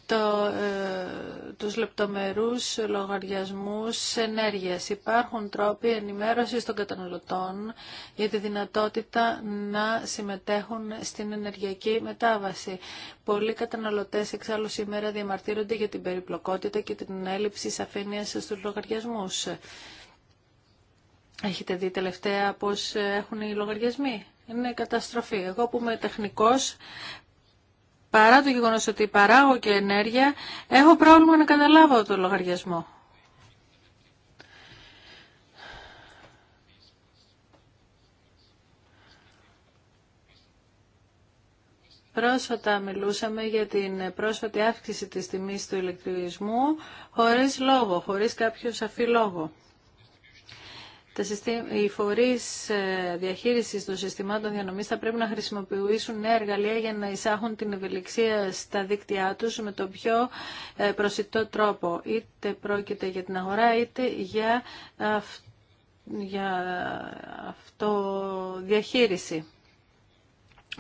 το, ε, τους λεπτομερούς λογαριασμούς ενέργειας. Υπάρχουν τρόποι ενημέρωσης των καταναλωτών για τη δυνατότητα να συμμετέχουν στην ενεργειακή μετάβαση. Πολλοί καταναλωτές εξάλλου σήμερα διαμαρτύρονται για την περιπλοκότητα και την έλλειψη σαφήνειας στους λογαριασμούς. Έχετε δει τελευταία πώς έχουν οι λογαριασμοί. Είναι καταστροφή. Εγώ που είμαι τεχνικός, παρά το γεγονός ότι παράγω και ενέργεια, έχω πρόβλημα να καταλάβω το λογαριασμό. Πρόσφατα μιλούσαμε για την πρόσφατη αύξηση της τιμής του ηλεκτρισμού χωρίς λόγο, χωρίς κάποιο σαφή λόγο οι φορεί ε, διαχείρισης των συστημάτων διανομής θα πρέπει να χρησιμοποιήσουν νέα εργαλεία για να εισάχουν την ευελιξία στα δίκτυά τους με τον πιο ε, προσιτό τρόπο. Είτε πρόκειται για την αγορά είτε για, για αυτοδιαχείριση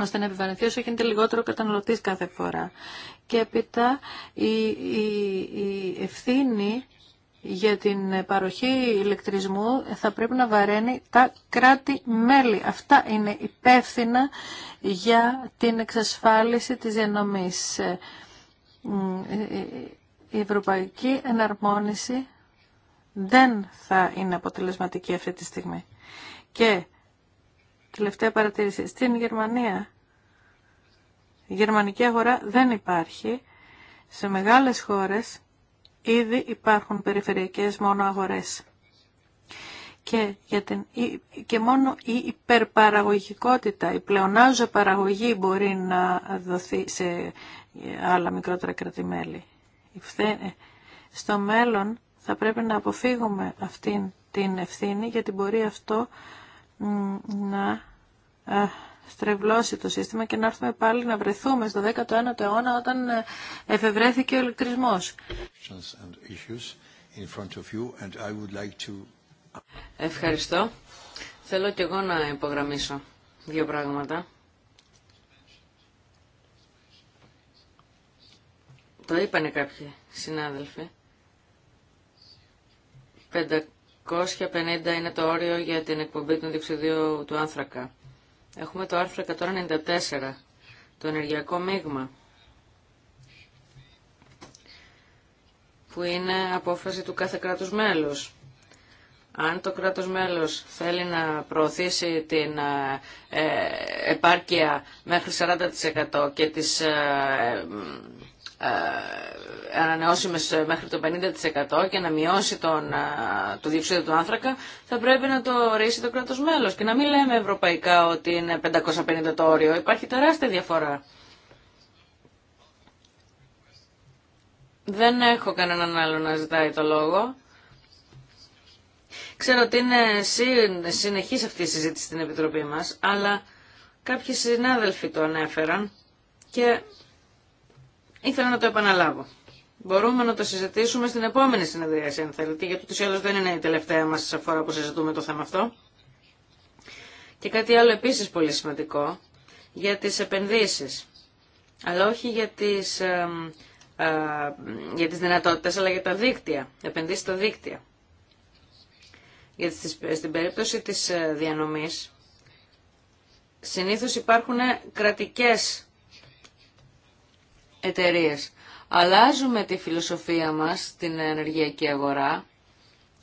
ώστε να επιβαρυνθεί όσο γίνεται λιγότερο καταναλωτή κάθε φορά. Και έπειτα η, η, η ευθύνη για την παροχή ηλεκτρισμού θα πρέπει να βαραίνει τα κράτη-μέλη. Αυτά είναι υπεύθυνα για την εξασφάλιση της διανομής. Η ευρωπαϊκή εναρμόνιση δεν θα είναι αποτελεσματική αυτή τη στιγμή. Και τελευταία παρατήρηση. Στην Γερμανία η γερμανική αγορά δεν υπάρχει. Σε μεγάλες χώρες Ήδη υπάρχουν περιφερειακές μόνο αγορές. Και, για και μόνο η υπερπαραγωγικότητα, η πλεονάζω παραγωγή μπορεί να δοθεί σε άλλα μικρότερα κρατημέλη. Ε, στο μέλλον θα πρέπει να αποφύγουμε αυτήν την ευθύνη γιατί μπορεί αυτό να ε, στρεβλώσει το σύστημα και να έρθουμε πάλι να βρεθούμε στο 19ο αιώνα όταν ε, εφευρέθηκε ο ηλεκτρισμός. Ευχαριστώ. Θέλω και εγώ να υπογραμμίσω δύο πράγματα. Το είπανε κάποιοι συνάδελφοι. 550 είναι το όριο για την εκπομπή του διοξιδίου του άνθρακα. Έχουμε το άρθρο 194, το ενεργειακό μείγμα, που είναι απόφαση του κάθε κράτους μέλους. Αν το κράτος μέλος θέλει να προωθήσει την ε, ε, επάρκεια μέχρι 40% και τις ε, ε, ανανεώσιμες ε, μέχρι το 50% και να μειώσει τον, ε, το διοξείδιο του άνθρακα, θα πρέπει να το ορίσει το κράτος μέλος. Και να μην λέμε ευρωπαϊκά ότι είναι 550 το όριο. Υπάρχει τεράστια διαφορά. Δεν έχω κανέναν άλλο να ζητάει το λόγο. Ξέρω ότι είναι συνεχής αυτή η συζήτηση στην Επιτροπή μας, αλλά κάποιοι συνάδελφοι το ανέφεραν και Ήθελα να το επαναλάβω. Μπορούμε να το συζητήσουμε στην επόμενη συνεδρίαση, αν θέλετε, γιατί ούτως ή άλλω δεν είναι η αλλω δεν ειναι η τελευταια μας αφορά που συζητούμε το θέμα αυτό. Και κάτι άλλο επίσης πολύ σημαντικό, για τις επενδύσεις, αλλά όχι για τις, για τις δυνατότητες, αλλά για τα δίκτυα, επενδύσεις στα δίκτυα. Γιατί στην περίπτωση της ε, διανομής, συνήθως υπάρχουν κρατικές εταιρείε. Αλλάζουμε τη φιλοσοφία μας στην ενεργειακή αγορά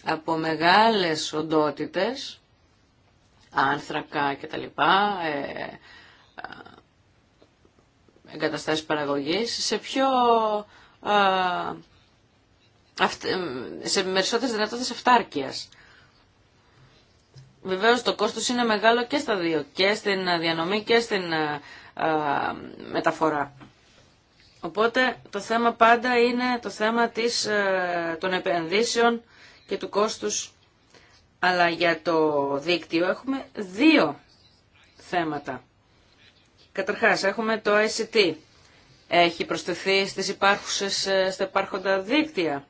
από μεγάλες οντότητες, άνθρακα κτλ., ε, ε, εγκαταστάσεις παραγωγής, σε πιο... Ε, ε σε περισσότερες δυνατότητες αυτάρκειας. Βεβαίως το κόστος είναι μεγάλο και στα δύο, και στην διανομή και στην ε, μεταφορά. Οπότε το θέμα πάντα είναι το θέμα της, ε, των επενδύσεων και του κόστους. Αλλά για το δίκτυο έχουμε δύο θέματα. Καταρχάς έχουμε το ICT. Έχει προσθεθεί στις υπάρχουσες, ε, στα υπάρχοντα δίκτυα.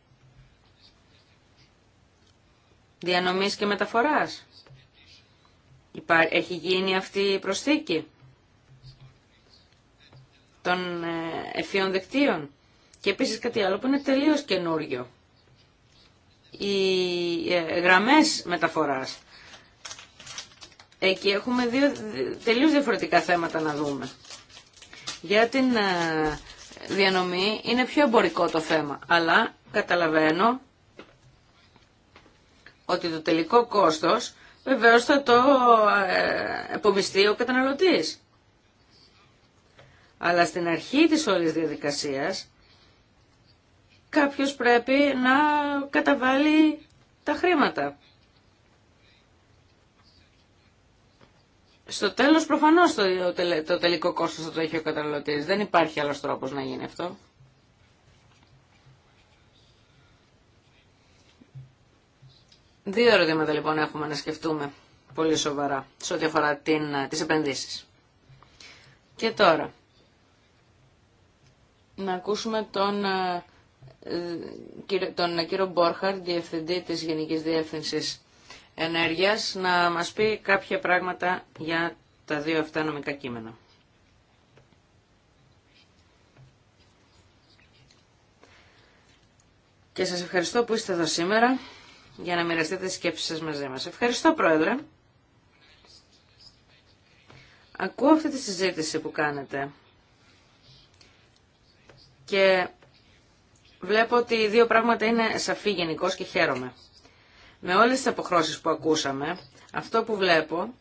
Διανομής και μεταφοράς. Έχει γίνει αυτή η προσθήκη των ε, ευθείων δεκτήων Και επίσης κάτι άλλο που είναι τελείως καινούριο. Οι ε, γραμμές μεταφοράς. Εκεί έχουμε δύο τελείως διαφορετικά θέματα να δούμε. Για την ε, διανομή είναι πιο εμπορικό το θέμα, αλλά καταλαβαίνω ότι το τελικό κόστος βεβαίως θα το επομιστεί ο καταναλωτής. Αλλά στην αρχή της όλης διαδικασίας κάποιος πρέπει να καταβάλει τα χρήματα. Στο τέλος προφανώς το, τελικό κόστος θα το έχει ο καταναλωτής. Δεν υπάρχει άλλος τρόπος να γίνει αυτό. Δύο ερωτήματα λοιπόν έχουμε να σκεφτούμε πολύ σοβαρά σε ό,τι αφορά την, τις επενδύσεις. Και τώρα, να ακούσουμε τον, ε, ε, τον ε, κύριο Μπόρχαρ, διευθυντή της Γενικής Διεύθυνσης Ενέργειας, να μας πει κάποια πράγματα για τα δύο αυτά νομικά κείμενα. Και σας ευχαριστώ που είστε εδώ σήμερα για να μοιραστείτε τις σκέψεις σας μαζί μας. Ευχαριστώ, Πρόεδρε. Ακούω αυτή τη συζήτηση που κάνετε και βλέπω ότι οι δύο πράγματα είναι σαφή γενικώ και χαίρομαι. Με όλες τις αποχρώσεις που ακούσαμε, αυτό που βλέπω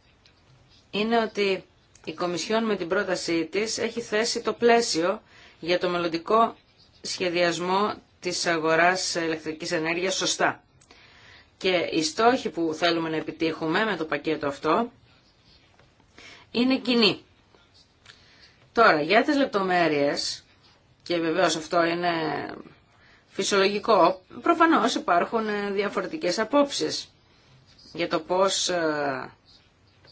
είναι ότι η Κομισιόν με την πρότασή της έχει θέσει το πλαίσιο για το μελλοντικό σχεδιασμό της αγοράς ηλεκτρικής ενέργειας σωστά. Και οι στόχοι που θέλουμε να επιτύχουμε με το πακέτο αυτό είναι κοινοί. Τώρα, για τις λεπτομέρειες, και βεβαίω αυτό είναι φυσιολογικό. Προφανώς υπάρχουν ε, διαφορετικές απόψεις για το πώς ε,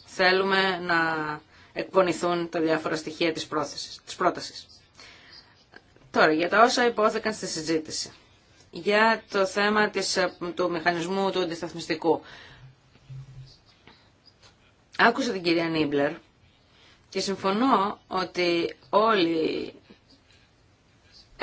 θέλουμε να εκπονηθούν τα διάφορα στοιχεία της, πρόθεσης, της πρότασης. Τώρα, για τα όσα υπόθεκαν στη συζήτηση. Για το θέμα της, ε, του μηχανισμού του αντισταθμιστικού. Άκουσα την κυρία Νίμπλερ και συμφωνώ ότι όλοι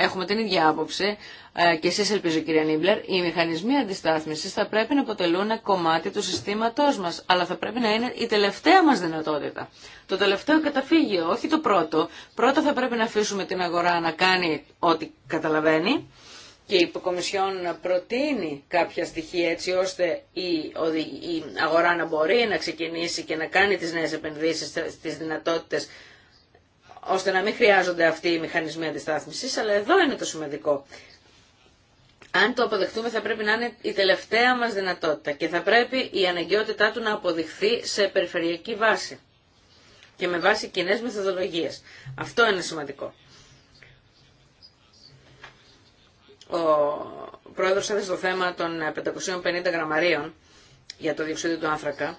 έχουμε την ίδια άποψη ε, και εσείς ελπίζω κυρία Νίμπλερ, οι μηχανισμοί αντιστάθμισης θα πρέπει να αποτελούν κομμάτι του συστήματός μας, αλλά θα πρέπει να είναι η τελευταία μας δυνατότητα. Το τελευταίο καταφύγιο, όχι το πρώτο. Πρώτα θα πρέπει να αφήσουμε την αγορά να κάνει ό,τι καταλαβαίνει και η να προτείνει κάποια στοιχεία έτσι ώστε η αγορά να μπορεί να ξεκινήσει και να κάνει τις νέες επενδύσεις, τις δυνατότητες ώστε να μην χρειάζονται αυτοί οι μηχανισμοί αντιστάθμισης, αλλά εδώ είναι το σημαντικό. Αν το αποδεχτούμε θα πρέπει να είναι η τελευταία μας δυνατότητα και θα πρέπει η αναγκαιότητά του να αποδειχθεί σε περιφερειακή βάση και με βάση κοινέ μεθοδολογίες. Αυτό είναι σημαντικό. Ο πρόεδρος έδωσε το θέμα των 550 γραμμαρίων για το διοξείδιο του άνθρακα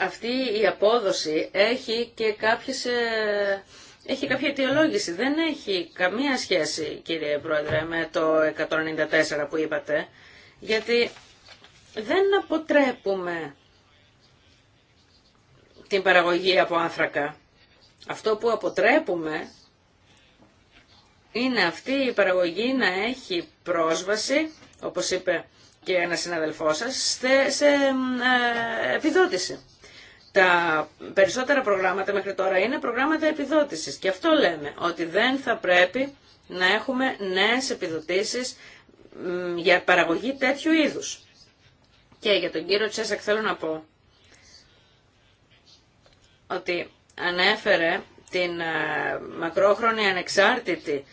αυτή η απόδοση έχει και κάποιες, ε, έχει κάποια αιτιολόγηση. Δεν έχει καμία σχέση, κύριε Πρόεδρε, με το 194 που είπατε, γιατί δεν αποτρέπουμε την παραγωγή από άνθρακα. Αυτό που αποτρέπουμε είναι αυτή η παραγωγή να έχει πρόσβαση, όπως είπε και ένα συναδελφό σας, σε ε, επιδότηση τα περισσότερα προγράμματα μέχρι τώρα είναι προγράμματα επιδότησης. Και αυτό λέμε, ότι δεν θα πρέπει να έχουμε νέες επιδοτήσεις για παραγωγή τέτοιου είδους. Και για τον κύριο Τσέσακ θέλω να πω ότι ανέφερε την ε, μακρόχρονη ανεξάρτητη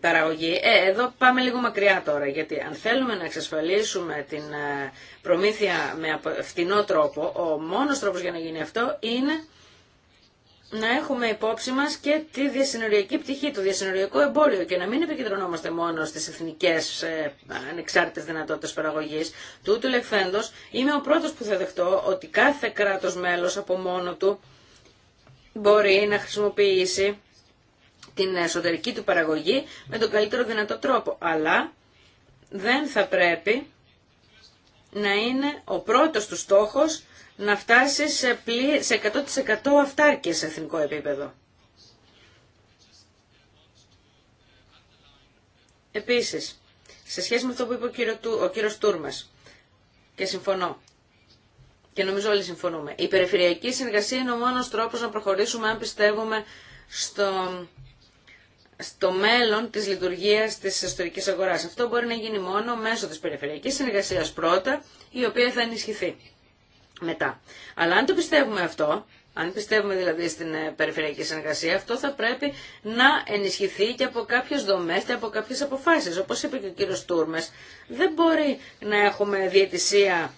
παραγωγή. Ε, εδώ πάμε λίγο μακριά τώρα, γιατί αν θέλουμε να εξασφαλίσουμε την ε, προμήθεια με φτηνό τρόπο, ο μόνος τρόπος για να γίνει αυτό είναι να έχουμε υπόψη μας και τη διασυνοριακή πτυχή, το διασυνοριακό εμπόριο και να μην επικεντρωνόμαστε μόνο στις εθνικές ε, ανεξάρτητες δυνατότητες παραγωγής. Τούτου λεφθέντος είμαι ο πρώτος που θα δεχτώ ότι κάθε κράτος μέλος από μόνο του μπορεί να χρησιμοποιήσει την εσωτερική του παραγωγή με τον καλύτερο δυνατό τρόπο. Αλλά δεν θα πρέπει να είναι ο πρώτος του στόχος να φτάσει σε, πλή, σε 100% αυτάρκεια σε εθνικό επίπεδο. Επίσης, σε σχέση με αυτό που είπε ο, κύριο, ο κύριος Τούρμας, και συμφωνώ, και νομίζω όλοι συμφωνούμε, η περιφερειακή συνεργασία είναι ο μόνος τρόπος να προχωρήσουμε αν πιστεύουμε στο στο μέλλον της λειτουργίας της ιστορικής αγοράς. Αυτό μπορεί να γίνει μόνο μέσω της περιφερειακής συνεργασίας πρώτα, η οποία θα ενισχυθεί μετά. Αλλά αν το πιστεύουμε αυτό, αν πιστεύουμε δηλαδή στην ε, περιφερειακή συνεργασία, αυτό θα πρέπει να ενισχυθεί και από κάποιε δομέ και από κάποιε αποφάσει. Όπω είπε και ο κύριο Τούρμε, δεν μπορεί να έχουμε διαιτησία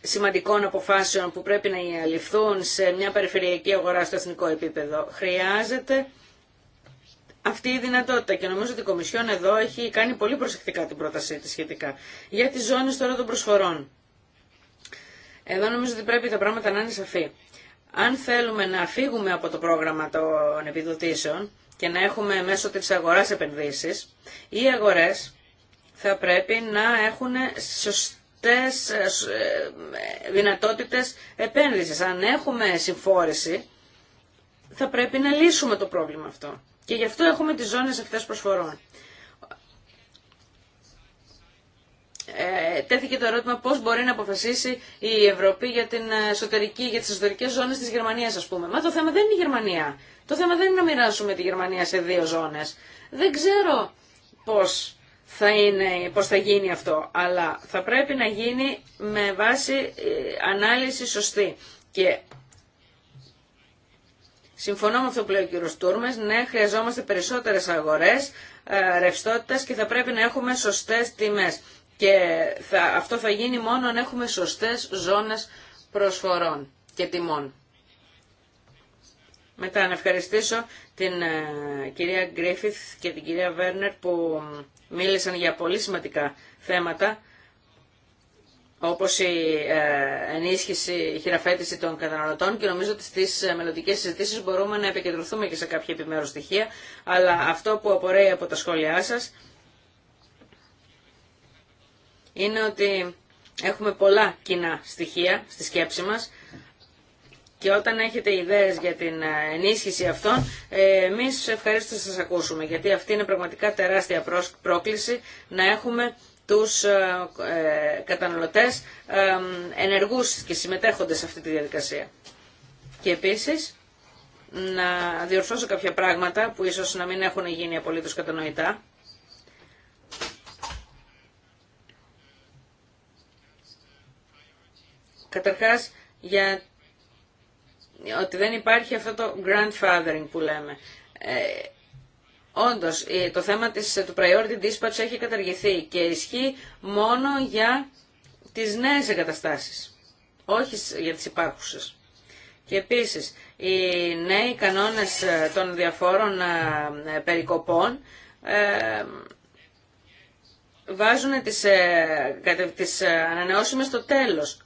σημαντικών αποφάσεων που πρέπει να ληφθούν σε μια περιφερειακή αγορά στο εθνικό επίπεδο. Χρειάζεται αυτή η δυνατότητα και νομίζω ότι η Κομισιόν εδώ έχει κάνει πολύ προσεκτικά την πρότασή της σχετικά για τις ζώνες τώρα των προσφορών. Εδώ νομίζω ότι πρέπει τα πράγματα να είναι σαφή. Αν θέλουμε να φύγουμε από το πρόγραμμα των επιδοτήσεων και να έχουμε μέσω της αγοράς επενδύσεις, οι αγορές θα πρέπει να έχουν σωστές ε, ε, δυνατότητες επένδυσης. Αν έχουμε συμφόρηση, θα πρέπει να λύσουμε το πρόβλημα αυτό. Και γι' αυτό έχουμε τις ζώνες αυτές προσφορών. Ε, τέθηκε το ερώτημα πώς μπορεί να αποφασίσει η Ευρώπη για, την ε, εσωτερική, για τις εσωτερικές ζώνες της Γερμανίας ας πούμε. Μα το θέμα δεν είναι η Γερμανία. Το θέμα δεν είναι να μοιράσουμε τη Γερμανία σε δύο ζώνες. Δεν ξέρω πώς θα, είναι, πώς θα γίνει αυτό, αλλά θα πρέπει να γίνει με βάση ε, ανάλυση σωστή. Και Συμφωνώ με αυτό που λέει ο κύριο Τούρμε. Ναι, χρειαζόμαστε περισσότερε αγορέ ε, ρευστότητα και θα πρέπει να έχουμε σωστέ τιμέ. Και θα, αυτό θα γίνει μόνο αν έχουμε σωστέ ζώνε προσφορών και τιμών. Μετά να ευχαριστήσω την ε, κυρία Γκρίφιθ και την κυρία Βέρνερ που μίλησαν για πολύ σημαντικά θέματα όπως η ε, ενίσχυση, η χειραφέτηση των καταναλωτών και νομίζω ότι στις ε, μελλοντικές συζητήσεις μπορούμε να επικεντρωθούμε και σε κάποια επιμέρους στοιχεία, αλλά αυτό που απορρέει από τα σχόλιά σας είναι ότι έχουμε πολλά κοινά στοιχεία στη σκέψη μας και όταν έχετε ιδέες για την ε, ενίσχυση αυτών, εμείς ευχαριστώ να σας ακούσουμε, γιατί αυτή είναι πραγματικά τεράστια πρόκληση να έχουμε τους ε, ε, καταναλωτές ε, ενεργούς και συμμετέχοντες σε αυτή τη διαδικασία. Και επίσης να διορθώσω κάποια πράγματα που ίσως να μην έχουν γίνει απολύτως κατανοητά. Καταρχάς για ότι δεν υπάρχει αυτό το grandfathering που λέμε. Όντω, το θέμα της, του priority dispatch έχει καταργηθεί και ισχύει μόνο για τις νέες εγκαταστάσει, όχι για τις υπάρχουσες. Και επίσης, οι νέοι κανόνες ε, των διαφόρων ε, ε, περικοπών βάζουν τις, τις ανανεώσιμες στο τέλος.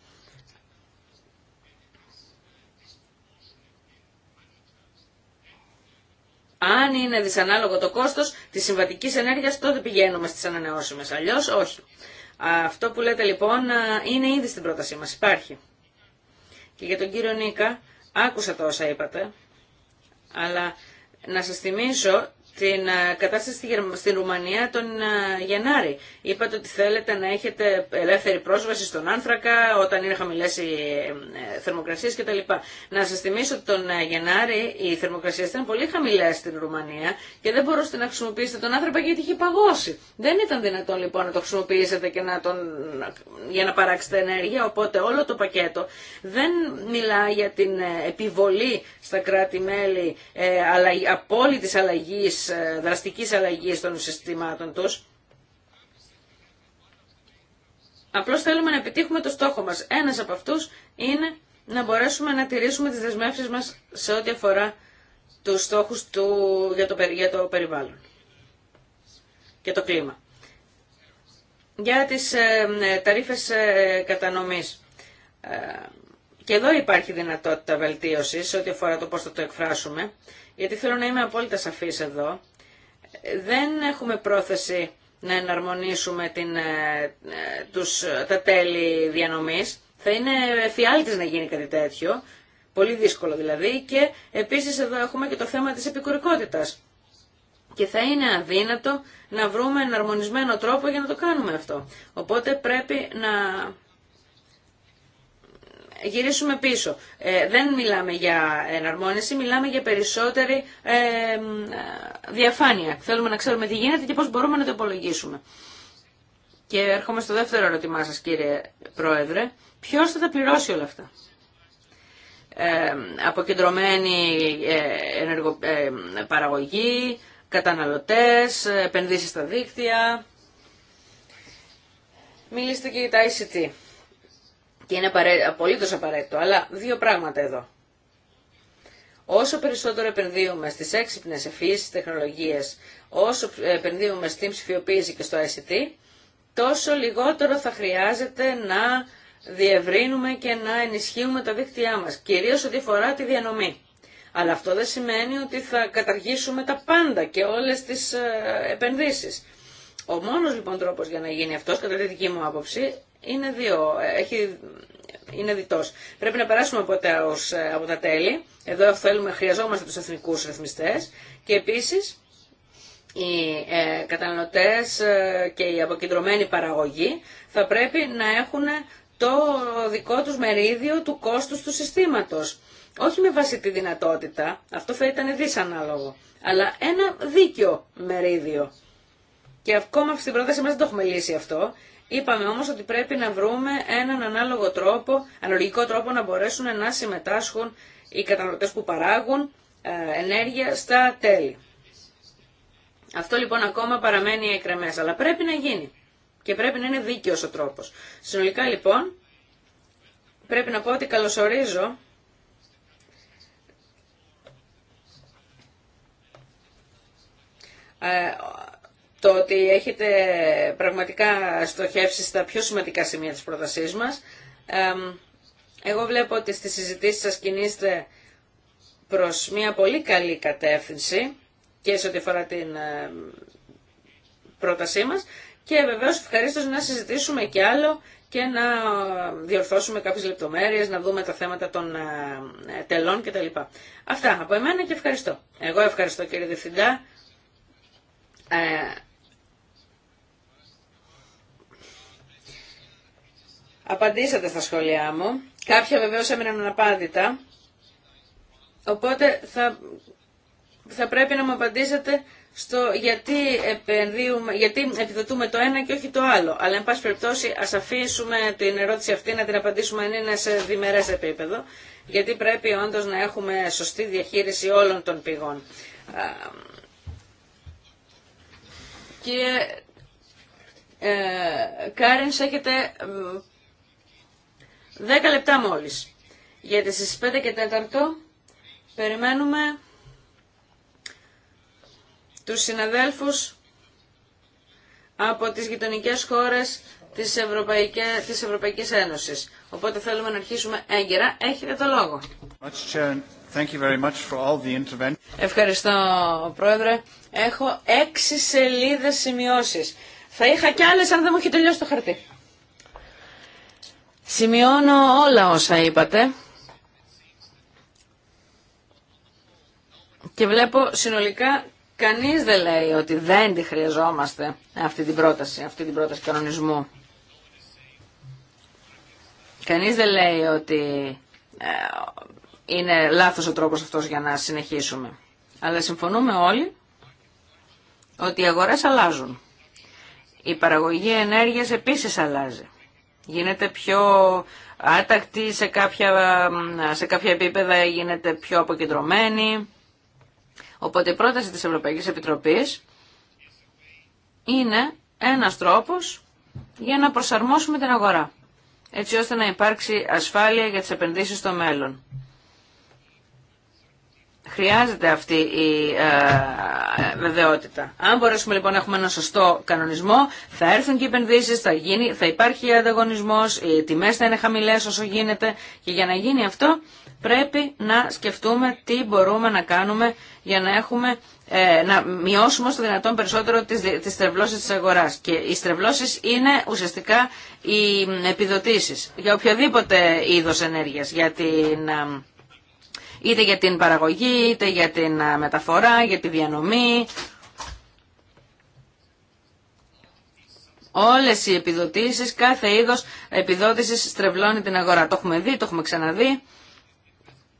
Αν είναι δυσανάλογο το κόστος της συμβατικής ενέργειας, τότε πηγαίνουμε στις ανανεώσιμες, Αλλιώ όχι. Αυτό που λέτε λοιπόν είναι ήδη στην πρότασή μας, υπάρχει. Και για τον κύριο Νίκα, άκουσα το όσα είπατε, αλλά να σας θυμίσω την ε, κατάσταση στην Ρουμανία τον ε, Γενάρη. Είπατε ότι θέλετε να έχετε ελεύθερη πρόσβαση στον άνθρακα όταν είναι χαμηλές οι ε, θερμοκρασίες κτλ. Να σα θυμίσω ότι τον Γενάρη οι θερμοκρασίε ήταν πολύ χαμηλέ στην Ρουμανία και δεν μπορούσατε να χρησιμοποιήσετε τον άνθρακα γιατί είχε παγώσει. Δεν ήταν δυνατόν λοιπόν να το χρησιμοποιήσετε και να τον... για να παράξετε ενέργεια, οπότε όλο το πακέτο δεν μιλά για την επιβολή στα κράτη-μέλη απόλυτη αλλαγή. Ε, δραστικής αλλαγής των συστημάτων τους. Απλώς θέλουμε να επιτύχουμε το στόχο μας. Ένας από αυτούς είναι να μπορέσουμε να τηρήσουμε τις δεσμεύσεις μας σε ό,τι αφορά τους στόχους του, για, το, για το περιβάλλον και το κλίμα. Για τις ε, ε ταρίφες ε, κατανομής. και εδώ υπάρχει δυνατότητα βελτίωσης σε ό,τι αφορά το πώς θα το εκφράσουμε γιατί θέλω να είμαι απόλυτα σαφής εδώ, δεν έχουμε πρόθεση να εναρμονίσουμε την, ε, ε, τους, τα τέλη διανομής. Θα είναι φιάλτης να γίνει κάτι τέτοιο, πολύ δύσκολο δηλαδή, και επίσης εδώ έχουμε και το θέμα της επικουρικότητας. Και θα είναι αδύνατο να βρούμε εναρμονισμένο τρόπο για να το κάνουμε αυτό. Οπότε πρέπει να γυρίσουμε πίσω. Ε, δεν μιλάμε για εναρμόνιση, μιλάμε για περισσότερη ε, διαφάνεια. Θέλουμε να ξέρουμε τι γίνεται και πώς μπορούμε να το υπολογίσουμε. Και έρχομαι στο δεύτερο ερώτημά σας κύριε Πρόεδρε. Ποιος θα τα πληρώσει όλα αυτά. Ε, αποκεντρωμένη ε, ενεργο, ε, παραγωγή, καταναλωτές, επενδύσεις στα δίκτυα. Μιλήστε και για τα ICT. Και είναι απολύτω απαραίτητο. Αλλά δύο πράγματα εδώ. Όσο περισσότερο επενδύουμε στις έξυπνε ευφυεί τεχνολογίες, όσο επενδύουμε στην ψηφιοποίηση και στο ICT, τόσο λιγότερο θα χρειάζεται να διευρύνουμε και να ενισχύουμε τα δίκτυά μας, κυρίως ό,τι αφορά τη διανομή. Αλλά αυτό δεν σημαίνει ότι θα καταργήσουμε τα πάντα και όλες τις ε, επενδύσεις. Ο μόνος λοιπόν τρόπος για να γίνει αυτός, κατά τη δική μου άποψη, είναι δύο. Έχει, είναι διτός. Πρέπει να περάσουμε από τα, από τα τέλη. Εδώ θέλουμε, χρειαζόμαστε τους εθνικού ρυθμιστές και επίσης οι ε, καταναλωτές ε, και η αποκεντρωμένη παραγωγή θα πρέπει να έχουν το δικό τους μερίδιο του κόστους του συστήματος. Όχι με βάση τη δυνατότητα, αυτό θα ήταν δυσανάλογο, αλλά ένα δίκιο μερίδιο. Και ακόμα στην πρόταση μας δεν το έχουμε λύσει αυτό. Είπαμε όμως ότι πρέπει να βρούμε έναν ανάλογο τρόπο, αναλογικό τρόπο να μπορέσουν να συμμετάσχουν οι καταναλωτές που παράγουν ε, ενέργεια στα τέλη. Αυτό λοιπόν ακόμα παραμένει εκρεμές, αλλά πρέπει να γίνει και πρέπει να είναι δίκαιος ο τρόπος. Συνολικά λοιπόν πρέπει να πω ότι καλωσορίζω ε, το ότι έχετε πραγματικά στοχεύσει στα πιο σημαντικά σημεία της πρότασής μας. Εγώ βλέπω ότι στις συζητήσεις σας κινείστε προς μια πολύ καλή κατεύθυνση και σε ό,τι αφορά την πρότασή μας και βεβαίως ευχαρίστως να συζητήσουμε και άλλο και να διορθώσουμε κάποιες λεπτομέρειες, να δούμε τα θέματα των τελών κτλ. Αυτά από εμένα και ευχαριστώ. Εγώ ευχαριστώ κύριε Διευθυντά. Ε, Απαντήσατε στα σχόλιά μου. Κάποια βεβαίως έμειναν αναπάντητα. Οπότε θα, θα πρέπει να μου απαντήσετε στο γιατί, επενδύουμε, γιατί επιδοτούμε το ένα και όχι το άλλο. Αλλά, εν πάση περιπτώσει, ας αφήσουμε την ερώτηση αυτή να την απαντήσουμε αν είναι σε διμερές επίπεδο, γιατί πρέπει όντως να έχουμε σωστή διαχείριση όλων των πηγών. Κύριε ε, Κάρινς, έχετε 10 λεπτά μόλις. Γιατί στις 5 και 4 περιμένουμε τους συναδέλφους από τις γειτονικές χώρες της, Ευρωπαϊκή, της Ευρωπαϊκής Ένωσης. Οπότε θέλουμε να αρχίσουμε έγκαιρα. Έχετε το λόγο. Ευχαριστώ, Πρόεδρε. Έχω έξι σελίδες σημειώσεις. Θα είχα κι άλλες αν δεν μου έχει τελειώσει το χαρτί. Σημειώνω όλα όσα είπατε και βλέπω συνολικά κανείς δεν λέει ότι δεν τη χρειαζόμαστε αυτή την πρόταση, αυτή την πρόταση κανονισμού. Κανείς δεν λέει ότι ε, είναι λάθος ο τρόπος αυτός για να συνεχίσουμε. Αλλά συμφωνούμε όλοι ότι οι αγορές αλλάζουν. Η παραγωγή ενέργειας επίσης αλλάζει γίνεται πιο άτακτη σε κάποια, σε κάποια επίπεδα, γίνεται πιο αποκεντρωμένη. Οπότε η πρόταση της Ευρωπαϊκής Επιτροπής είναι ένας τρόπος για να προσαρμόσουμε την αγορά, έτσι ώστε να υπάρξει ασφάλεια για τις επενδύσεις στο μέλλον. Χρειάζεται αυτή η ε, βεβαιότητα. Αν μπορέσουμε λοιπόν να έχουμε ένα σωστό κανονισμό, θα έρθουν και οι επενδύσει, θα, θα υπάρχει ανταγωνισμό, οι τιμέ θα είναι χαμηλέ όσο γίνεται και για να γίνει αυτό πρέπει να σκεφτούμε τι μπορούμε να κάνουμε για να, έχουμε, ε, να μειώσουμε στο δυνατόν περισσότερο τις, τις τη της αγοράς. Και οι στρεβλώσεις είναι ουσιαστικά οι επιδοτήσεις για οποιοδήποτε είδος ενέργειας, για την ε, είτε για την παραγωγή, είτε για την μεταφορά, για τη διανομή. Όλες οι επιδοτήσεις, κάθε είδος επιδότησης στρεβλώνει την αγορά. Το έχουμε δει, το έχουμε ξαναδεί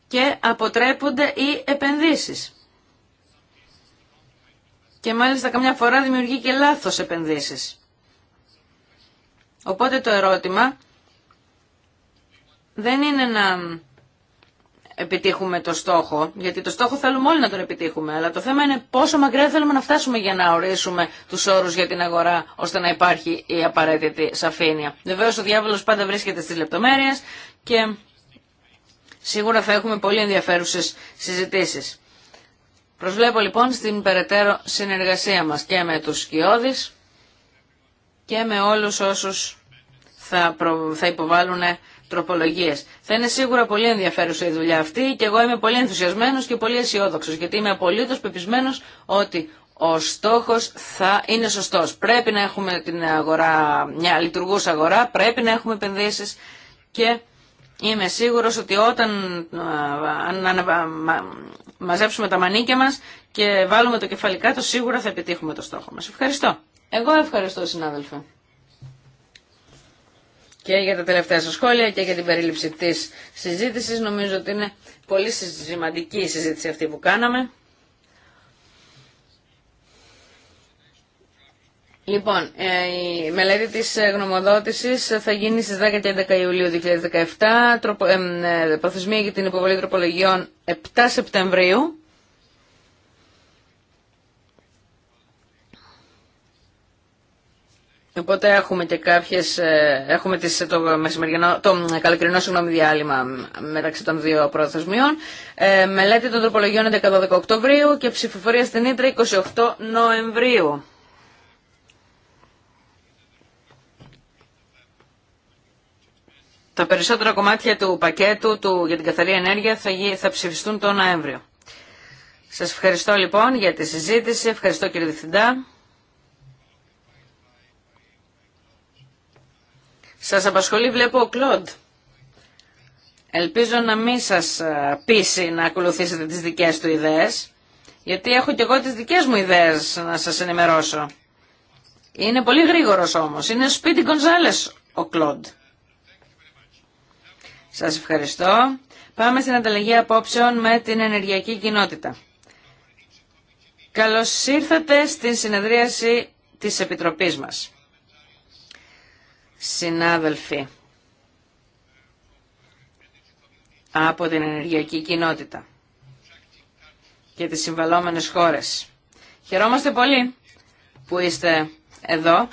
και αποτρέπονται οι επενδύσεις. Και μάλιστα καμιά φορά δημιουργεί και λάθος επενδύσεις. Οπότε το ερώτημα δεν είναι να επιτύχουμε το στόχο, γιατί το στόχο θέλουμε όλοι να τον επιτύχουμε, αλλά το θέμα είναι πόσο μακριά θέλουμε να φτάσουμε για να ορίσουμε τους όρους για την αγορά, ώστε να υπάρχει η απαραίτητη σαφήνεια. Βεβαίως ο διάβολος πάντα βρίσκεται στις λεπτομέρειες και σίγουρα θα έχουμε πολύ ενδιαφέρουσες συζητήσεις. Προσβλέπω λοιπόν στην περαιτέρω συνεργασία μας και με τους σκιώδεις και με όλους όσους θα, θα υποβάλουν τροπολογίε. Θα είναι σίγουρα πολύ ενδιαφέρουσα η δουλειά αυτή και εγώ είμαι πολύ ενθουσιασμένο και πολύ αισιόδοξο γιατί είμαι απολύτω πεπισμένο ότι ο στόχο θα είναι σωστό. Πρέπει να έχουμε την αγορά, μια λειτουργούσα αγορά, πρέπει να έχουμε επενδύσει και είμαι σίγουρος ότι όταν ε, ε, μαζέψουμε τα μανίκια μας και βάλουμε το κεφαλικά το σίγουρα θα επιτύχουμε το στόχο μας. Ευχαριστώ. Εγώ ευχαριστώ συνάδελφε και για τα τελευταία σας σχόλια και για την περίληψη της συζήτησης. Νομίζω ότι είναι πολύ σημαντική η συζήτηση αυτή που κάναμε. Λοιπόν, ε, η μελέτη της γνωμοδότησης θα γίνει στις 10 και 11 Ιουλίου 2017, ε, προθεσμία για την υποβολή τροπολογιών 7 Σεπτεμβρίου Οπότε έχουμε και κάποιες, ε, έχουμε τις, το, μεσημεριανό, το καλοκαιρινό συγγνώμη, διάλειμμα μεταξύ των δύο προθεσμιών. Ε, μελέτη των τροπολογιών 11-12 Οκτωβρίου και ψηφοφορία στην Ήτρα 28 Νοεμβρίου. Τα περισσότερα κομμάτια του πακέτου του, για την καθαρή ενέργεια θα, θα ψηφιστούν τον Νοέμβριο. Σας ευχαριστώ λοιπόν για τη συζήτηση. Ευχαριστώ κύριε Διευθυντά. Σας απασχολεί βλέπω ο Κλοντ. Ελπίζω να μην σας ε, πείσει να ακολουθήσετε τις δικές του ιδέες, γιατί έχω κι εγώ τις δικές μου ιδέες να σας ενημερώσω. Είναι πολύ γρήγορος όμως. Είναι σπίτι Γκονζάλες ο Κλοντ. Σας ευχαριστώ. Πάμε στην ανταλλαγή απόψεων με την ενεργειακή κοινότητα. Καλώς ήρθατε στην συνεδρίαση της Επιτροπής μας συνάδελφοι από την ενεργειακή κοινότητα και τις συμβαλόμενες χώρες. Χαιρόμαστε πολύ που είστε εδώ.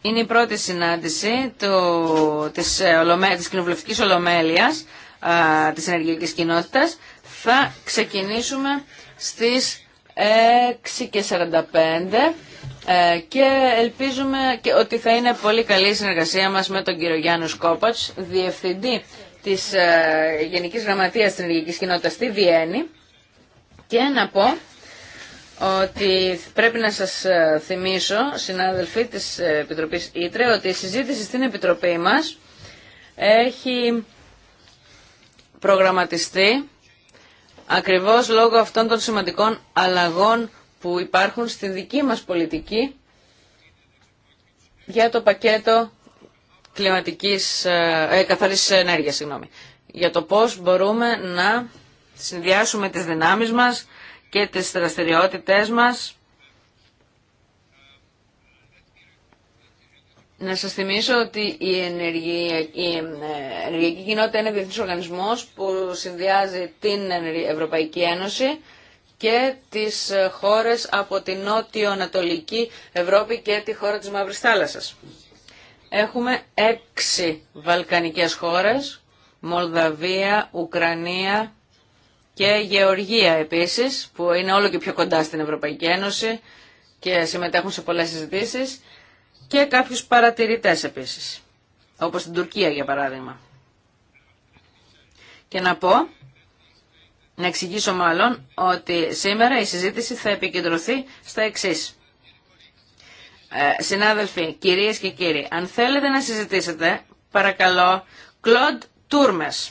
Είναι η πρώτη συνάντηση του, της, ολομέ, της κοινοβουλευτικής ολομέλειας της ενεργειακής κοινότητας. Θα ξεκινήσουμε στις 6.45 ε, και ελπίζουμε και ότι θα είναι πολύ καλή η συνεργασία μας με τον κύριο Γιάννου Σκόπατς, Διευθυντή της ε, Γενικής Γραμματείας της Ενεργικής Κοινότητας στη Βιέννη και να πω ότι πρέπει να σας ε, θυμίσω, συνάδελφοι της Επιτροπής Ήτρε, ότι η συζήτηση στην Επιτροπή μας έχει προγραμματιστεί ακριβώς λόγω αυτών των σημαντικών αλλαγών που υπάρχουν στη δική μας πολιτική για το πακέτο κλιματικής, ε, ε, καθαρής ενέργειας, συγγνώμη. Για το πώς μπορούμε να συνδυάσουμε τις δυνάμεις μας και τις δραστηριότητές μας. Να σας θυμίσω ότι η ενεργειακή, η ε, ενεργειακή κοινότητα είναι διεθνής οργανισμός που συνδυάζει την Ευρωπαϊκή Ένωση και τις ε, χώρες από την νότιο-ανατολική Ευρώπη και τη χώρα της Μαύρης Θάλασσας. Έχουμε έξι βαλκανικές χώρες, Μολδαβία, Ουκρανία και Γεωργία επίσης, που είναι όλο και πιο κοντά στην Ευρωπαϊκή Ένωση και συμμετέχουν σε πολλές συζητήσει και κάποιους παρατηρητές επίσης, όπως την Τουρκία για παράδειγμα. Και να πω να εξηγήσω μάλλον ότι σήμερα η συζήτηση θα επικεντρωθεί στα εξή. Ε, συνάδελφοι, κυρίες και κύριοι, αν θέλετε να συζητήσετε, παρακαλώ, Κλοντ Τούρμες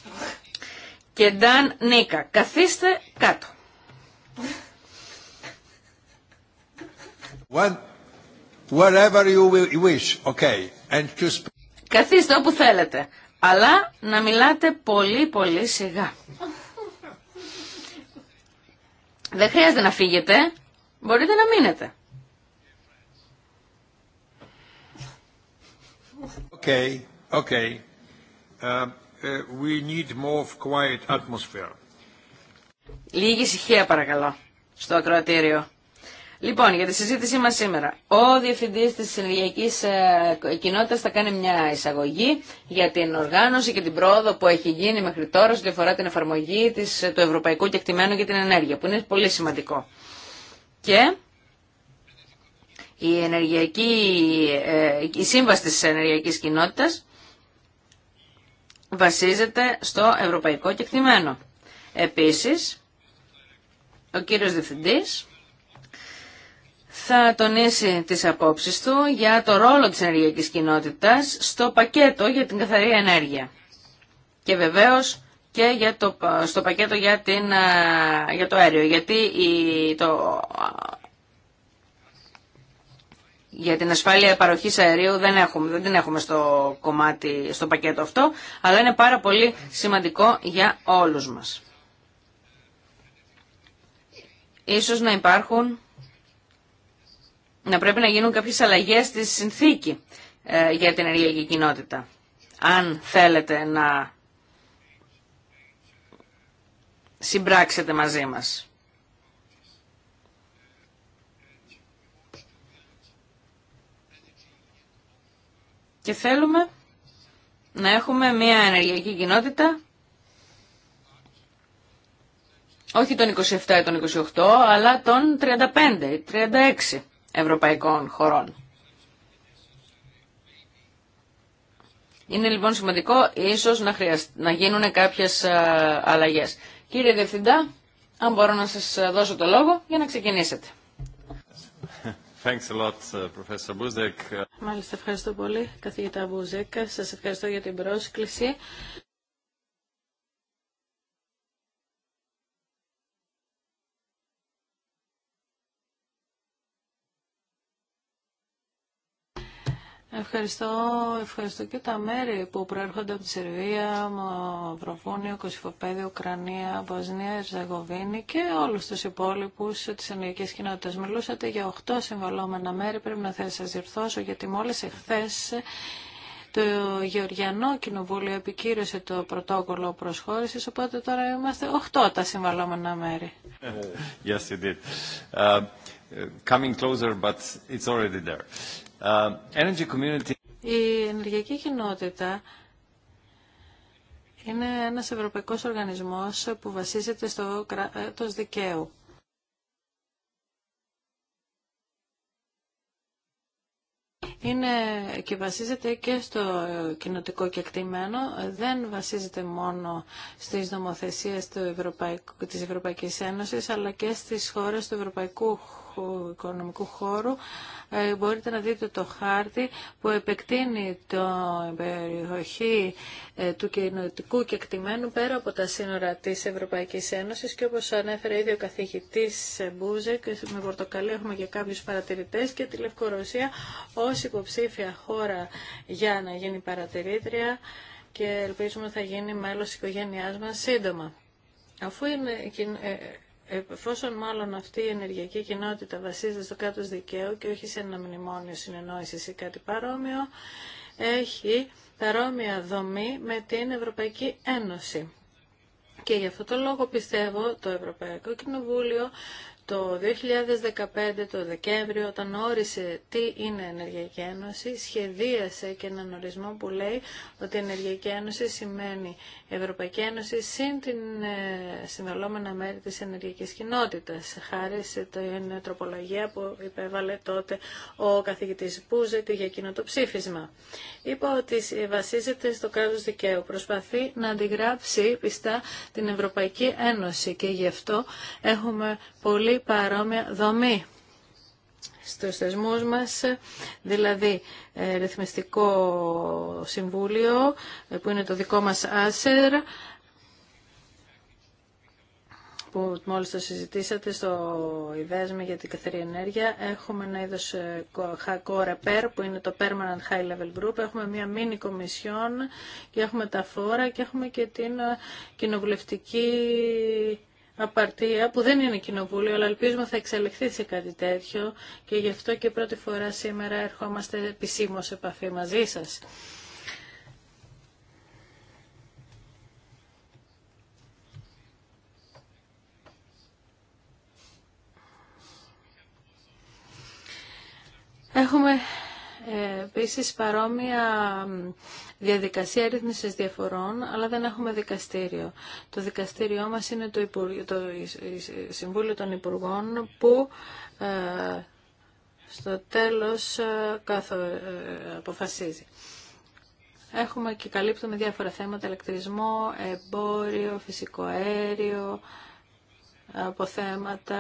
και Νταν Νίκα, καθίστε κάτω. and Καθίστε όπου θέλετε, αλλά να μιλάτε πολύ πολύ σιγά. Δεν χρειάζεται να φύγετε. Μπορείτε να μείνετε. Okay, okay. Uh, uh, we need more quiet atmosphere. Λίγη ησυχία παρακαλώ στο ακροατήριο. Λοιπόν, για τη συζήτησή μας σήμερα. Ο Διευθυντής της Συνεργειακής ε, Κοινότητας θα κάνει μια εισαγωγή για την οργάνωση και την πρόοδο που έχει γίνει μέχρι τώρα σε αφορά την εφαρμογή της, του Ευρωπαϊκού Κεκτημένου για την Ενέργεια, που είναι πολύ σημαντικό. Και η, ενεργειακή, ε, η σύμβαση της Ενεργειακής Κοινότητας βασίζεται στο Ευρωπαϊκό Κεκτημένο. Επίσης, ο κύριος Διευθυντής θα τονίσει τις απόψεις του για το ρόλο της ενεργειακής κοινότητας στο πακέτο για την καθαρή ενέργεια. Και βεβαίως και για το, στο πακέτο για, την, για το αέριο. Γιατί η, το, για την ασφάλεια παροχής αερίου δεν, έχουμε, δεν την έχουμε στο, κομμάτι, στο πακέτο αυτό, αλλά είναι πάρα πολύ σημαντικό για όλους μας. Ίσως να υπάρχουν να πρέπει να γίνουν κάποιες αλλαγές στη συνθήκη ε, για την ενεργειακή κοινότητα. Αν θέλετε να συμπράξετε μαζί μας. Και θέλουμε να έχουμε μια ενεργειακή κοινότητα όχι των 27 ή των 28, αλλά των 35, ή 36 ευρωπαϊκών χωρών. Είναι λοιπόν σημαντικό ίσως να, γίνουν κάποιες ε, αλλαγές. Κύριε Διευθυντά, αν μπορώ να σας ε, δώσω το λόγο για να ξεκινήσετε. Thanks lot, ε, Μάλιστα, ευχαριστώ πολύ, καθηγητά Μπούζεκ. Σας ευχαριστώ για την πρόσκληση. Ευχαριστώ, ευχαριστώ και τα μέρη που προέρχονται από τη Σερβία, Μαυροβούνιο, Κωσυφοπέδη, Ουκρανία, Βοσνία, Ερζαγοβίνη και όλου του υπόλοιπου τη ελληνική κοινότητα. Μιλούσατε για 8 συμβαλόμενα μέρη. Πρέπει να θα σα διορθώσω γιατί μόλι εχθέ το Γεωργιανό Κοινοβούλιο επικύρωσε το πρωτόκολλο προσχώρηση, οπότε τώρα είμαστε 8 τα συμβαλόμενα μέρη. Yes, coming closer, but it's already there. Uh, energy community. Η ενεργειακή κοινότητα είναι ένας ευρωπαϊκός οργανισμός που βασίζεται στο κράτος ε, δικαίου. είναι και βασίζεται και στο κοινοτικό κεκτημένο, δεν βασίζεται μόνο στις νομοθεσίες του Ευρωπαϊκού, της Ευρωπαϊκής Ένωσης, αλλά και στις χώρες του Ευρωπαϊκού Ευρωπαϊκού Οικονομικού Χώρου ε, μπορείτε να δείτε το χάρτη που επεκτείνει την περιοχή ε, του κοινωτικού κεκτημένου πέρα από τα σύνορα της Ευρωπαϊκής Ένωσης και όπως ανέφερε ήδη ο καθηγητής Μπούζεκ, με Πορτοκαλί έχουμε και κάποιους παρατηρητές και τη Λευκορωσία ως υποψήφια χώρα για να γίνει παρατηρήτρια και ελπίζουμε θα γίνει μέλος της οικογένειάς μας σύντομα. Αφού είναι ε, Εφόσον μάλλον αυτή η ενεργειακή κοινότητα βασίζεται στο κάτω δικαίου και όχι σε ένα μνημόνιο συνεννόησης ή κάτι παρόμοιο, έχει παρόμοια δομή με την Ευρωπαϊκή Ένωση. Και γι' αυτό το λόγο πιστεύω το Ευρωπαϊκό Κοινοβούλιο το 2015 το Δεκέμβριο όταν όρισε τι είναι Ενεργειακή Ένωση σχεδίασε και έναν ορισμό που λέει ότι η Ενεργειακή Ένωση σημαίνει Ευρωπαϊκή Ένωση συν την ε, συνδελόμενα μέρη της ενεργειακής κοινότητας χάρη σε την τροπολογία που υπέβαλε τότε ο καθηγητής Πούζετ για εκείνο το ψήφισμα. Είπα ότι βασίζεται στο κράτος δικαίου. Προσπαθεί να αντιγράψει πιστά την Ευρωπαϊκή Ένωση και γι' αυτό έχουμε πολύ πολύ παρόμοια δομή στους θεσμούς μας, δηλαδή ε, Ρυθμιστικό Συμβούλιο ε, που είναι το δικό μας άσερ, που μόλις το συζητήσατε στο ΙΒΕΣΜΕ για την καθαρή ενέργεια. Έχουμε ένα είδος core ε, ΠΕΡ που είναι το Permanent High Level Group. Έχουμε μια μίνι κομισιόν και έχουμε τα φόρα και έχουμε και την κοινοβουλευτική απαρτία που δεν είναι κοινοβούλιο, αλλά ελπίζουμε θα εξελιχθεί σε κάτι τέτοιο και γι' αυτό και πρώτη φορά σήμερα ερχόμαστε επισήμω σε επαφή μαζί σα. Έχουμε ε, επίση παρόμοια διαδικασία ρύθμισης διαφορών, αλλά δεν έχουμε δικαστήριο. Το δικαστήριό μας είναι το, το Συμβούλιο των Υπουργών που ε, στο τέλος ε, καθο... αποφασίζει. Έχουμε και καλύπτουμε διάφορα θέματα, ηλεκτρισμό, εμπόριο, φυσικό αέριο, από θέματα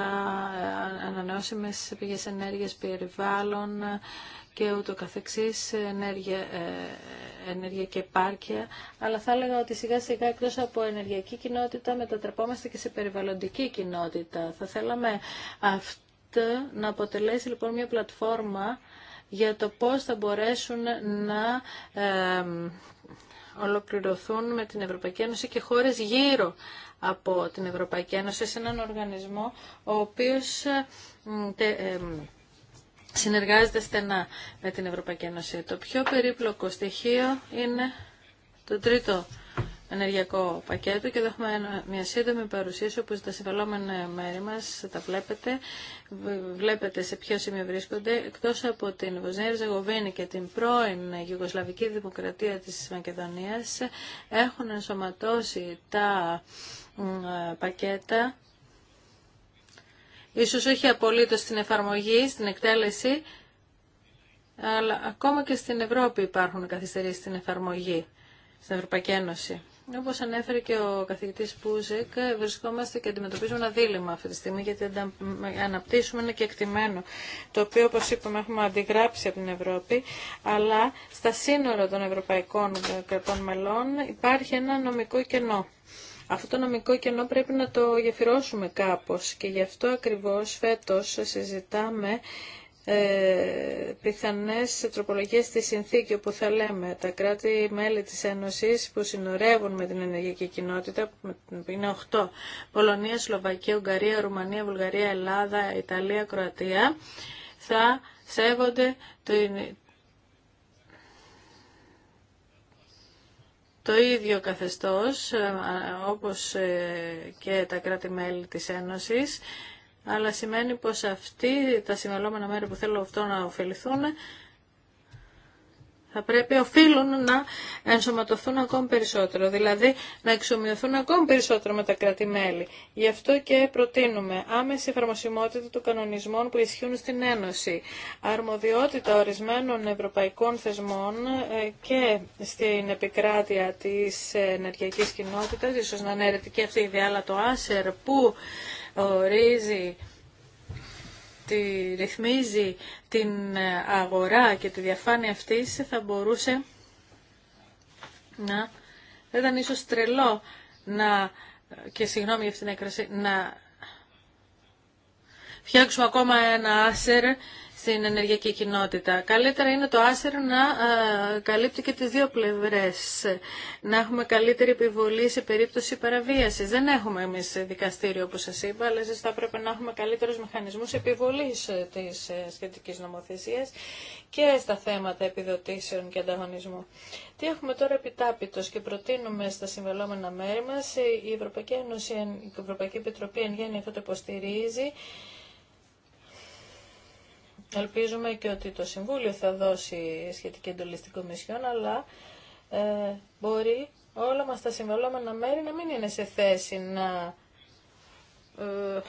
ανανεώσιμες πηγές ενέργειας, περιβάλλον, και ούτω καθεξής, ενέργεια, ε, και επάρκεια. Αλλά θα έλεγα ότι σιγά σιγά εκτό από ενεργειακή κοινότητα μετατρεπόμαστε και σε περιβαλλοντική κοινότητα. Θα θέλαμε αυτό να αποτελέσει λοιπόν μια πλατφόρμα για το πώς θα μπορέσουν να ε, ολοκληρωθούν με την Ευρωπαϊκή Ένωση και χώρες γύρω από την Ευρωπαϊκή Ένωση σε έναν οργανισμό ο οποίος ε, συνεργάζεται στενά με την Ευρωπαϊκή Ένωση. Το πιο περίπλοκο στοιχείο είναι το τρίτο ενεργειακό πακέτο και εδώ έχουμε μια σύντομη παρουσίαση όπου τα συμβαλόμενα μέρη μας τα βλέπετε. Βλέπετε σε ποιο σημείο βρίσκονται. Εκτός από την Βοσνία Ζεγοβίνη και την πρώην Γιουγκοσλαβική Δημοκρατία της Μακεδονίας έχουν ενσωματώσει τα πακέτα ίσως όχι απολύτως στην εφαρμογή, στην εκτέλεση, αλλά ακόμα και στην Ευρώπη υπάρχουν καθυστερήσεις στην εφαρμογή, στην Ευρωπαϊκή Ένωση. Όπω ανέφερε και ο καθηγητή Πούζεκ, βρισκόμαστε και αντιμετωπίζουμε ένα δίλημα αυτή τη στιγμή, γιατί αναπτύσσουμε ένα κεκτημένο, το οποίο, όπω είπαμε, έχουμε αντιγράψει από την Ευρώπη, αλλά στα σύνορα των ευρωπαϊκών κρατών μελών υπάρχει ένα νομικό κενό. Αυτό το νομικό κενό πρέπει να το γεφυρώσουμε κάπως και γι' αυτό ακριβώς φέτος συζητάμε ε, πιθανές τροπολογίες στη συνθήκη όπου θα λέμε τα κράτη-μέλη της Ένωσης που συνορεύουν με την ενεργειακή κοινότητα που είναι 8 Πολωνία, Σλοβακία, Ουγγαρία, Ρουμανία, Βουλγαρία, Ελλάδα, Ιταλία, Κροατία θα σέβονται το ίδιο καθεστώς ε, όπως ε, και τα κράτη-μέλη της Ένωσης αλλά σημαίνει πως αυτοί τα συμβαλόμενα μέρη που θέλουν αυτό να ωφεληθούν θα πρέπει, οφείλουν να ενσωματωθούν ακόμη περισσότερο, δηλαδή να εξομοιωθούν ακόμη περισσότερο με τα κράτη-μέλη. Γι' αυτό και προτείνουμε άμεση εφαρμοσιμότητα των κανονισμών που ισχύουν στην Ένωση, αρμοδιότητα ορισμένων ευρωπαϊκών θεσμών ε, και στην επικράτεια της ενεργειακής κοινότητας, ίσως να είναι αιρετική αυτή η ιδέα, αλλά το ΆΣΕΡ που ορίζει τη, ρυθμίζει την αγορά και τη διαφάνεια αυτή, θα μπορούσε να δεν ήταν ίσως τρελό να, και συγγνώμη για αυτήν την να φτιάξουμε ακόμα ένα άσερ στην ενεργειακή κοινότητα. Καλύτερα είναι το άσερ να ε, καλύπτει και τις δύο πλευρές. Να έχουμε καλύτερη επιβολή σε περίπτωση παραβίασης. Δεν έχουμε εμείς δικαστήριο όπως σας είπα, αλλά εσείς θα πρέπει να έχουμε καλύτερους μηχανισμούς επιβολής ε, της ε, σχετικής νομοθεσίας και στα θέματα επιδοτήσεων και ανταγωνισμού. Τι έχουμε τώρα επιτάπητος και προτείνουμε στα συμβαλόμενα μέρη μας. Η Ευρωπαϊκή, Ένωση, η Ευρωπαϊκή Επιτροπή εν γέννη αυτό το υποστηρίζει. Ελπίζουμε και ότι το Συμβούλιο θα δώσει σχετική εντολή στην Κομισιόν, αλλά ε, μπορεί όλα μας τα συμβαλόμενα μέρη να μην είναι σε θέση να ε,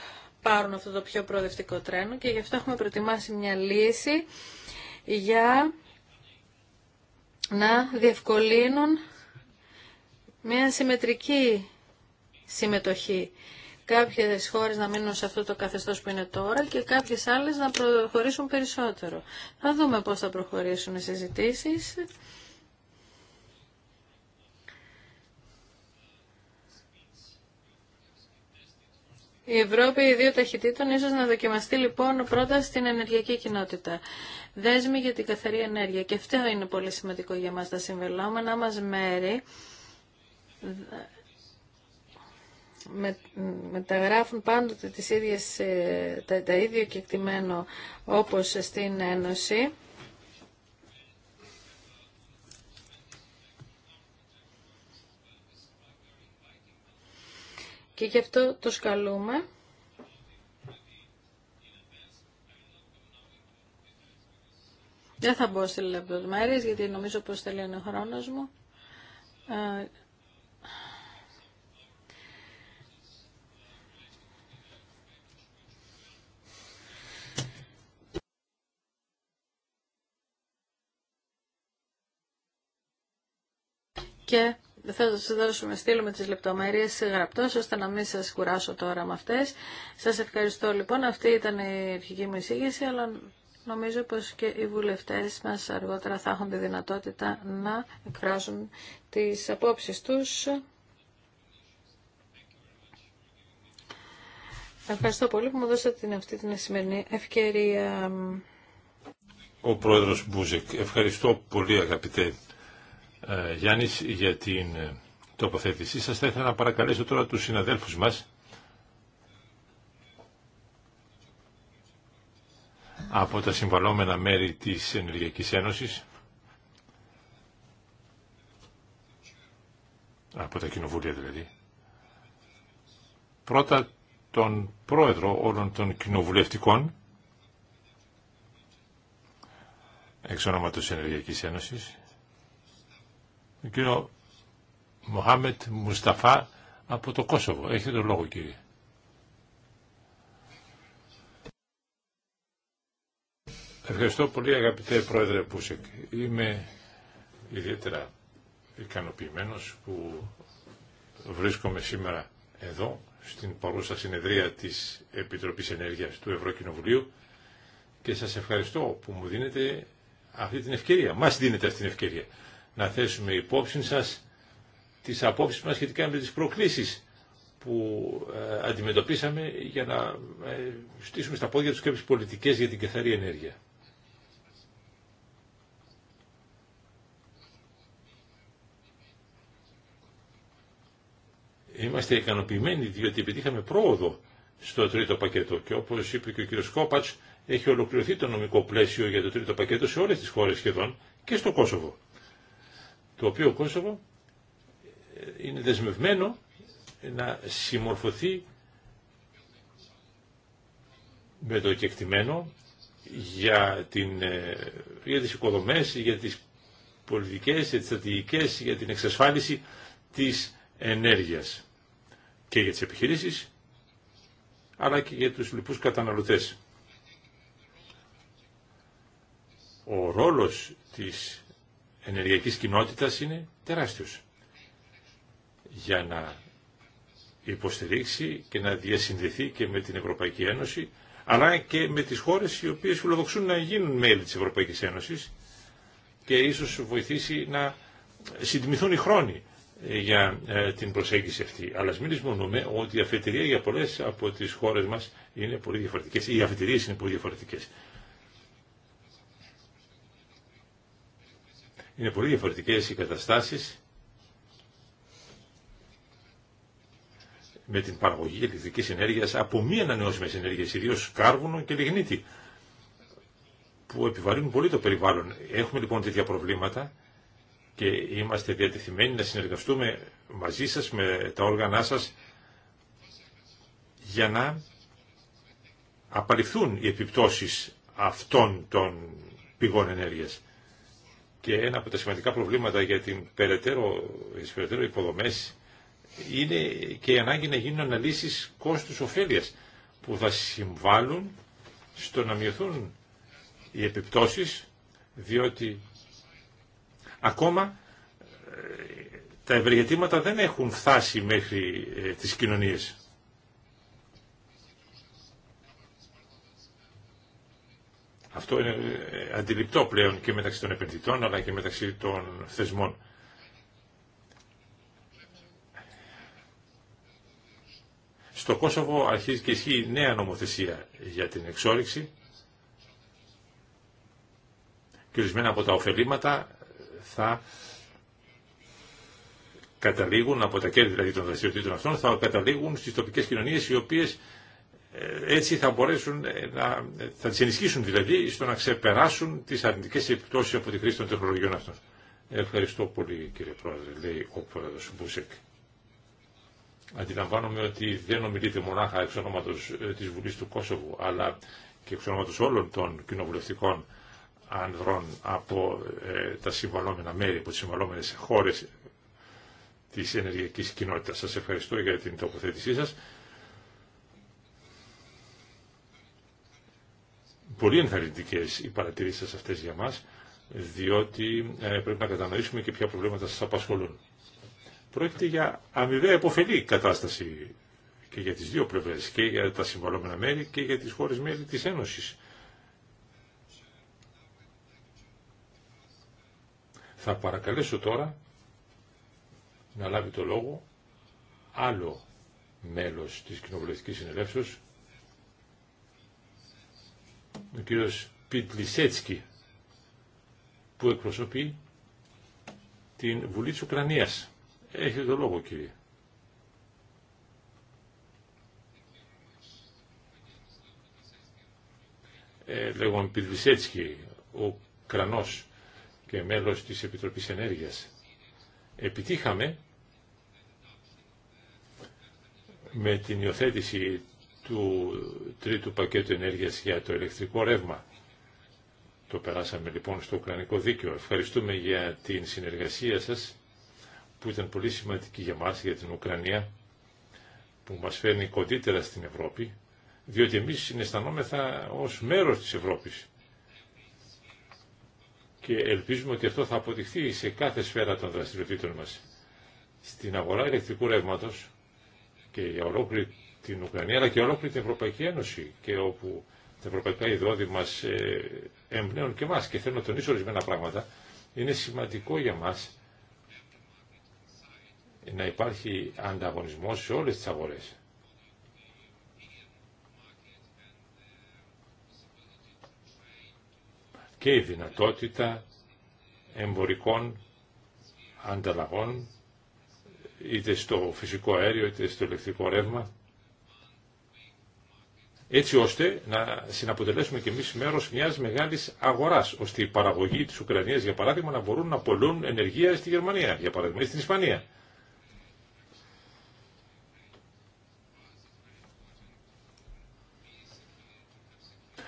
πάρουν αυτό το πιο προοδευτικό τρένο και γι' αυτό έχουμε προετοιμάσει μια λύση για να διευκολύνουν μια συμμετρική συμμετοχή κάποιες χώρες να μείνουν σε αυτό το καθεστώς που είναι τώρα και κάποιες άλλες να προχωρήσουν περισσότερο. Θα δούμε πώς θα προχωρήσουν οι συζητήσεις. Η Ευρώπη δύο ταχυτήτων ίσως να δοκιμαστεί λοιπόν πρώτα στην ενεργειακή κοινότητα. Δέσμη για την καθαρή ενέργεια. Και αυτό είναι πολύ σημαντικό για μας τα συμβελόμενα μας μέρη με, μεταγράφουν πάντοτε τις ίδιες, ε, τα, τα ίδια κεκτημένο όπως στην Ένωση. Και γι' αυτό το καλούμε. Δεν θα μπω σε λεπτομέρειες γιατί νομίζω πως τελειώνει ο χρόνος μου. Ε, και θα σας δώσουμε, στείλουμε τις λεπτομέρειες γραπτός, ώστε να μην σας κουράσω τώρα με αυτές. Σας ευχαριστώ λοιπόν. Αυτή ήταν η αρχική μου εισήγηση, αλλά νομίζω πως και οι βουλευτές μας αργότερα θα έχουν τη δυνατότητα να εκφράσουν τις απόψεις τους. Ευχαριστώ πολύ που μου δώσατε την, αυτή την σημερινή ευκαιρία. Ο πρόεδρος Μπούζεκ, ευχαριστώ πολύ αγαπητέ ε, Γιάννης για την ε, τοποθέτησή σας. Θα ήθελα να παρακαλέσω τώρα τους συναδέλφους μας από τα συμβαλόμενα μέρη της Ενεργειακής Ένωσης από τα κοινοβούλια δηλαδή πρώτα τον πρόεδρο όλων των κοινοβουλευτικών εξ ονόματος Ενεργειακής Ένωσης τον κύριο Μοχάμετ Μουσταφά από το Κόσοβο. Έχετε τον λόγο κύριε. Ευχαριστώ πολύ αγαπητέ Πρόεδρε Πούσεκ. Είμαι ιδιαίτερα ικανοποιημένος που βρίσκομαι σήμερα εδώ στην παρούσα συνεδρία της Επιτροπής Ενέργειας του Ευρωκοινοβουλίου και σας ευχαριστώ που μου δίνετε αυτή την ευκαιρία, μας δίνετε αυτή την ευκαιρία να θέσουμε υπόψη σας τις απόψεις μας σχετικά με τις προκλήσεις που ε, αντιμετωπίσαμε για να ε, στήσουμε στα πόδια τους κάποιες πολιτικές για την καθαρή ενέργεια. Είμαστε ικανοποιημένοι διότι επιτύχαμε πρόοδο στο τρίτο πακέτο και όπως είπε και ο κ. Σκόπατς έχει ολοκληρωθεί το νομικό πλαίσιο για το τρίτο πακέτο σε όλες τις χώρες σχεδόν και στο Κόσοβο το οποίο Κόσοβο ε, είναι δεσμευμένο να συμμορφωθεί με το κεκτημένο για, την, ε, για τις οικοδομές, για τις πολιτικές, για τις στρατηγικές, για την εξασφάλιση της ενέργειας και για τις επιχειρήσεις, αλλά και για τους λοιπούς καταναλωτές. Ο ρόλος της ενεργειακής κοινότητας είναι τεράστιος για να υποστηρίξει και να διασυνδεθεί και με την Ευρωπαϊκή Ένωση αλλά και με τις χώρες οι οποίες φιλοδοξούν να γίνουν μέλη της Ευρωπαϊκής Ένωσης και ίσως βοηθήσει να συντιμηθούν οι χρόνοι ε, για ε, την προσέγγιση αυτή. Αλλά μην λησμονούμε ότι η αφετηρία για πολλές από τις χώρες μας είναι πολύ διαφορετικές. Οι αφετηρίες είναι πολύ διαφορετικές. Είναι πολύ διαφορετικές οι καταστάσεις με την παραγωγή ηλεκτρικής ενέργειας από μη ανανεώσιμες ενέργειες, ιδίως κάρβουνο και λιγνίτη, που επιβαρύνουν πολύ το περιβάλλον. Έχουμε λοιπόν τέτοια προβλήματα και είμαστε διατεθειμένοι να συνεργαστούμε μαζί σας, με τα όργανά σας, για να απαλληφθούν οι επιπτώσεις αυτών των πηγών ενέργειας. Και ένα από τα σημαντικά προβλήματα για την περαιτέρω, τις περαιτέρω υποδομές είναι και η ανάγκη να γίνουν αναλύσεις κόστους ωφέλειας που θα συμβάλλουν στο να μειωθούν οι επιπτώσεις διότι ακόμα ε, τα ευεργετήματα δεν έχουν φτάσει μέχρι ε, τις κοινωνίες. Αυτό είναι ε, αντιληπτό πλέον και μεταξύ των επενδυτών αλλά και μεταξύ των θεσμών. Στο Κόσοβο αρχίζει και ισχύει νέα νομοθεσία για την εξόριξη και ορισμένα από τα ωφελήματα θα καταλήγουν, από τα κέρδη δηλαδή των δραστηριοτήτων αυτών, θα καταλήγουν στις τοπικές κοινωνίες οι οποίες ε, έτσι θα μπορέσουν ε, να ε, θα τις ενισχύσουν δηλαδή στο να ξεπεράσουν τις αρνητικές επιπτώσεις από τη χρήση των τεχνολογιών αυτών. Ευχαριστώ πολύ κύριε Πρόεδρε, λέει ο Πρόεδρος Μπούσεκ. Αντιλαμβάνομαι ότι δεν ομιλείται μονάχα εξ ονόματος της Βουλής του Κόσοβου, αλλά και εξ ονόματος όλων των κοινοβουλευτικών ανδρών από τα συμβαλόμενα μέρη, από τις συμβαλόμενες χώρες της ενεργειακής κοινότητας. Σας ευχαριστώ για την τοποθέτησή σας. πολύ ενθαρρυντικές οι παρατηρήσεις σα αυτές για μα, διότι ε, πρέπει να κατανοήσουμε και ποια προβλήματα σα απασχολούν. Πρόκειται για αμοιβαία υποφελή κατάσταση και για τις δύο πλευρέ και για τα συμβαλόμενα μέρη και για τις χώρε μέλη τη Ένωση. Θα παρακαλέσω τώρα να λάβει το λόγο άλλο μέλος της Κοινοβουλευτικής Συνελεύσεως, ο κύριος Πιτλισέτσκι που εκπροσωπεί την Βουλή της Ουκρανίας. Έχετε το λόγο κύριε. Ε, λέγομαι Πιτλισέτσκι, ο Κρανός και μέλος της Επιτροπής Ενέργειας. Επιτύχαμε με την υιοθέτηση του τρίτου πακέτου ενέργειας για το ηλεκτρικό ρεύμα. Το περάσαμε λοιπόν στο Ουκρανικό Δίκαιο. Ευχαριστούμε για την συνεργασία σας που ήταν πολύ σημαντική για μας, για την Ουκρανία, που μας φέρνει κοντύτερα στην Ευρώπη, διότι εμείς συναισθανόμεθα ως μέρος της Ευρώπης. Και ελπίζουμε ότι αυτό θα αποδειχθεί σε κάθε σφαίρα των δραστηριοτήτων μας. Στην αγορά ηλεκτρικού ρεύματος και για ολόκληρη την Ουκρανία αλλά και ολόκληρη την Ευρωπαϊκή Ένωση και όπου τα ευρωπαϊκά ιδρώδη μας ε, εμπνέουν και μας και θέλω να τονίσω ορισμένα πράγματα είναι σημαντικό για μας να υπάρχει ανταγωνισμός σε όλες τις αγορές. Και η δυνατότητα εμπορικών ανταλλαγών είτε στο φυσικό αέριο είτε στο ηλεκτρικό ρεύμα έτσι ώστε να συναποτελέσουμε και εμείς μέρο μιας μεγάλης αγοράς, ώστε οι παραγωγοί της Ουκρανίας, για παράδειγμα, να μπορούν να πολλούν ενεργεία στη Γερμανία, για παράδειγμα, στην Ισπανία.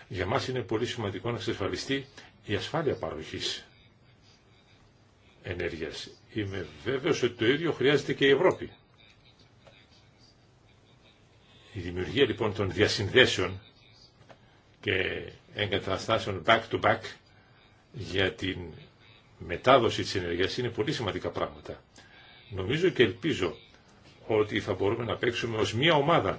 Για μας είναι πολύ σημαντικό να εξασφαλιστεί η ασφάλεια παροχής ενέργειας. Είμαι βέβαιος ότι το ίδιο χρειάζεται και η Ευρώπη. Η δημιουργία λοιπόν των διασυνδέσεων και εγκαταστάσεων back-to-back για την μετάδοση της ενεργειάς είναι πολύ σημαντικά πράγματα. Νομίζω και ελπίζω ότι θα μπορούμε να παίξουμε ως μία ομάδα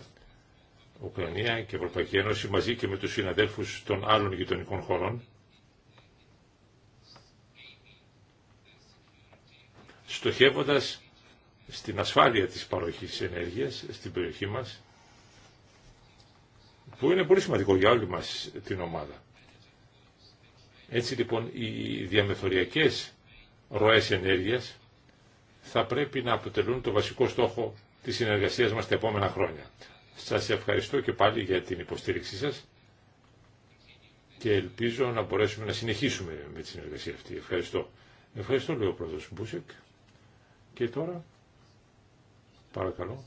Ουκρανία και Ευρωπαϊκή Ένωση μαζί και με τους συναδέλφους των άλλων γειτονικών χωρών στοχεύοντας στην ασφάλεια της παροχής ενέργειας στην περιοχή μας που είναι πολύ σημαντικό για όλη μας την ομάδα. Έτσι λοιπόν οι διαμεθοριακές ροές ενέργειας θα πρέπει να αποτελούν το βασικό στόχο της συνεργασίας μας τα επόμενα χρόνια. Σας ευχαριστώ και πάλι για την υποστήριξή σας και ελπίζω να μπορέσουμε να συνεχίσουμε με τη συνεργασία αυτή. Ευχαριστώ. Ευχαριστώ λέει ο πρόεδρος Μπούσεκ. Και τώρα, παρακαλώ,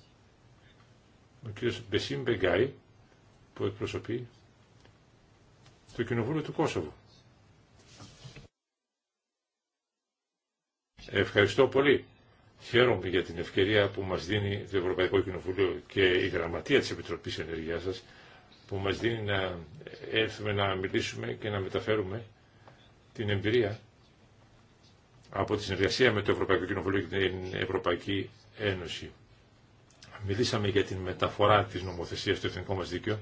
ο κύριος Μπεσίμ Μπεγκάη που εκπροσωπεί το Κοινοβούλιο του Κόσοβου. Ευχαριστώ πολύ. Χαίρομαι για την ευκαιρία που μας δίνει το Ευρωπαϊκό Κοινοβούλιο και η Γραμματεία της Επιτροπής Ενεργειάς σας που μας δίνει να έρθουμε να μιλήσουμε και να μεταφέρουμε την εμπειρία από τη συνεργασία με το Ευρωπαϊκό Κοινοβούλιο και την Ευρωπαϊκή Ένωση μιλήσαμε για την μεταφορά της νομοθεσίας στο εθνικό μας δίκαιο.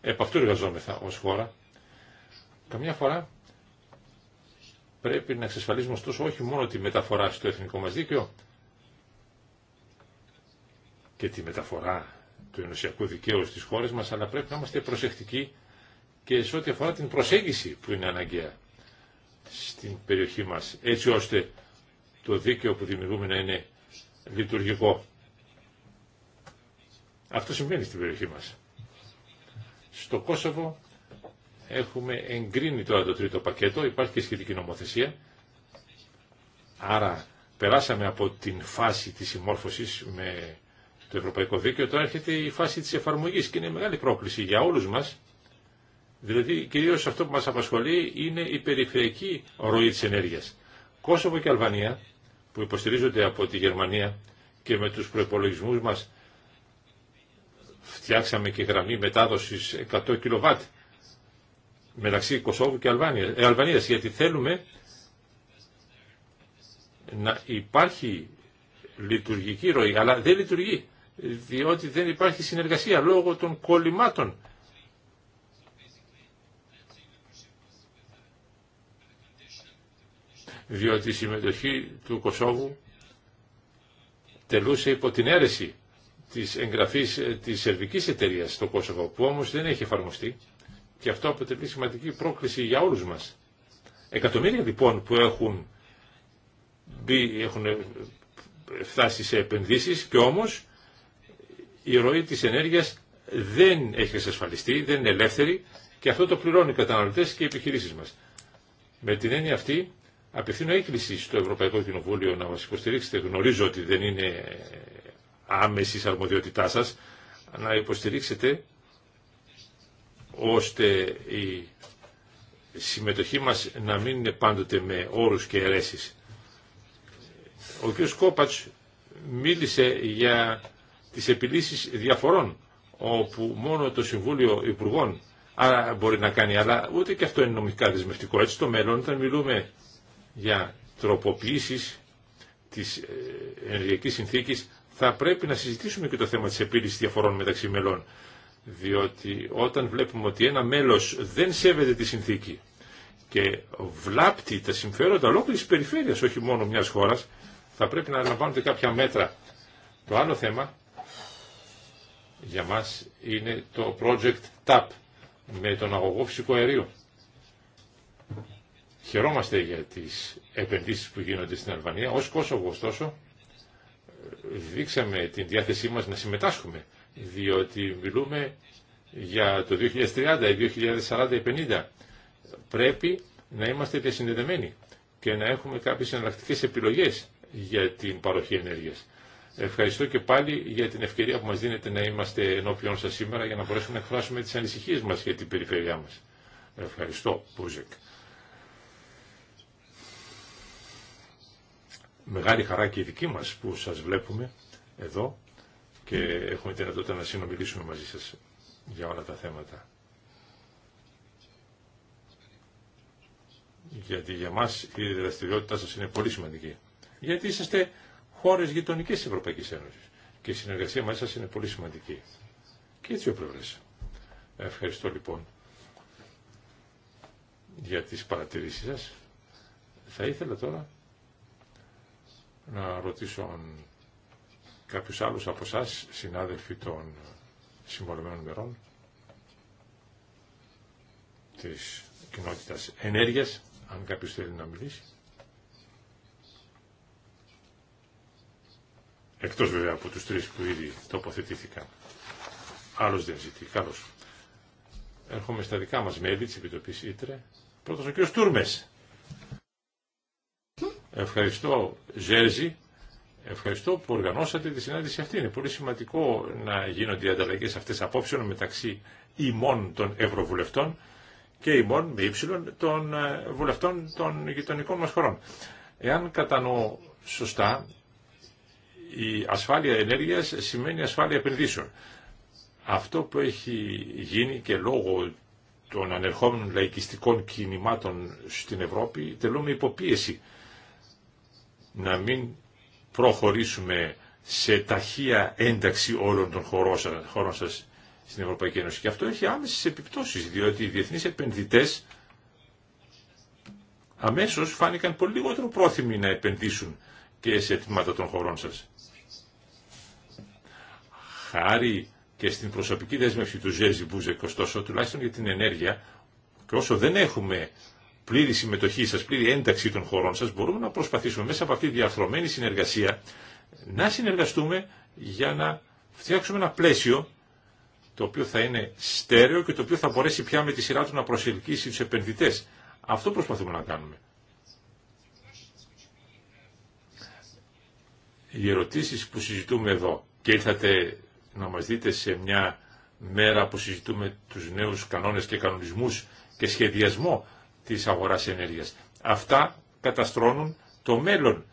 Επ' αυτού εργαζόμεθα ως χώρα. Καμιά φορά πρέπει να εξασφαλίσουμε ωστόσο όχι μόνο τη μεταφορά στο εθνικό μας δίκαιο και τη μεταφορά του ενωσιακού δικαίου στις χώρες μας, αλλά πρέπει να είμαστε προσεκτικοί και σε ό,τι αφορά την προσέγγιση που είναι αναγκαία στην περιοχή μας, έτσι ώστε το δίκαιο που δημιουργούμε να είναι λειτουργικό. Αυτό συμβαίνει στην περιοχή μας. Στο Κόσοβο έχουμε εγκρίνει τώρα το τρίτο πακέτο, υπάρχει και σχετική νομοθεσία. Άρα περάσαμε από την φάση της συμμόρφωσης με το Ευρωπαϊκό Δίκαιο, τώρα έρχεται η φάση της εφαρμογής και είναι μεγάλη πρόκληση για όλους μας. Δηλαδή κυρίως αυτό που μας απασχολεί είναι η περιφερειακή ροή της ενέργειας. Κόσοβο και Αλβανία που υποστηρίζονται από τη Γερμανία και με τους προπολογισμού μας Φτιάξαμε και γραμμή μετάδοσης 100 κιλοβάτ μεταξύ Κωσόβου και Αλβανίας, ε, Αλβανίας γιατί θέλουμε να υπάρχει λειτουργική ροή, αλλά δεν λειτουργεί, διότι δεν υπάρχει συνεργασία λόγω των κολλημάτων. Διότι η συμμετοχή του Κωσόβου τελούσε υπό την αίρεση της εγγραφής ε, της σερβικής εταιρείας στο Κόσοβο, που όμως δεν έχει εφαρμοστεί και αυτό αποτελεί σημαντική πρόκληση για όλους μας. Εκατομμύρια λοιπόν που έχουν, μπει, έχουν ε, φτάσει σε επενδύσεις και όμως η ροή της ενέργειας δεν έχει εξασφαλιστεί, δεν είναι ελεύθερη και αυτό το πληρώνουν οι καταναλωτές και οι επιχειρήσεις μας. Με την έννοια αυτή απευθύνω έκκληση στο Ευρωπαϊκό Κοινοβούλιο να μας υποστηρίξετε. Γνωρίζω ότι δεν είναι άμεσης αρμοδιότητά σας να υποστηρίξετε ώστε η συμμετοχή μας να μην είναι πάντοτε με όρους και αιρέσεις. Ο κ. Κόπατς μίλησε για τις επιλύσεις διαφορών όπου μόνο το Συμβούλιο Υπουργών άρα μπορεί να κάνει, αλλά ούτε και αυτό είναι νομικά δεσμευτικό. Έτσι το μέλλον, όταν μιλούμε για τροποποιήσεις της ε, ενεργειακής συνθήκης, θα πρέπει να συζητήσουμε και το θέμα της επίλυσης διαφορών μεταξύ μελών. Διότι όταν βλέπουμε ότι ένα μέλος δεν σέβεται τη συνθήκη και βλάπτει τα συμφέροντα ολόκληρης περιφέρειας, όχι μόνο μιας χώρας, θα πρέπει να λαμβάνονται κάποια μέτρα. Το άλλο θέμα για μας είναι το project TAP με τον αγωγό φυσικού αερίου. Χαιρόμαστε για τις επενδύσεις που γίνονται στην Αλβανία. Ως Κόσοβο, ωστόσο, δείξαμε την διάθεσή μας να συμμετάσχουμε, διότι μιλούμε για το 2030, 2040, η 50. Πρέπει να είμαστε διασυνδεδεμένοι και να έχουμε κάποιες εναλλακτικές επιλογές για την παροχή ενέργειας. Ευχαριστώ και πάλι για την ευκαιρία που μας δίνετε να είμαστε ενώπιον σας σήμερα για να μπορέσουμε να εκφράσουμε τις ανησυχίες μας για την περιφέρειά μας. Ευχαριστώ, Πούζεκ. μεγάλη χαρά και η δική μας που σας βλέπουμε εδώ και έχουμε την δυνατότητα να συνομιλήσουμε μαζί σας για όλα τα θέματα. Γιατί για μας η δραστηριότητά σας είναι πολύ σημαντική. Γιατί είσαστε χώρες γειτονικές της Ευρωπαϊκής Ένωσης και η συνεργασία μαζί σας είναι πολύ σημαντική. Και έτσι ο Ευχαριστώ λοιπόν για τις παρατηρήσεις σας. Θα ήθελα τώρα να ρωτήσω αν κάποιους άλλους από εσά, συνάδελφοι των συμβολωμένων μερών της κοινότητας ενέργειας, αν κάποιος θέλει να μιλήσει. Εκτός βέβαια από τους τρεις που ήδη τοποθετήθηκαν. Άλλος δεν ζητεί. Καλώς. Έρχομαι στα δικά μας μέλη της Επιτροπής Ήτρε. Πρώτος ο κ. Τούρμες. Ευχαριστώ Ζέρζη, ευχαριστώ που οργανώσατε τη συνάντηση αυτή. Είναι πολύ σημαντικό να γίνονται οι ανταλλαγές αυτές απόψεων μεταξύ ημών των Ευρωβουλευτών και ημών με ύψιλον των ε, βουλευτών των γειτονικών μας χωρών. Εάν κατανοώ σωστά, η ασφάλεια ενέργειας σημαίνει ασφάλεια επενδύσεων. Αυτό που έχει γίνει και λόγω των ανερχόμενων λαϊκιστικών κινημάτων στην Ευρώπη τελούμε υποπίεση να μην προχωρήσουμε σε ταχεία ένταξη όλων των χωρών σας στην Ευρωπαϊκή Ένωση. Και αυτό έχει άμεσες επιπτώσεις, διότι οι διεθνείς επενδυτές αμέσως φάνηκαν πολύ λιγότερο πρόθυμοι να επενδύσουν και σε τμήματα των χωρών σας. Χάρη και στην προσωπική δέσμευση του Ζέζι Μπούζεκ, ωστόσο, τουλάχιστον για την ενέργεια, και όσο δεν έχουμε πλήρη συμμετοχή σας, πλήρη ένταξη των χωρών σας, μπορούμε να προσπαθήσουμε μέσα από αυτή τη διαρθρωμένη συνεργασία να συνεργαστούμε για να φτιάξουμε ένα πλαίσιο το οποίο θα είναι στέρεο και το οποίο θα μπορέσει πια με τη σειρά του να προσελκύσει τους επενδυτές. Αυτό προσπαθούμε να κάνουμε. Οι ερωτήσεις που συζητούμε εδώ και ήρθατε να μας δείτε σε μια μέρα που συζητούμε τους νέους κανόνες και κανονισμούς και σχεδιασμό της αγοράς ενέργειας. Αυτά καταστρώνουν το μέλλον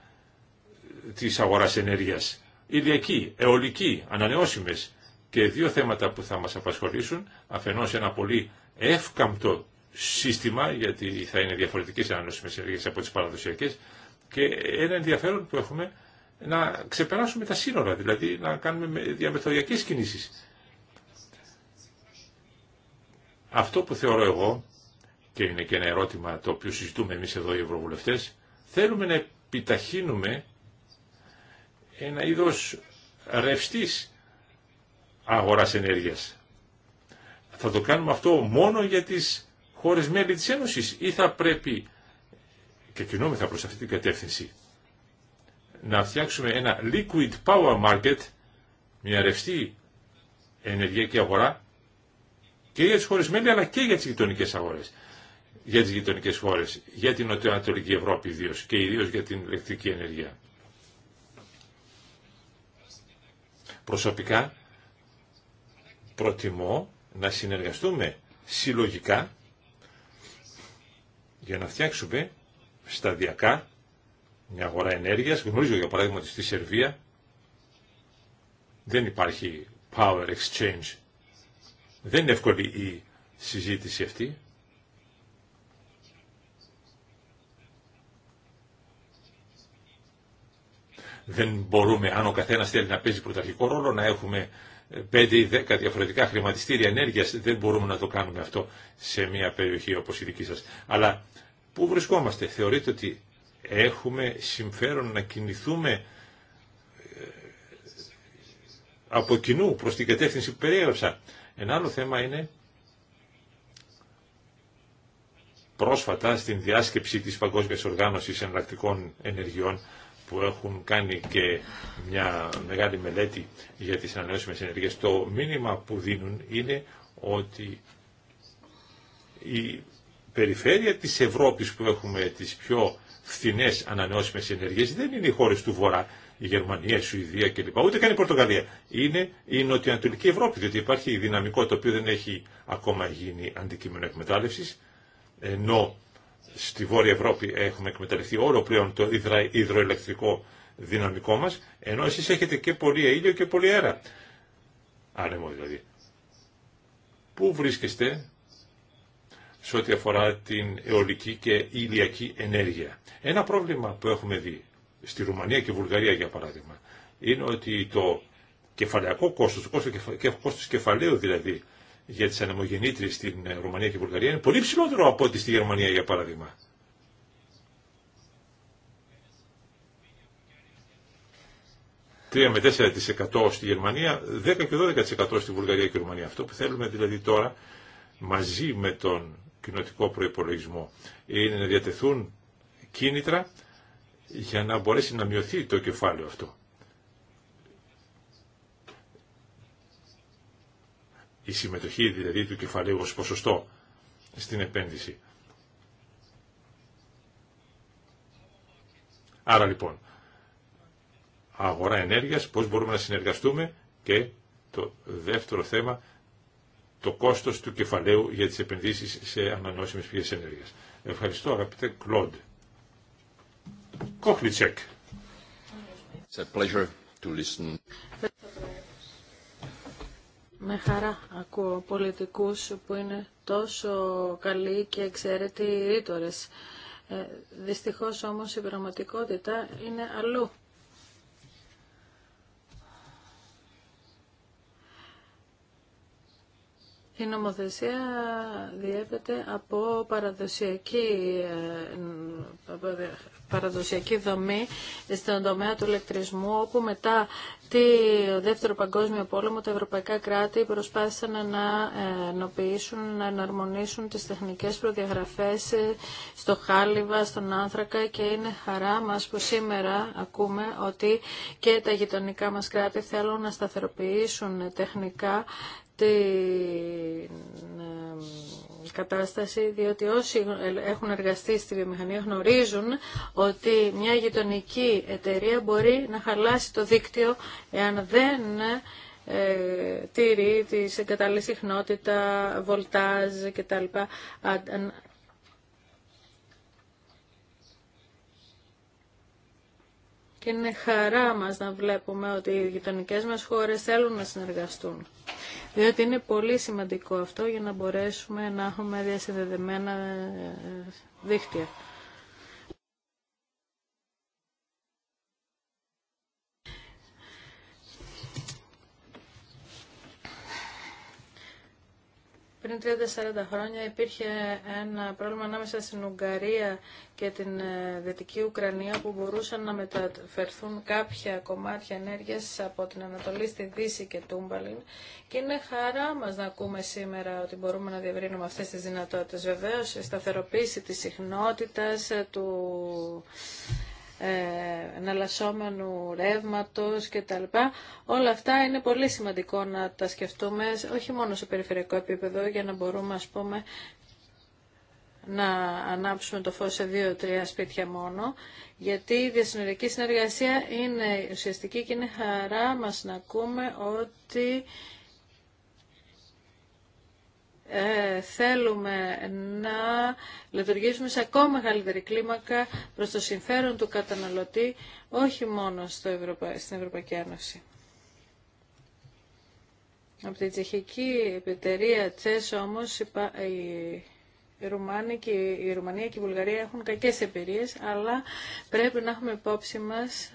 της αγοράς ενέργειας. Ηλιακή, αιωλική, ανανεώσιμες και δύο θέματα που θα μας απασχολήσουν. Αφενός ένα πολύ εύκαμπτο σύστημα, γιατί θα είναι διαφορετικές ανανεώσιμες ενέργειες από τις παραδοσιακές, και ένα ενδιαφέρον που έχουμε να ξεπεράσουμε τα σύνορα, δηλαδή να κάνουμε διαμεθοριακές κινήσεις. Αυτό που θεωρώ εγώ και είναι και ένα ερώτημα το οποίο συζητούμε εμείς εδώ οι ευρωβουλευτές, θέλουμε να επιταχύνουμε ένα είδος ρευστής αγοράς ενέργειας. Θα το κάνουμε αυτό μόνο για τις χώρες μέλη της Ένωσης ή θα πρέπει, και κινούμεθα προς αυτή την κατεύθυνση, να φτιάξουμε ένα liquid power market, μια ρευστή ενεργειακή αγορά, και για τις χώρες μέλη αλλά και για τις γειτονικές αγορές για τις γειτονικέ χώρες, για την Νοτιοανατολική Ευρώπη ιδίως και ιδίως για την ηλεκτρική ενέργεια. Προσωπικά προτιμώ να συνεργαστούμε συλλογικά για να φτιάξουμε σταδιακά μια αγορά ενέργειας. Γνωρίζω για παράδειγμα ότι στη Σερβία δεν υπάρχει power exchange. Δεν είναι εύκολη η συζήτηση αυτή. Δεν μπορούμε, αν ο καθένα θέλει να παίζει πρωταρχικό ρόλο, να έχουμε 5 ε, ή 10 διαφορετικά χρηματιστήρια ενέργεια. Δεν μπορούμε να το κάνουμε αυτό σε μια περιοχή όπω η δική σα. Αλλά πού βρισκόμαστε, θεωρείτε ότι έχουμε συμφέρον να κινηθούμε ε, από κοινού προς την κατεύθυνση που περιέγραψα. Ένα άλλο θέμα είναι πρόσφατα στην διάσκεψη της Παγκόσμιας Οργάνωσης Εναλλακτικών Ενεργειών που έχουν κάνει και μια μεγάλη μελέτη για τις ανανεώσιμες ενέργειες, το μήνυμα που δίνουν είναι ότι η περιφέρεια της Ευρώπης που έχουμε τις πιο φθηνές ανανεώσιμες ενέργειες δεν είναι οι χώρες του Βορρά, η Γερμανία, η Σουηδία κλπ. Ούτε καν η Πορτογαλία. Είναι η νοτιοανατολική Ευρώπη, διότι υπάρχει δυναμικό το οποίο δεν έχει ακόμα γίνει αντικείμενο εκμετάλλευσης, ενώ στη Βόρεια Ευρώπη έχουμε εκμεταλλευτεί όλο πλέον το υδροελεκτρικό δυναμικό μας, ενώ εσείς έχετε και πολύ ήλιο και πολύ αέρα. Άνεμο δηλαδή. Πού βρίσκεστε σε ό,τι αφορά την αιωλική και ηλιακή ενέργεια. Ένα πρόβλημα που έχουμε δει στη Ρουμανία και Βουλγαρία για παράδειγμα, είναι ότι το κεφαλαιακό κόστος, το κόστος κεφαλαίου δηλαδή για τι ανεμογεννήτριες στην ε, Ρουμανία και Βουλγαρία είναι πολύ ψηλότερο από ό,τι στη Γερμανία για παράδειγμα. Τρία με 4% στη Γερμανία, 10 και 12% στη Βουλγαρία και Ρουμανία. Αυτό που θέλουμε δηλαδή τώρα μαζί με τον κοινοτικό προπολογισμό, είναι να διατεθούν κίνητρα για να μπορέσει να μειωθεί το κεφάλαιο αυτό. η συμμετοχή δηλαδή του κεφαλαίου ως ποσοστό στην επένδυση. Άρα λοιπόν, αγορά ενέργειας, πώς μπορούμε να συνεργαστούμε και το δεύτερο θέμα, το κόστος του κεφαλαίου για τις επενδύσεις σε ανανεώσιμες πηγές ενέργειας. Ευχαριστώ αγαπητέ Κλοντ. Κόχλιτσεκ με χαρά ακούω πολιτικούς που είναι τόσο καλοί και εξαίρετοι ρήτορες. Ε, δυστυχώς όμως η πραγματικότητα είναι αλλού. Η νομοθεσία διέπεται από παραδοσιακή, ε, παραδοσιακή δομή στον τομέα του ηλεκτρισμού, όπου μετά τη Δεύτερο Παγκόσμιο Πόλεμο τα ευρωπαϊκά κράτη προσπάθησαν να ενοποιήσουν, να εναρμονίσουν τις τεχνικές προδιαγραφές ε, στο χάλιβα, στον άνθρακα και είναι χαρά μας που σήμερα ακούμε ότι και τα γειτονικά μας κράτη θέλουν να σταθεροποιήσουν τεχνικά την κατάσταση, διότι όσοι έχουν εργαστεί στη βιομηχανία γνωρίζουν ότι μια γειτονική εταιρεία μπορεί να χαλάσει το δίκτυο εάν δεν ε, τηρεί τη εγκατάλληλη συχνότητα, βολτάζ κτλ. Και είναι χαρά μας να βλέπουμε ότι οι γειτονικές μας χώρες θέλουν να συνεργαστούν διότι είναι πολύ σημαντικό αυτό για να μπορέσουμε να έχουμε διασυνδεδεμένα ε, ε, δίχτυα. Πριν 30-40 χρόνια υπήρχε ένα πρόβλημα ανάμεσα στην Ουγγαρία και την ε, Δυτική Ουκρανία που μπορούσαν να μεταφερθούν κάποια κομμάτια ενέργειας από την Ανατολή στη Δύση και Τούμπαλιν και είναι χαρά μας να ακούμε σήμερα ότι μπορούμε να διευρύνουμε αυτές τις δυνατότητες. Βεβαίως, η σταθεροποίηση της συχνότητας, ε, του ε, εναλλασσόμενου ρεύματος κτλ. Όλα αυτά είναι πολύ σημαντικό να τα σκεφτούμε, όχι μόνο σε περιφερειακό επίπεδο, για να μπορούμε, ας πούμε, να ανάψουμε το φως σε δύο-τρία σπίτια μόνο, γιατί η διασυνοριακή συνεργασία είναι ουσιαστική και είναι χαρά μας να ακούμε ότι ε, θέλουμε να λειτουργήσουμε σε ακόμα μεγαλύτερη κλίμακα προς το συμφέρον του καταναλωτή, όχι μόνο στο στην Ευρωπαϊκή Ένωση. Από την τσεχική Επιτερία Τσέσ όμως η, και η Ρουμανία και η Βουλγαρία έχουν κακές εμπειρίες, αλλά πρέπει να έχουμε υπόψη μας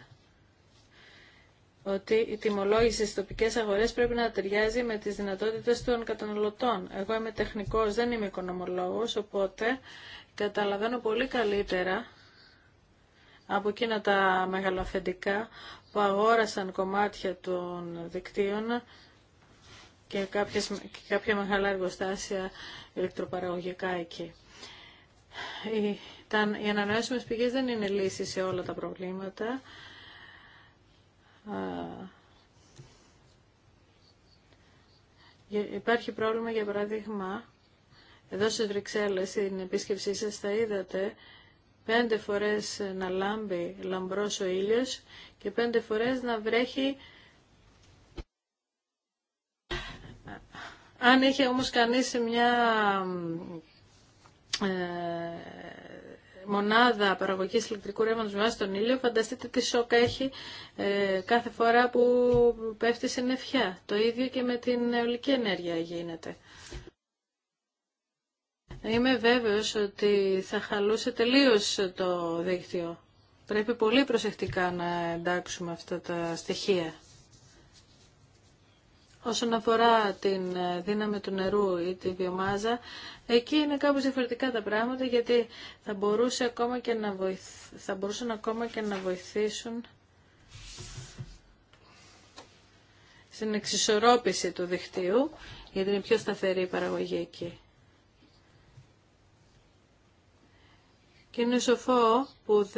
ότι η τιμολόγηση στι τοπικέ αγορές πρέπει να ταιριάζει με τις δυνατότητες των καταναλωτών. Εγώ είμαι τεχνικός, δεν είμαι οικονομολόγος, οπότε καταλαβαίνω πολύ καλύτερα από εκείνα τα μεγαλοαφεντικά που αγόρασαν κομμάτια των δικτύων και, κάποιες, και κάποια μεγάλα εργοστάσια ηλεκτροπαραγωγικά εκεί. Οι, τα, οι δεν είναι λύση σε όλα τα προβλήματα. Ε, υπάρχει πρόβλημα, για παράδειγμα, εδώ στις Βρυξέλλες, στην επίσκεψή σας, θα είδατε πέντε φορές να λάμπει λαμπρός ο ήλιος και πέντε φορές να βρέχει αν είχε όμως κανείς μια ε, μονάδα παραγωγής ηλεκτρικού ρεύματος με βάση τον ήλιο, φανταστείτε τι σοκ έχει ε, κάθε φορά που πέφτει σε νεφιά. Το ίδιο και με την αιωλική ενέργεια γίνεται. Είμαι βέβαιος ότι θα χαλούσε τελείως το δίκτυο. Πρέπει πολύ προσεκτικά να εντάξουμε αυτά τα στοιχεία. Όσον αφορά την ε, δύναμη του νερού ή τη βιομάζα, εκεί είναι κάπως διαφορετικά τα πράγματα γιατί θα, μπορούσε ακόμα και να θα μπορούσαν ακόμα και να βοηθήσουν στην εξισορρόπηση του δικτύου γιατί είναι πιο σταθερή η παραγωγή εκεί. είναι σοφό που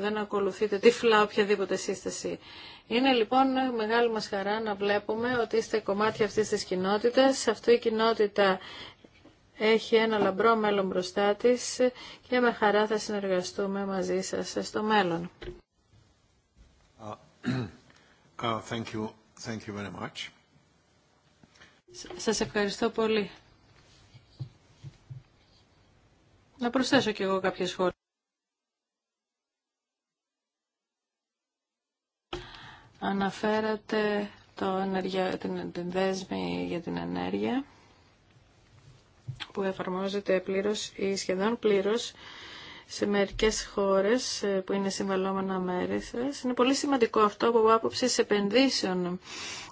δεν ακολουθείτε τυφλά οποιαδήποτε σύσταση. Είναι λοιπόν μεγάλη μας χαρά να βλέπουμε ότι είστε κομμάτια αυτής της κοινότητας. Αυτή η κοινότητα έχει ένα λαμπρό μέλλον μπροστά της και με χαρά θα συνεργαστούμε μαζί σας στο μέλλον. Uh, uh thank you. Thank you very much. Σας ευχαριστώ πολύ. Να προσθέσω κι εγώ κάποια σχόλια. Αναφέρατε το ενεργεια, την, δέσμη για την ενέργεια που εφαρμόζεται πλήρως ή σχεδόν πλήρως σε μερικές χώρες ε, που είναι συμβαλόμενα μέρη σας. Είναι πολύ σημαντικό αυτό από άποψη επενδύσεων,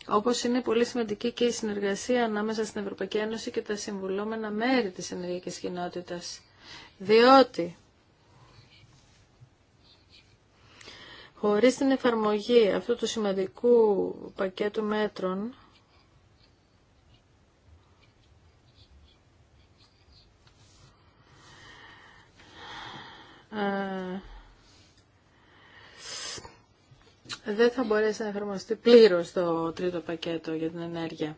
όπως είναι πολύ σημαντική και η συνεργασία ανάμεσα στην Ευρωπαϊκή Ένωση και τα συμβουλόμενα μέρη της ενεργειακής κοινότητας διότι χωρίς την εφαρμογή αυτού του σημαντικού πακέτου μέτρων δεν θα μπορέσει να εφαρμοστεί πλήρως το τρίτο πακέτο για την ενέργεια.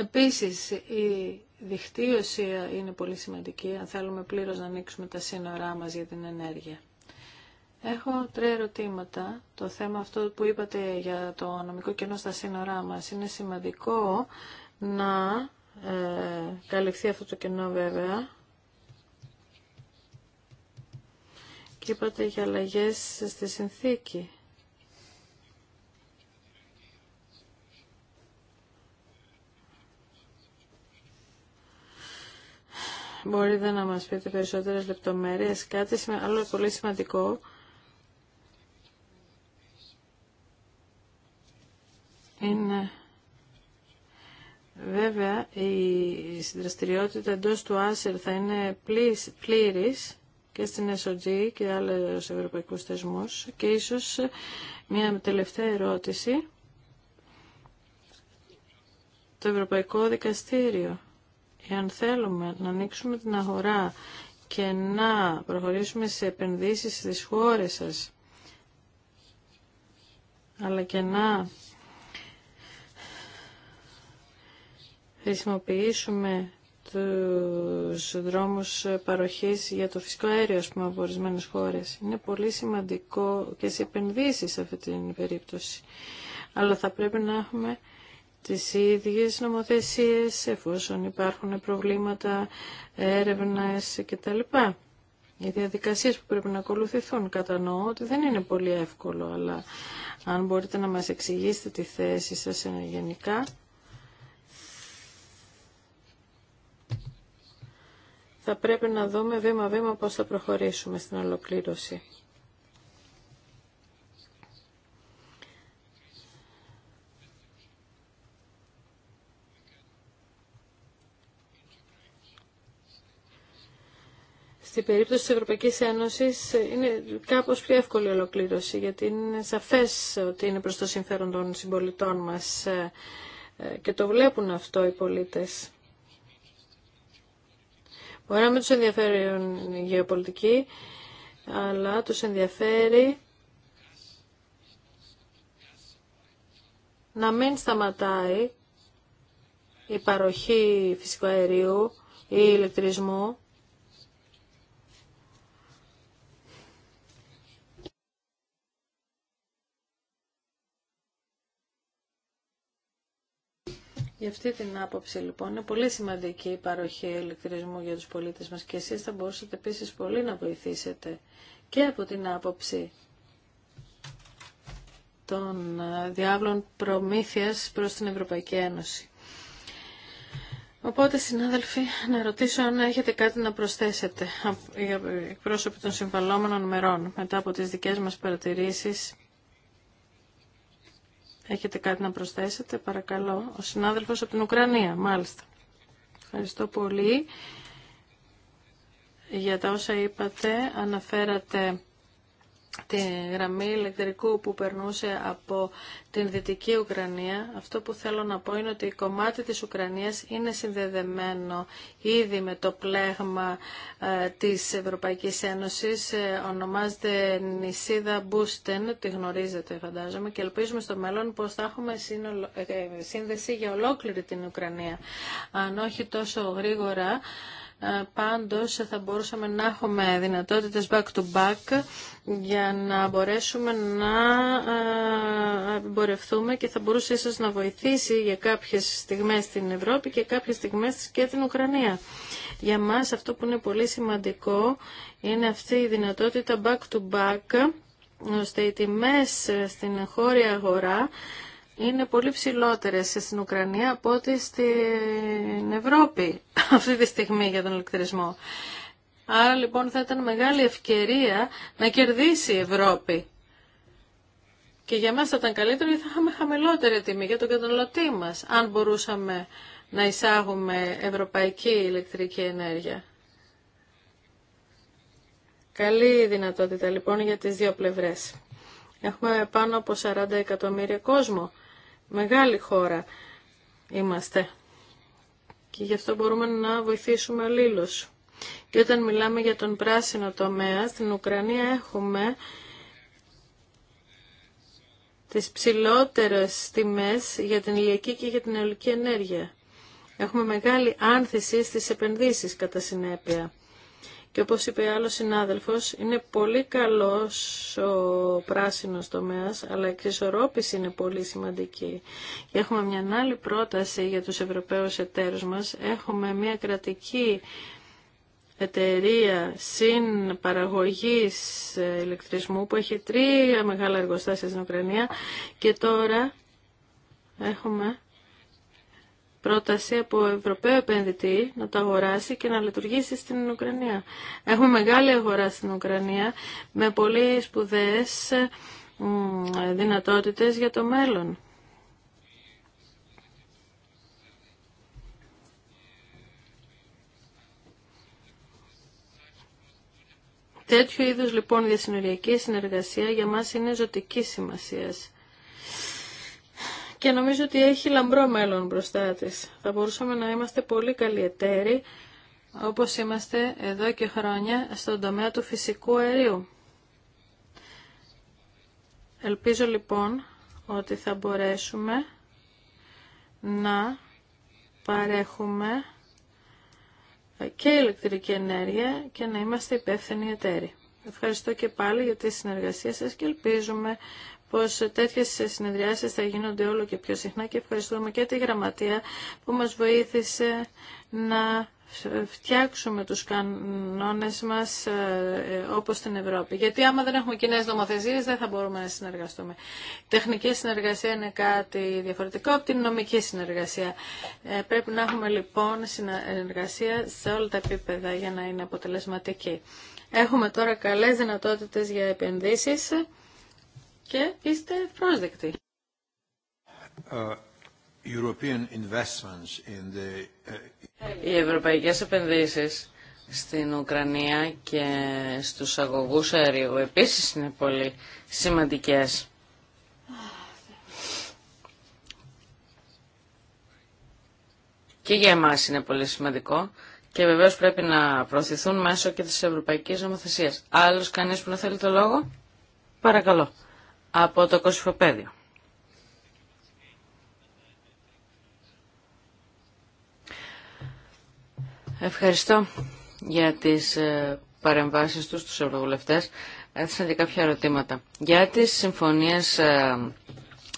Επίσης, η δικτύωση είναι πολύ σημαντική, αν θέλουμε πλήρως να ανοίξουμε τα σύνορά μας για την ενέργεια. Έχω τρία ερωτήματα. Το θέμα αυτό που είπατε για το νομικό κενό στα σύνορά μας είναι σημαντικό να ε, καλυφθεί αυτό το κενό βέβαια. Και είπατε για αλλαγέ στη συνθήκη. μπορείτε να μας πείτε περισσότερες λεπτομέρειες. Κάτι άλλο πολύ σημαντικό είναι βέβαια η συνδραστηριότητα εντό του Άσερ θα είναι πλήρης και στην SOG και άλλους ευρωπαϊκούς θεσμούς και ίσως μια τελευταία ερώτηση το Ευρωπαϊκό Δικαστήριο Εάν θέλουμε να ανοίξουμε την αγορά και να προχωρήσουμε σε επενδύσεις στις χώρες σας, αλλά και να χρησιμοποιήσουμε τους δρόμους παροχής για το φυσικό αέριο πούμε, από ορισμένες χώρες. Είναι πολύ σημαντικό και σε επενδύσεις σε αυτή την περίπτωση. Αλλά θα πρέπει να έχουμε τις ίδιες νομοθεσίες εφόσον υπάρχουν προβλήματα έρευνα κτλ. Οι διαδικασίες που πρέπει να ακολουθηθούν κατανοώ ότι δεν είναι πολύ εύκολο, αλλά αν μπορείτε να μας εξηγήσετε τη θέση σας γενικά, θα πρέπει να δούμε βήμα-βήμα πώς θα προχωρήσουμε στην ολοκλήρωση. στην περίπτωση της Ευρωπαϊκής Ένωσης ε, είναι κάπως πιο εύκολη ολοκλήρωση, γιατί είναι σαφές ότι είναι προς το συμφέρον των συμπολιτών μας ε, ε, και το βλέπουν αυτό οι πολίτες. Μπορεί να μην τους ενδιαφέρει η γεωπολιτική, αλλά τους ενδιαφέρει να μην σταματάει η παροχή φυσικού αερίου ή ηλεκτρισμού Γι' αυτή την άποψη λοιπόν είναι πολύ σημαντική η παροχή ηλεκτρισμού για τους πολίτες μας και εσείς θα μπορούσατε επίσης πολύ να βοηθήσετε και από την άποψη των ε, διάβλων προμήθειας προς την Ευρωπαϊκή Ένωση. Οπότε, συνάδελφοι, να ρωτήσω αν έχετε κάτι να προσθέσετε εκπρόσωποι των συμβαλόμενων μερών μετά από τις δικές μας παρατηρήσεις Έχετε κάτι να προσθέσετε, παρακαλώ. Ο συνάδελφος από την Ουκρανία, μάλιστα. Ευχαριστώ πολύ για τα όσα είπατε. Αναφέρατε τη γραμμή ηλεκτρικού που περνούσε από την Δυτική Ουκρανία, αυτό που θέλω να πω είναι ότι η κομμάτι της Ουκρανίας είναι συνδεδεμένο ήδη με το πλέγμα ε, της Ευρωπαϊκής Ένωσης. Ε, ονομάζεται νησίδα Μπούστεν, τη γνωρίζετε φαντάζομαι, και ελπίζουμε στο μέλλον πως θα έχουμε ε, σύνδεση για ολόκληρη την Ουκρανία. Αν όχι τόσο γρήγορα, ε, πάντως θα μπορούσαμε να έχουμε δυνατότητες back-to-back για να μπορέσουμε να ε, εμπορευτούμε και θα μπορούσε ίσως να βοηθήσει για κάποιες στιγμές στην Ευρώπη και κάποιες στιγμές και την Ουκρανία. Για μας αυτό που είναι πολύ σημαντικό είναι αυτή η δυνατότητα back-to-back -back, ώστε οι τιμές στην χώρια αγορά είναι πολύ ψηλότερες στην Ουκρανία από ό,τι στην Ευρώπη αυτή τη στιγμή για τον ηλεκτρισμό. Άρα λοιπόν θα ήταν μεγάλη ευκαιρία να κερδίσει η Ευρώπη. Και για μας θα ήταν καλύτερο γιατί θα είχαμε χαμηλότερη τιμή για τον καταναλωτή μας, αν μπορούσαμε να εισάγουμε ευρωπαϊκή ηλεκτρική ενέργεια. Καλή δυνατότητα λοιπόν για τις δύο πλευρές. Έχουμε πάνω από 40 εκατομμύρια κόσμο Μεγάλη χώρα είμαστε και γι' αυτό μπορούμε να βοηθήσουμε αλλήλως. Και όταν μιλάμε για τον πράσινο τομέα, στην Ουκρανία έχουμε τις ψηλότερες τιμές για την ηλιακή και για την αιωλική ενέργεια. Έχουμε μεγάλη άνθηση στις επενδύσεις κατά συνέπεια. Και όπως είπε άλλος συνάδελφος, είναι πολύ καλός ο πράσινος τομέας, αλλά η εξισορρόπηση είναι πολύ σημαντική. έχουμε μια άλλη πρόταση για τους Ευρωπαίους εταίρους μας. Έχουμε μια κρατική εταιρεία συν παραγωγής ηλεκτρισμού που έχει τρία μεγάλα εργοστάσια στην Ουκρανία και τώρα έχουμε πρόταση από Ευρωπαίο επενδυτή να το αγοράσει και να λειτουργήσει στην Ουκρανία. Έχουμε μεγάλη αγορά στην Ουκρανία με πολύ σπουδαίες δυνατότητες για το μέλλον. Τέτοιου είδους λοιπόν διασυνοριακή συνεργασία για μας είναι ζωτική σημασίας και νομίζω ότι έχει λαμπρό μέλλον μπροστά της. Θα μπορούσαμε να είμαστε πολύ καλοί εταίροι, όπως είμαστε εδώ και χρόνια, στον τομέα του φυσικού αερίου. Ελπίζω λοιπόν ότι θα μπορέσουμε να παρέχουμε και ηλεκτρική ενέργεια και να είμαστε υπεύθυνοι εταίροι. Ευχαριστώ και πάλι για τη συνεργασία σας και ελπίζουμε Πώ τέτοιε συνεδριάσεις θα γίνονται όλο και πιο συχνά και ευχαριστούμε και τη Γραμματεία που μα βοήθησε να φτιάξουμε τους κανόνες μας ε, όπως στην Ευρώπη. Γιατί άμα δεν έχουμε κοινέ νομοθεσίες δεν θα μπορούμε να συνεργαστούμε. Η τεχνική συνεργασία είναι κάτι διαφορετικό από την νομική συνεργασία. Ε, πρέπει να έχουμε λοιπόν συνεργασία σε όλα τα επίπεδα για να είναι αποτελεσματική. Έχουμε τώρα καλές δυνατότητες για επενδύσεις και είστε πρόσδεκτοι. Uh, uh, Οι ευρωπαϊκές επενδύσεις στην Ουκρανία και στους αγωγούς αερίου επίσης είναι πολύ σημαντικές. Και για εμάς είναι πολύ σημαντικό και βεβαίως πρέπει να προωθηθούν μέσω και της ευρωπαϊκής νομοθεσίας. Άλλος κανείς που να θέλει το λόγο, παρακαλώ από το κοσφοπέδιο. Ευχαριστώ για τις ε, παρεμβάσεις τους, τους ευρωβουλευτές. Έθεσαν και κάποια ερωτήματα. Για τις συμφωνίες ε,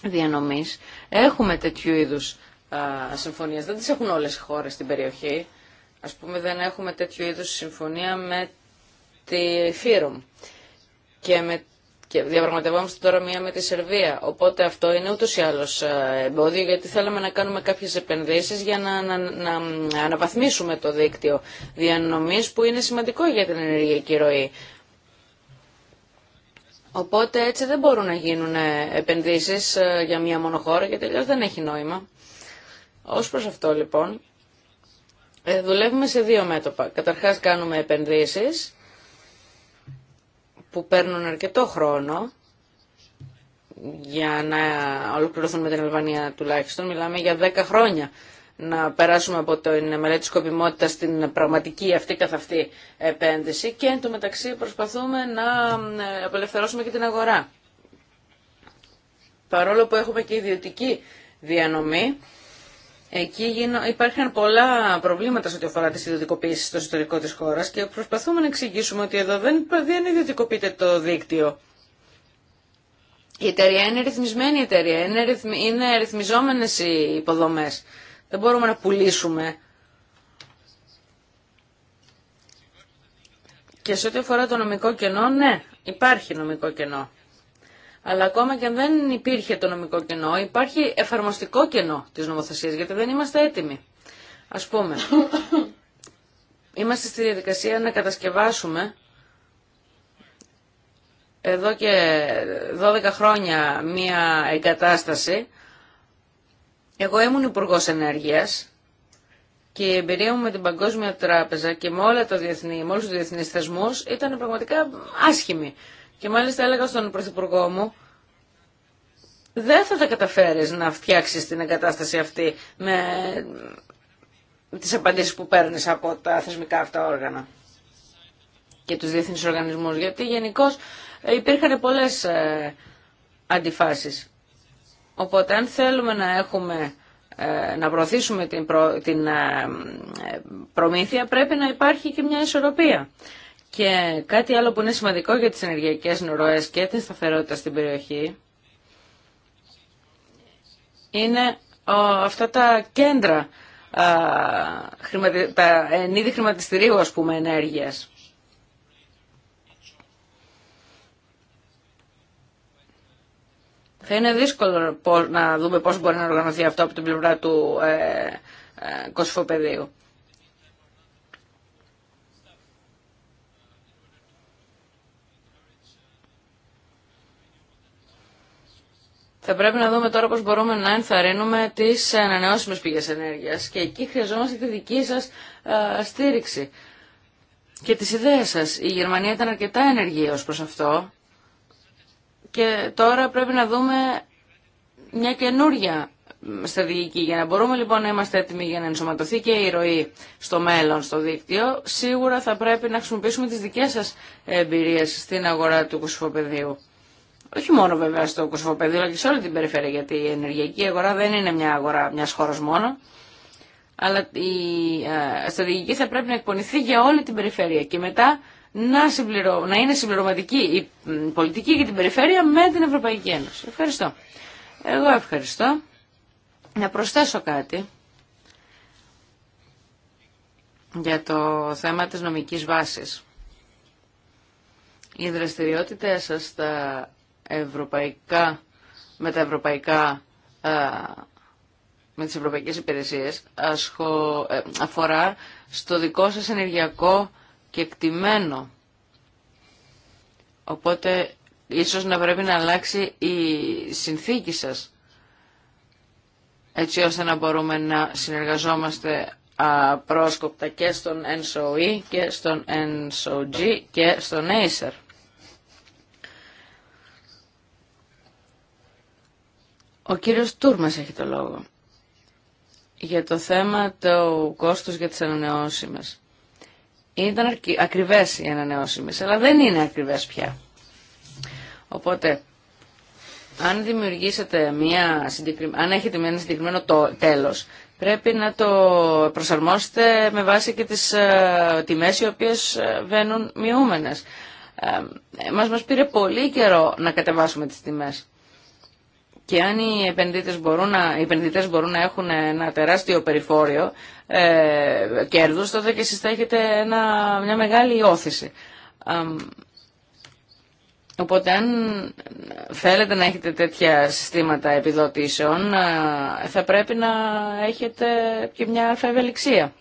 διανομής, έχουμε τέτοιου είδους ε, συμφωνίες. Δεν τις έχουν όλες οι χώρες στην περιοχή. Ας πούμε δεν έχουμε τέτοιου είδους συμφωνία με τη Φύρομ και με και διαπραγματευόμαστε τώρα μία με τη Σερβία. Οπότε αυτό είναι ούτως ή άλλως ε, εμπόδιο γιατί θέλαμε να κάνουμε κάποιες επενδύσεις για να, να, να, αναβαθμίσουμε το δίκτυο διανομής που είναι σημαντικό για την ενεργειακή ροή. Οπότε έτσι δεν μπορούν να γίνουν ε, επενδύσεις ε, για μία μόνο χώρα γιατί τελειώς δεν έχει νόημα. Ως προς αυτό λοιπόν, δουλεύουμε σε δύο μέτωπα. Καταρχάς κάνουμε επενδύσεις που παίρνουν αρκετό χρόνο για να ολοκληρωθούν με την Αλβανία τουλάχιστον. Μιλάμε για 10 χρόνια να περάσουμε από την μελέτη σκοπιμότητα στην πραγματική αυτή καθ' αυτή επένδυση και εν τω μεταξύ προσπαθούμε να ε, απελευθερώσουμε και την αγορά. Παρόλο που έχουμε και ιδιωτική διανομή, Εκεί υπάρχουν πολλά προβλήματα σε ό,τι αφορά τι ιδιωτικοποίησει στο εσωτερικό τη χώρα και προσπαθούμε να εξηγήσουμε ότι εδώ δεν, δεν ιδιωτικοποιείται το δίκτυο. Η εταιρεία είναι ρυθμισμένη εταιρεία, είναι, ρυθμι, είναι ρυθμιζόμενες οι υποδομέ. Δεν μπορούμε να πουλήσουμε. Και σε ό,τι αφορά το νομικό κενό, ναι, υπάρχει νομικό κενό. Αλλά ακόμα και αν δεν υπήρχε το νομικό κενό, υπάρχει εφαρμοστικό κενό της νομοθεσίας, γιατί δεν είμαστε έτοιμοι. Ας πούμε, είμαστε στη διαδικασία να κατασκευάσουμε εδώ και 12 χρόνια μία εγκατάσταση. Εγώ ήμουν υπουργό Ενέργειας και η εμπειρία μου με την Παγκόσμια Τράπεζα και με, τα διεθνή, με όλους ήταν πραγματικά άσχημη. Και μάλιστα έλεγα στον Πρωθυπουργό μου, δεν θα τα καταφέρεις να φτιάξεις την εγκατάσταση αυτή με τις απαντήσεις που παίρνεις από τα θεσμικά αυτά όργανα και τους διεθνείς οργανισμούς. Γιατί γενικώ ε, υπήρχαν πολλές ε, αντιφάσεις. Οπότε αν θέλουμε να έχουμε ε, να προωθήσουμε την, προ... την προμήθεια πρέπει να υπάρχει και μια ισορροπία. Και κάτι άλλο που είναι σημαντικό για τις ενεργειακές νοροές και την σταθερότητα στην περιοχή είναι αυτά τα κέντρα τα ενίδη χρηματιστηρίου ας πούμε ενέργειας. Θα είναι δύσκολο να δούμε πώς μπορεί να οργανωθεί αυτό από την πλευρά του ε, ε Θα πρέπει να δούμε τώρα πώς μπορούμε να ενθαρρύνουμε τις ανανεώσιμες πηγές ενέργειας και εκεί χρειαζόμαστε τη δική σας στήριξη και τις ιδέες σας. Η Γερμανία ήταν αρκετά ενεργή προς αυτό και τώρα πρέπει να δούμε μια καινούρια στρατηγική. Για να μπορούμε λοιπόν να είμαστε έτοιμοι για να ενσωματωθεί και η ροή στο μέλλον, στο δίκτυο, σίγουρα θα πρέπει να χρησιμοποιήσουμε τις δικές σας εμπειρίες στην αγορά του κουσουφοπεδίου όχι μόνο βέβαια στο κοσμοπεδίο αλλά και σε όλη την περιφέρεια, γιατί η ενεργειακή αγορά δεν είναι μια αγορά μια χώρα μόνο, αλλά η ε, στρατηγική θα πρέπει να εκπονηθεί για όλη την περιφέρεια και μετά να, συμπληρω... να είναι συμπληρωματική η πολιτική για την περιφέρεια με την Ευρωπαϊκή Ένωση. Ευχαριστώ. Εγώ ευχαριστώ. Να προσθέσω κάτι για το θέμα της νομικής βάσης. Οι δραστηριότητες σας στα ευρωπαϊκά, με τα ευρωπαϊκά ε, με τις ευρωπαϊκές υπηρεσίες ε, αφορά στο δικό σας ενεργειακό και εκτιμένο. Οπότε ίσως να πρέπει να αλλάξει η συνθήκη σας έτσι ώστε να μπορούμε να συνεργαζόμαστε προσκοπτα και στον NSOE και στον NSOG και στον Acer. Ο κύριος Τούρμας έχει το λόγο για το θέμα του κόστους για τις ανανεώσιμες. Ήταν ακριβές οι ανανεώσιμες, αλλά δεν είναι ακριβές πια. Οπότε, αν δημιουργήσετε μια αν έχετε ένα συγκεκριμένο το... τέλος, πρέπει να το προσαρμόσετε με βάση και τις ε, τιμές οι οποίες ε, βαίνουν μειούμενες. Ε, μας, μας πήρε πολύ καιρό να κατεβάσουμε τις τιμές. Και αν οι επενδυτές μπορούν να, οι επενδυτές μπορούν να έχουν ένα τεράστιο περιφόριο ε, κέρδους, τότε και εσείς θα έχετε ένα, μια μεγάλη όθηση. Οπότε αν θέλετε να έχετε τέτοια συστήματα επιδοτήσεων ε, θα πρέπει να έχετε και μια ευελιξία.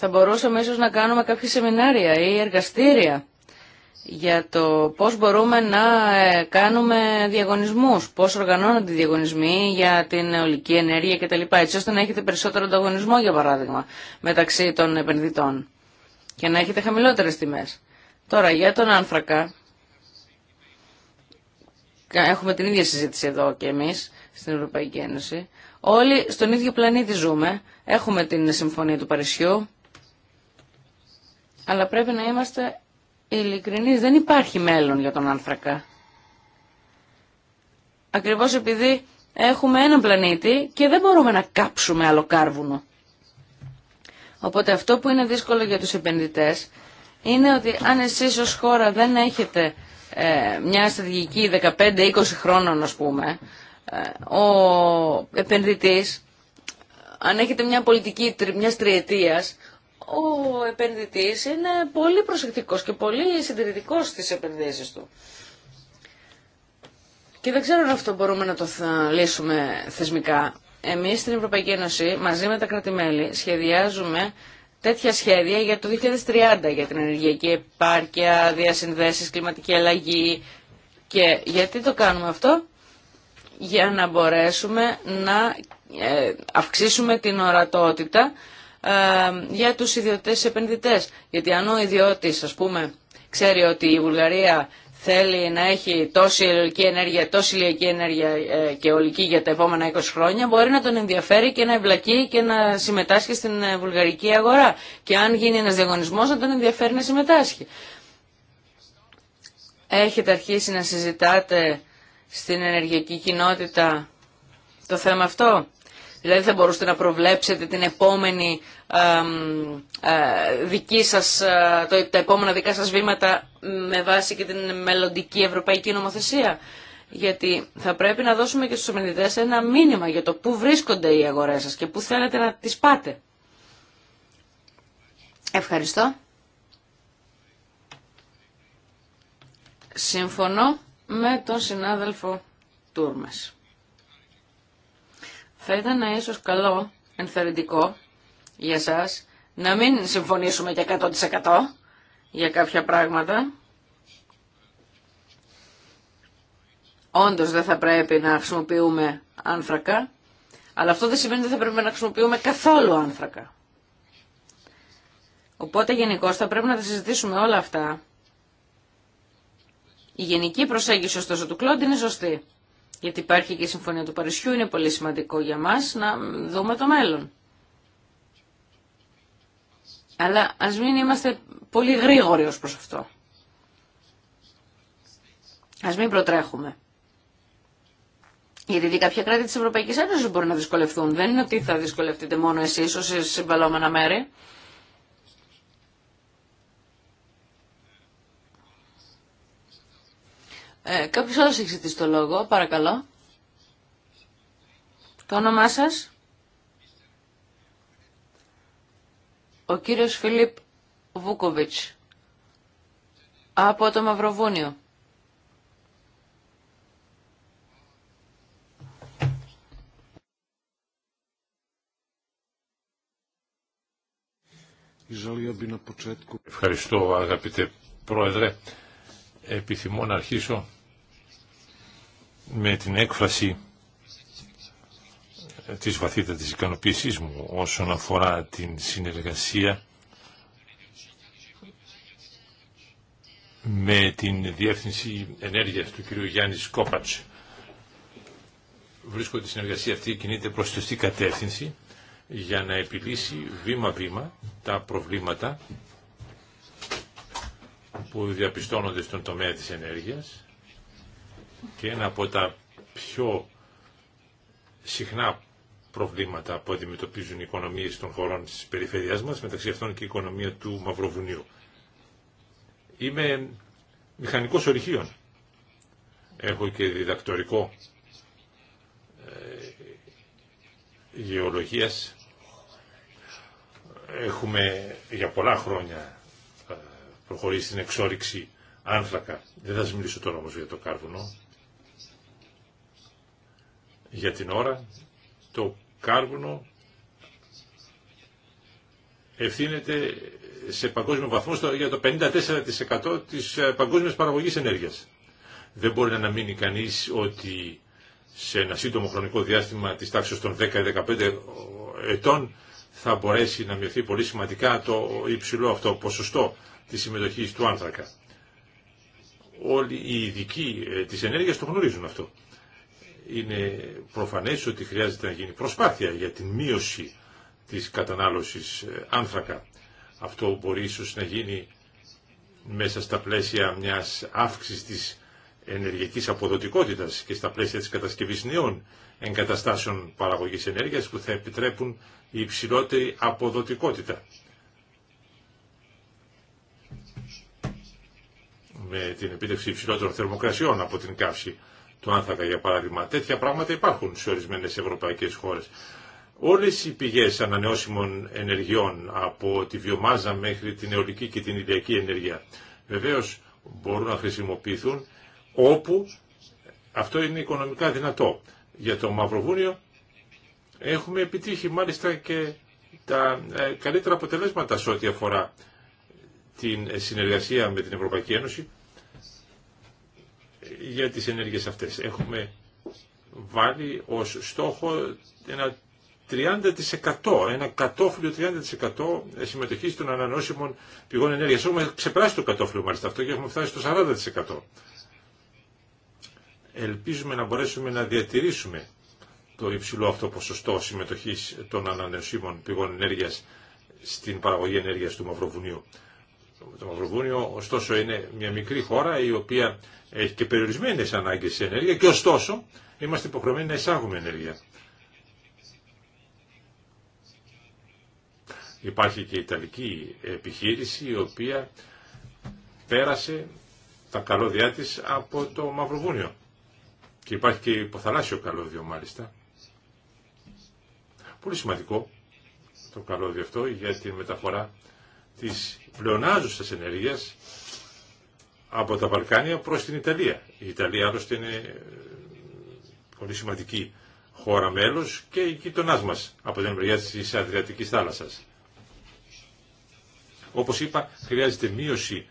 Θα μπορούσαμε ίσως να κάνουμε κάποια σεμινάρια ή εργαστήρια για το πώς μπορούμε να ε, κάνουμε διαγωνισμούς, πώς οργανώνονται οι διαγωνισμοί για την αιωλική ενέργεια κτλ. Έτσι ώστε να έχετε περισσότερο ανταγωνισμό, για παράδειγμα, μεταξύ των επενδυτών και να έχετε χαμηλότερες τιμές. Τώρα, για τον άνθρακα, έχουμε την ίδια συζήτηση εδώ και εμείς στην Ευρωπαϊκή Ένωση. Όλοι στον ίδιο πλανήτη ζούμε. Έχουμε την Συμφωνία του Παρισιού αλλά πρέπει να είμαστε ειλικρινείς. Δεν υπάρχει μέλλον για τον άνθρακα. Ακριβώς επειδή έχουμε έναν πλανήτη και δεν μπορούμε να κάψουμε άλλο κάρβουνο. Οπότε αυτό που είναι δύσκολο για τους επενδυτές είναι ότι αν εσείς ως χώρα δεν έχετε ε, μια στρατηγική 15-20 χρόνων ας πούμε, ε, ο επενδυτής, αν έχετε μια πολιτική μια τριετίας, ο επενδυτής είναι πολύ προσεκτικός και πολύ συντηρητικός στις επενδύσεις του. Και δεν ξέρω αν αυτό μπορούμε να το λύσουμε θεσμικά. Εμείς στην Ευρωπαϊκή Ένωση μαζί με τα κρατημέλη σχεδιάζουμε τέτοια σχέδια για το 2030 για την ενεργειακή επάρκεια, διασυνδέσεις, κλιματική αλλαγή. Και γιατί το κάνουμε αυτό? Για να μπορέσουμε να ε, αυξήσουμε την ορατότητα για τους ιδιωτές επενδυτές. Γιατί αν ο ιδιώτης, ας πούμε, ξέρει ότι η Βουλγαρία θέλει να έχει τόση ηλιακή ενέργεια, τόση ηλιακή ενέργεια ε, και ολική για τα επόμενα 20 χρόνια, μπορεί να τον ενδιαφέρει και να εμπλακεί και να συμμετάσχει στην ε, βουλγαρική αγορά. Και αν γίνει ένας διαγωνισμός, να τον ενδιαφέρει να συμμετάσχει. Έχετε αρχίσει να συζητάτε στην ενεργειακή κοινότητα το θέμα αυτό. Δηλαδή θα μπορούσατε να προβλέψετε την επόμενη ε, δική σας, ε, το, τα επόμενα δικά σας βήματα με βάση και την μελλοντική ευρωπαϊκή νομοθεσία. Γιατί θα πρέπει να δώσουμε και στους επενδυτές ένα μήνυμα για το πού βρίσκονται οι αγορές σας και πού θέλετε να τις πάτε. Ευχαριστώ. Συμφωνώ με τον συνάδελφο Τούρμες. Θα ήταν ίσως καλό, ενθαρρυντικό για σας να μην συμφωνήσουμε για 100% για κάποια πράγματα. Όντως δεν θα πρέπει να χρησιμοποιούμε άνθρακα, αλλά αυτό δεν σημαίνει ότι θα πρέπει να χρησιμοποιούμε καθόλου άνθρακα. Οπότε γενικώ θα πρέπει να τα συζητήσουμε όλα αυτά. Η γενική προσέγγιση ωστόσο του Κλόντ είναι σωστή γιατί υπάρχει και η Συμφωνία του Παρισιού, είναι πολύ σημαντικό για μας να δούμε το μέλλον. Αλλά ας μην είμαστε πολύ γρήγοροι ως προς αυτό. Ας μην προτρέχουμε. Γιατί κάποια κράτη της Ευρωπαϊκής Ένωσης μπορεί να δυσκολευτούν. Δεν είναι ότι θα δυσκολευτείτε μόνο εσείς ως συμβαλόμενα μέρη. Ε, κάποιος άλλος έχει ζητήσει το λόγο, παρακαλώ. Το όνομά σα. Ο κύριος Φιλίπ Βούκοβιτς από το Μαυροβούνιο. Ευχαριστώ αγαπητέ Πρόεδρε. Επιθυμώ να αρχίσω με την έκφραση της βαθύτατης ικανοποίησής μου όσον αφορά την συνεργασία με την Διεύθυνση Ενέργειας του κ. Γιάννη Σκόπατς. Βρίσκω ότι η συνεργασία αυτή κινείται προς τη κατεύθυνση για να επιλύσει βήμα-βήμα τα προβλήματα που διαπιστώνονται στον τομέα της ενέργειας και ένα από τα πιο συχνά προβλήματα που αντιμετωπίζουν οι οικονομίες των χωρών της περιφερειάς μας, μεταξύ αυτών και η οικονομία του Μαυροβουνίου. Είμαι μηχανικός ορυχείων. Έχω και διδακτορικό ε, γεωλογίας. Έχουμε για πολλά χρόνια ε, προχωρήσει στην εξόριξη άνθρακα. Δεν θα σας μιλήσω τώρα όμως για το κάρβουνο για την ώρα το κάρβουνο ευθύνεται σε παγκόσμιο βαθμό για το 54% της ε, παγκόσμιας παραγωγής ενέργειας. Δεν μπορεί να μείνει κανείς ότι σε ένα σύντομο χρονικό διάστημα της τάξης των 10-15 ετών θα μπορέσει να μειωθεί πολύ σημαντικά το υψηλό αυτό ποσοστό της συμμετοχής του άνθρακα. Όλοι οι ειδικοί ε, της ενέργειας το γνωρίζουν αυτό είναι προφανές ότι χρειάζεται να γίνει προσπάθεια για την μείωση της κατανάλωσης ε, άνθρακα. Αυτό μπορεί ίσως να γίνει μέσα στα πλαίσια μιας αύξησης της ενεργειακής αποδοτικότητας και στα πλαίσια της κατασκευής νέων εγκαταστάσεων παραγωγής ενέργειας που θα επιτρέπουν η υψηλότερη αποδοτικότητα. Με την επίτευξη υψηλότερων θερμοκρασιών από την καύση. Το Άνθακα για παράδειγμα. Τέτοια πράγματα υπάρχουν σε ορισμένες ευρωπαϊκές χώρες. Όλες οι πηγές ανανεώσιμων ενεργειών από τη βιομάζα μέχρι την αιωλική και την ηλιακή ενέργεια βεβαίως μπορούν να χρησιμοποιηθούν όπου αυτό είναι οικονομικά δυνατό. Για το Μαυροβούνιο έχουμε επιτύχει μάλιστα και τα ε, καλύτερα αποτελέσματα σε ό,τι αφορά την συνεργασία με την Ευρωπαϊκή Ένωση για τις ενέργειες αυτές. Έχουμε βάλει ως στόχο ένα 30%, ένα κατόφλιο 30% συμμετοχής των ανανεώσιμων πηγών ενέργειας. Έχουμε ξεπεράσει το κατόφλιο μάλιστα αυτό και έχουμε φτάσει στο 40%. Ελπίζουμε να μπορέσουμε να διατηρήσουμε το υψηλό αυτό ποσοστό συμμετοχής των ανανεωσίμων πηγών ενέργειας στην παραγωγή ενέργειας του Μαυροβουνίου το Μαυροβούνιο ωστόσο είναι μια μικρή χώρα η οποία έχει και περιορισμένες ανάγκες σε ενέργεια και ωστόσο είμαστε υποχρεωμένοι να εισάγουμε ενέργεια. Υπάρχει και η Ιταλική επιχείρηση η οποία πέρασε τα καλώδια της από το Μαυροβούνιο. Και υπάρχει και υποθαλάσσιο καλώδιο μάλιστα. Πολύ σημαντικό το καλώδιο αυτό για τη μεταφορά της στις ενέργεια από τα Βαλκάνια προς την Ιταλία. Η Ιταλία άλλωστε είναι ε, πολύ σημαντική χώρα μέλος και η γειτονά μα από την μεριά της Αδριατικής θάλασσας. Όπως είπα, χρειάζεται μείωση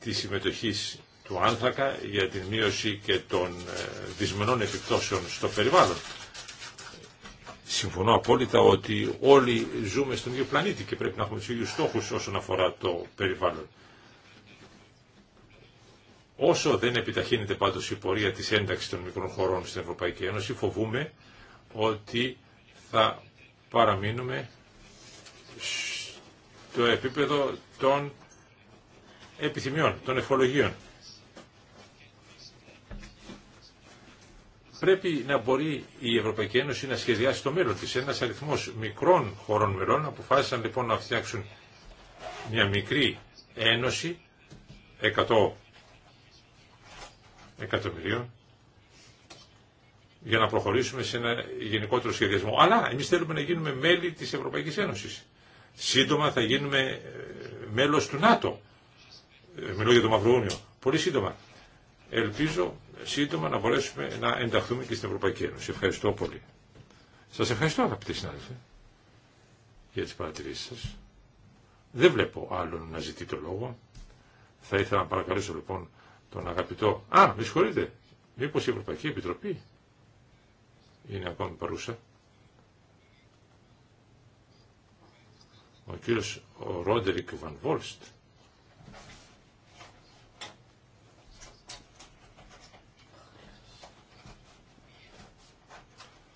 της συμμετοχής του άνθρακα για την μείωση και των ε, δυσμενών επιπτώσεων στο περιβάλλον. Συμφωνώ απόλυτα ότι όλοι ζούμε στον ίδιο πλανήτη και πρέπει να έχουμε τους ίδιους στόχους όσον αφορά το περιβάλλον. Όσο δεν επιταχύνεται πάντως η πορεία της ένταξης των μικρών χωρών στην Ευρωπαϊκή Ένωση, φοβούμε ότι θα παραμείνουμε στο επίπεδο των επιθυμιών, των ευχολογίων. πρέπει να μπορεί η Ευρωπαϊκή Ένωση να σχεδιάσει το μέλλον της. Ένας αριθμός μικρών χωρών μελών αποφάσισαν λοιπόν να φτιάξουν μια μικρή ένωση 100 εκατομμυρίων για να προχωρήσουμε σε ένα γενικότερο σχεδιασμό. Αλλά εμείς θέλουμε να γίνουμε μέλη της Ευρωπαϊκής Ένωσης. Σύντομα θα γίνουμε ε, μέλος του ΝΑΤΟ. Ε, μιλώ για το Μαυροούνιο. Πολύ σύντομα. Ελπίζω σύντομα να μπορέσουμε να ενταχθούμε και στην Ευρωπαϊκή Ένωση. Ευχαριστώ πολύ. Σας ευχαριστώ αγαπητοί συνάδελφοι για τι παρατηρήσει σα. Δεν βλέπω άλλον να ζητεί το λόγο. Θα ήθελα να παρακαλέσω λοιπόν τον αγαπητό... Α, με συγχωρείτε. Μήπως η Ευρωπαϊκή Επιτροπή είναι ακόμη παρούσα. Ο κύριος Ρόντερικ Βαν Βόλστ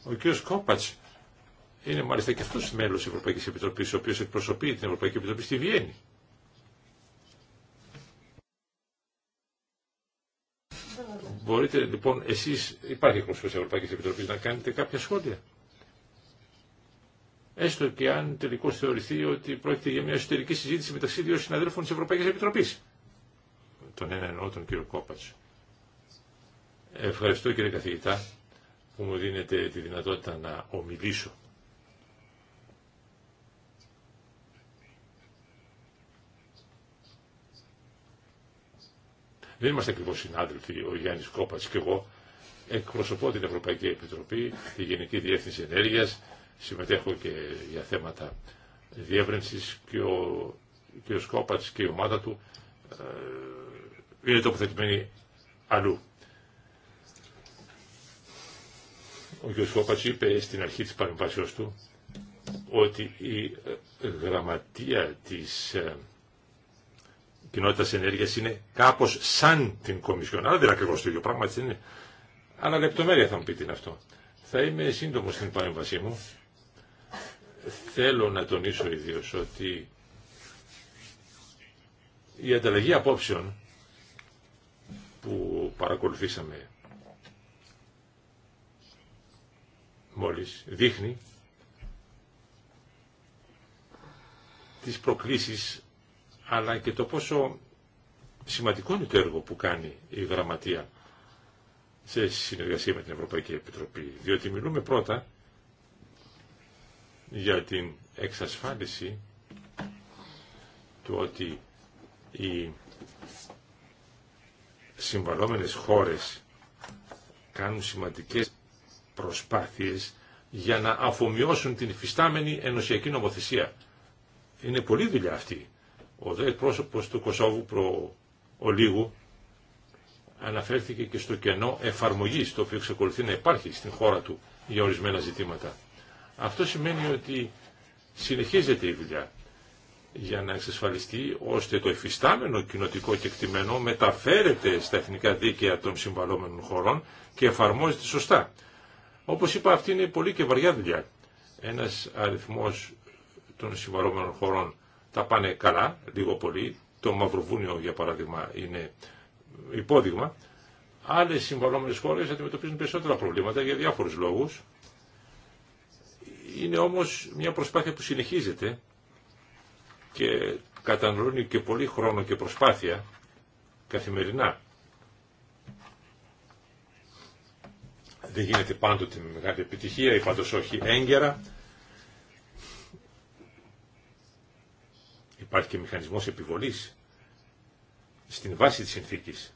Ο κ. Κόπατ είναι μάλιστα και αυτό μέλο της Ευρωπαϊκής Επιτροπής, ο οποίο εκπροσωπεί την Ευρωπαϊκή Επιτροπή στη Βιέννη. Μπορείτε λοιπόν εσεί υπάρχει εκπροσωπή τη Ευρωπαϊκής Επιτροπής, να κάνετε κάποια σχόλια. Έστω και αν τελικώ θεωρηθεί ότι πρόκειται για μια εσωτερική συζήτηση μεταξύ δύο συναδέλφων τη Ευρωπαϊκή Επιτροπή, Τον ένα εννοώ τον κύριο Κόπατς. Ευχαριστώ κύριε καθηγητά που μου δίνετε τη δυνατότητα να ομιλήσω. Δεν είμαστε ακριβώ συνάδελφοι ο Γιάννη Κόπα και εγώ. Εκπροσωπώ την Ευρωπαϊκή Επιτροπή, τη Γενική Διεύθυνση Ενέργεια. Συμμετέχω και για θέματα διεύρυνση και ο κ. και η ομάδα του ε, είναι τοποθετημένοι αλλού. Ο κ. Κόπατς είπε στην αρχή της παρεμβάσεως του ότι η ε, γραμματεία της ε, κοινότητας ενέργειας είναι κάπως σαν την Κομισιόν. Αλλά δεν είναι ακριβώς το ίδιο πράγμα, έτσι είναι. Αλλά λεπτομέρεια θα μου πείτε είναι αυτό. Θα είμαι σύντομο στην παρέμβασή μου. Θέλω να τονίσω ιδίω ότι η ανταλλαγή απόψεων που παρακολουθήσαμε μόλις δείχνει τις προκλήσεις αλλά και το πόσο σημαντικό είναι το έργο που κάνει η Γραμματεία σε συνεργασία με την Ευρωπαϊκή Επιτροπή. Διότι μιλούμε πρώτα για την εξασφάλιση του ότι οι συμβαλόμενες χώρες κάνουν σημαντικές προσπάθειες για να αφομοιώσουν την υφιστάμενη ενωσιακή νομοθεσία. Είναι πολλή δουλειά αυτή. Ο δε πρόσωπος του Κωσόβου προ ολίγου αναφέρθηκε και στο κενό εφαρμογή το οποίο εξακολουθεί να υπάρχει στην χώρα του για ορισμένα ζητήματα. Αυτό σημαίνει ότι συνεχίζεται η δουλειά για να εξασφαλιστεί ώστε το εφιστάμενο κοινοτικό κεκτημένο μεταφέρεται στα εθνικά δίκαια των συμβαλόμενων χωρών και εφαρμόζεται σωστά. Όπως είπα, αυτή είναι πολύ και βαριά δουλειά. Ένας αριθμός των συμβαρώμενων χωρών τα πάνε καλά, λίγο πολύ. Το Μαυροβούνιο, για παράδειγμα, είναι υπόδειγμα. Άλλες συμβαλόμενες χώρες αντιμετωπίζουν περισσότερα προβλήματα για διάφορους λόγους. Είναι όμως μια προσπάθεια που συνεχίζεται και καταναλώνει και πολύ χρόνο και προσπάθεια καθημερινά. Δεν γίνεται πάντοτε με μεγάλη επιτυχία ή πάντως όχι έγκαιρα. Υπάρχει και μηχανισμός επιβολής στην βάση της συνθήκης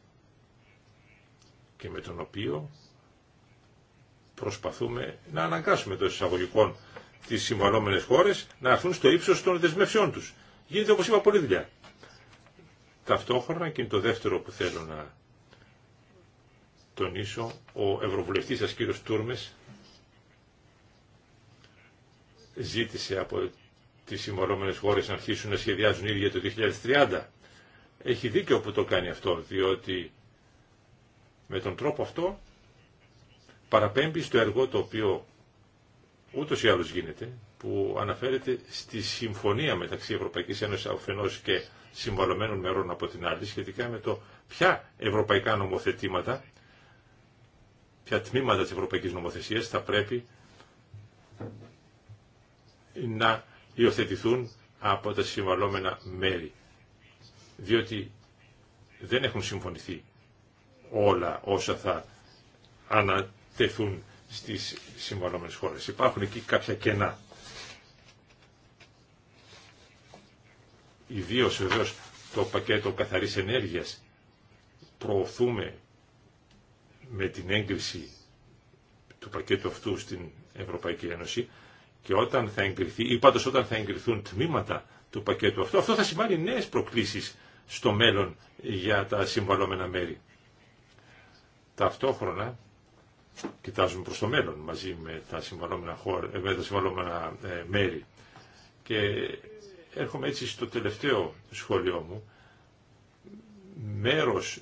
και με τον οποίο προσπαθούμε να αναγκάσουμε των εισαγωγικών τι συμβαλόμενε χώρε να έρθουν στο ύψο των δεσμευσιών του. Γίνεται όπω είπα πολύ δουλειά. Ταυτόχρονα και είναι το δεύτερο που θέλω να τονίσω, ο Ευρωβουλευτής σας κύριος Τούρμες ζήτησε από τις συμβολόμενες χώρες να αρχίσουν να σχεδιάζουν ίδια το 2030. Έχει δίκιο που το κάνει αυτό, διότι με τον τρόπο αυτό παραπέμπει στο εργό το οποίο ούτως ή άλλως γίνεται, που αναφέρεται στη συμφωνία μεταξύ Ευρωπαϊκής Ένωσης αφενός και συμβαλωμένων μερών από την άλλη σχετικά με το ποια ευρωπαϊκά νομοθετήματα ποια τμήματα της Ευρωπαϊκής Νομοθεσίας θα πρέπει να υιοθετηθούν από τα συμβαλόμενα μέρη. Διότι δεν έχουν συμφωνηθεί όλα όσα θα ανατεθούν στις συμβαλόμενες χώρες. Υπάρχουν εκεί κάποια κενά. Ιδίω βεβαίω το πακέτο καθαρής ενέργειας προωθούμε με την έγκριση του πακέτου αυτού στην Ευρωπαϊκή Ένωση και όταν θα εγκριθεί, ή πάντως όταν θα εγκριθούν τμήματα του πακέτου αυτού, αυτό θα σημαίνει νέες προκλήσεις στο μέλλον για τα συμβαλόμενα μέρη. Ταυτόχρονα κοιτάζουμε προς το μέλλον μαζί με τα συμβαλόμενα, χώρα, ε, με τα συμβαλόμενα ε, μέρη. Και έρχομαι έτσι στο τελευταίο σχόλιο μου. Μέρος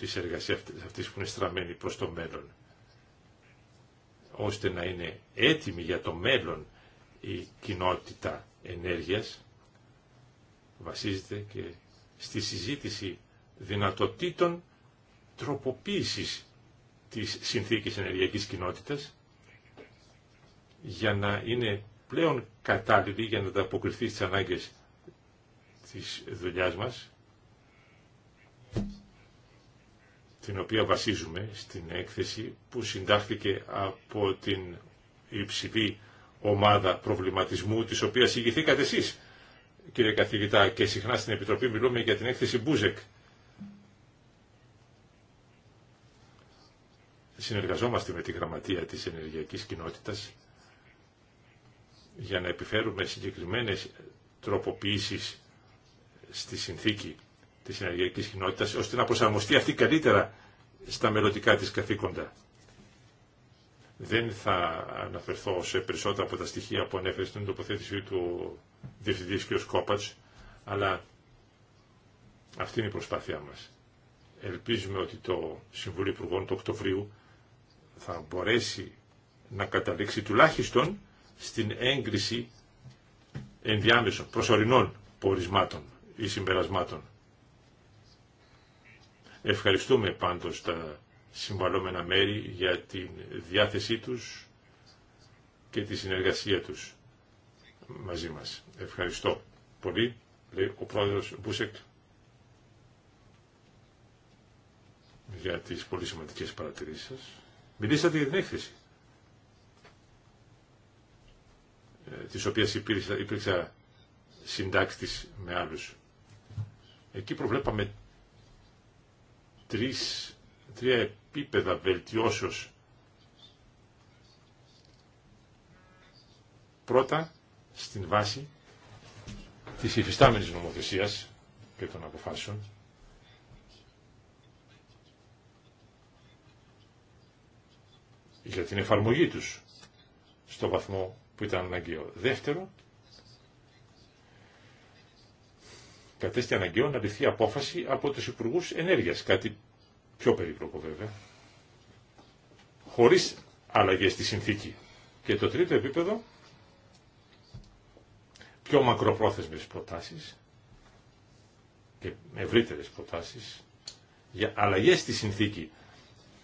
της εργασίας αυτής που είναι στραμμένη προς το μέλλον, ώστε να είναι έτοιμη για το μέλλον η κοινότητα ενέργειας, βασίζεται και στη συζήτηση δυνατοτήτων τροποποίησης της συνθήκης ενεργειακής κοινότητας για να είναι πλέον κατάλληλη για να ανταποκριθεί στις ανάγκες της δουλειάς μας την οποία βασίζουμε στην έκθεση που συντάχθηκε από την υψηλή ομάδα προβληματισμού της οποίας ηγηθήκατε εσείς κύριε καθηγητά και συχνά στην Επιτροπή μιλούμε για την έκθεση Μπούζεκ. Συνεργαζόμαστε με τη Γραμματεία της Ενεργειακής Κοινότητας για να επιφέρουμε συγκεκριμένες τροποποιήσεις στη συνθήκη της ενεργειακής κοινότητας, ώστε να προσαρμοστεί αυτή καλύτερα στα μελλοντικά της καθήκοντα. Δεν θα αναφερθώ σε περισσότερα από τα στοιχεία που ανέφερε στην τοποθέτηση του Διευθυντής κ. Σκόπατς, αλλά αυτή είναι η προσπάθειά μας. Ελπίζουμε ότι το Συμβούλιο Υπουργών του Οκτωβρίου θα μπορέσει να καταλήξει τουλάχιστον στην έγκριση ενδιάμεσων, προσωρινών πορισμάτων ή συμπερασμάτων. Ευχαριστούμε πάντως τα συμβαλώμενα μέρη για τη διάθεσή τους και τη συνεργασία τους μαζί μας. Ευχαριστώ πολύ, λέει ο πρόεδρος Μπούσεκ, για τις πολύ σημαντικές παρατηρήσεις σας. Μιλήσατε για την έκθεση, ε, της οποίας υπήρξα, υπήρξα με άλλους. Εκεί προβλέπαμε τρεις, τρία επίπεδα βελτιώσεως. Πρώτα, στην βάση της υφιστάμενης νομοθεσίας και των αποφάσεων, για την εφαρμογή τους στο βαθμό που ήταν αναγκαίο. Δεύτερο, κατέστη αναγκαίο να ληφθεί απόφαση από τους Υπουργούς Ενέργειας, κάτι πιο περίπλοκο βέβαια, χωρίς αλλαγές στη συνθήκη. Και το τρίτο επίπεδο, πιο μακροπρόθεσμες προτάσεις και ευρύτερες προτάσεις για αλλαγές στη συνθήκη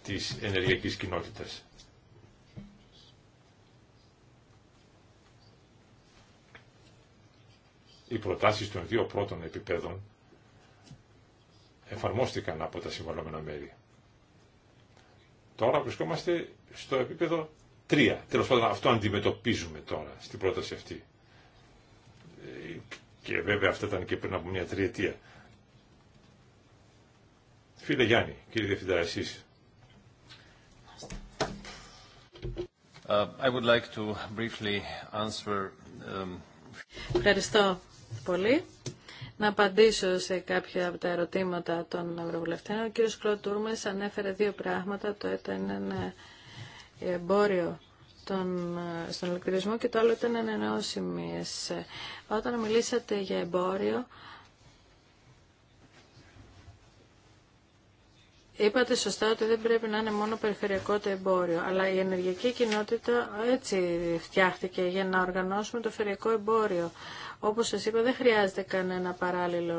της ενεργειακής κοινότητας. οι προτάσεις των δύο πρώτων επιπέδων εφαρμόστηκαν από τα συμβαλόμενα μέρη. Τώρα βρισκόμαστε στο επίπεδο 3. Τέλος πάντων αυτό αντιμετωπίζουμε τώρα στην πρόταση αυτή. Και βέβαια αυτά ήταν και πριν από μια τριετία. Φίλε Γιάννη, κύριε Διευθυντά, εσείς. Uh, I would like to briefly answer, um... Ευχαριστώ πολύ να απαντήσω σε κάποια από τα ερωτήματα των Ευρωβουλευτών. Ο κύριος Κλωτούρμες ανέφερε δύο πράγματα. Το ένα είναι εμπόριο τον, στον ηλεκτρισμό και το άλλο ήταν ανανεώσιμες. Όταν μιλήσατε για εμπόριο, Είπατε σωστά ότι δεν πρέπει να είναι μόνο περιφερειακό το εμπόριο, αλλά η ενεργειακή κοινότητα έτσι φτιάχτηκε για να οργανώσουμε το φερειακό εμπόριο. Όπως σας είπα, δεν χρειάζεται κανένα παράλληλο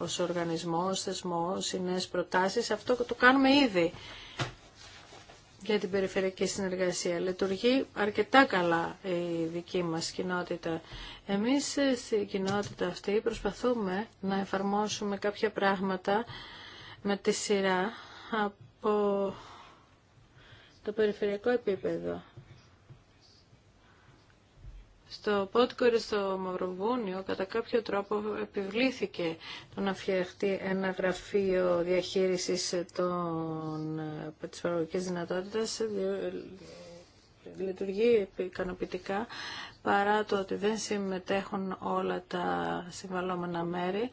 ω οργανισμός, θεσμός, οι νέες προτάσεις. Αυτό το κάνουμε ήδη για την περιφερειακή συνεργασία. Λειτουργεί αρκετά καλά η δική μας κοινότητα. Εμείς ε, στην κοινότητα αυτή προσπαθούμε να εφαρμόσουμε κάποια πράγματα με τη σειρά από το περιφερειακό επίπεδο. Στο Πότκορη στο Μαυροβούνιο κατά κάποιο τρόπο επιβλήθηκε το να φτιαχτεί ένα γραφείο διαχείρισης των, ε, της παραγωγικής ε, λειτουργεί ικανοποιητικά παρά το ότι δεν συμμετέχουν όλα τα συμβαλόμενα μέρη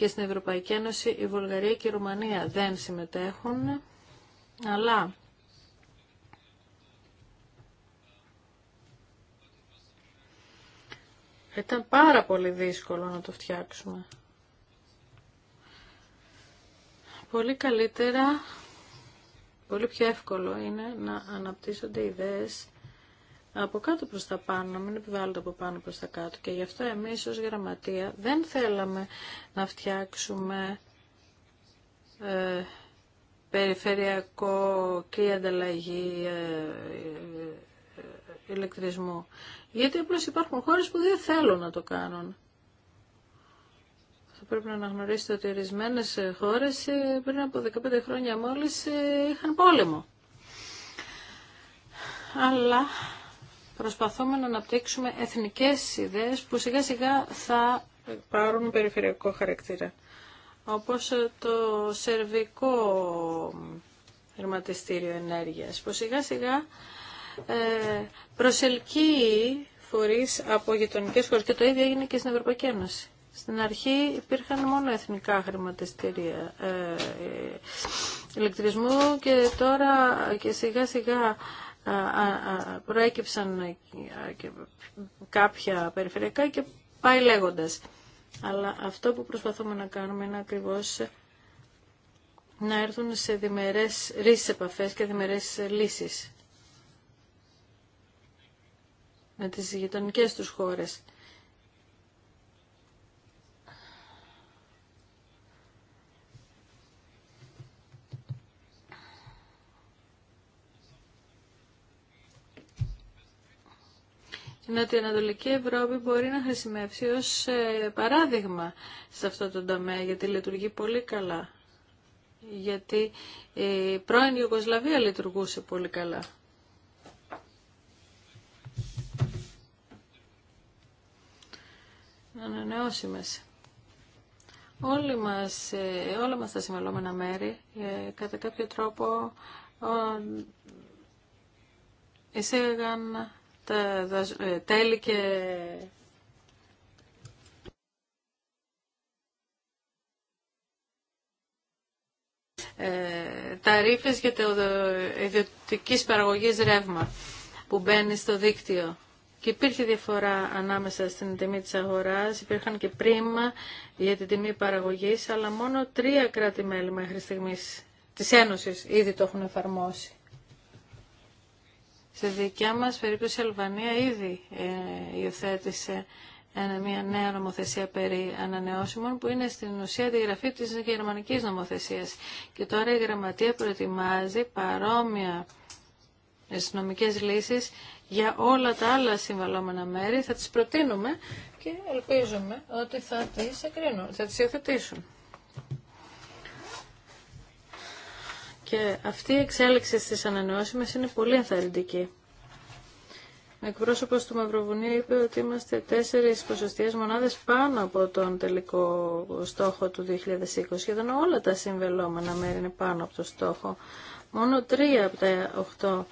και στην Ευρωπαϊκή Ένωση η Βουλγαρία και η Ρουμανία δεν συμμετέχουν, αλλά ήταν πάρα πολύ δύσκολο να το φτιάξουμε. Πολύ καλύτερα, πολύ πιο εύκολο είναι να αναπτύσσονται ιδέες από κάτω προς τα πάνω, μην επιβάλλονται από πάνω προς τα κάτω. Και γι' αυτό εμείς ως γραμματεία δεν θέλαμε να φτιάξουμε ε, περιφερειακό και ανταλλαγή ε, ε, ηλεκτρισμού. Γιατί απλώς υπάρχουν χώρες που δεν θέλουν να το κάνουν. Θα πρέπει να αναγνωρίσετε ότι ορισμένε χώρες ε, πριν από 15 χρόνια μόλις είχαν πόλεμο. Αλλά προσπαθούμε να αναπτύξουμε εθνικές ιδέες που σιγά σιγά θα πάρουν περιφερειακό χαρακτήρα. Όπως ε, το σερβικό χρηματιστήριο ενέργειας, που σιγά σιγά ε, προσελκύει φορείς από γειτονικές χώρες και το ίδιο έγινε και στην Ευρωπαϊκή Ένωση. Στην αρχή υπήρχαν μόνο εθνικά χρηματιστήρια ε, ηλεκτρισμού και τώρα και σιγά σιγά προέκυψαν κάποια περιφερειακά και πάει λέγοντας. Αλλά αυτό που προσπαθούμε να κάνουμε είναι ακριβώς να έρθουν σε διμερές ρίσεις επαφές και διμερές λύσεις με τις γειτονικές τους χώρες. Νοτιοανατολική Ευρώπη μπορεί να χρησιμεύσει ως ε, παράδειγμα σε αυτό το τομέα γιατί λειτουργεί πολύ καλά. Γιατί η πρώην Ιουγκοσλαβία λειτουργούσε πολύ καλά. μέσα. Όλοι μας, ε, όλα μας τα συμβαλόμενα μέρη, ε, κατά κάποιο τρόπο, εισήγαγαν τα ε, τέλη και ε, τα ρήφες για το ιδιωτική παραγωγής ρεύμα που μπαίνει στο δίκτυο. Και υπήρχε διαφορά ανάμεσα στην τιμή της αγοράς, υπήρχαν και πρίμα για την τιμή παραγωγής, αλλά μόνο τρία κράτη-μέλη μέχρι στιγμής της Ένωσης ήδη το έχουν εφαρμόσει. Σε δικιά μας περίπτωση η Αλβανία ήδη ε, υιοθέτησε μια νέα νομοθεσία περί ανανεώσιμων που είναι στην ουσία γραφή της γερμανικής νομοθεσίας. Και τώρα η Γραμματεία προετοιμάζει παρόμοια νομικές λύσεις για όλα τα άλλα συμβαλόμενα μέρη. Θα τις προτείνουμε και ελπίζουμε ότι θα τις εγκρίνουν, θα τις υιοθετήσουν. Και αυτή η εξέλιξη στις ανανεώσιμες είναι πολύ ενθαρρυντική. Ο εκπρόσωπο του Μαυροβουνίου είπε ότι είμαστε τέσσερι ποσοστιαίε μονάδε πάνω από τον τελικό στόχο του 2020. Σχεδόν όλα τα συμβελόμενα μέρη είναι πάνω από τον στόχο. Μόνο τρία από τα οχτώ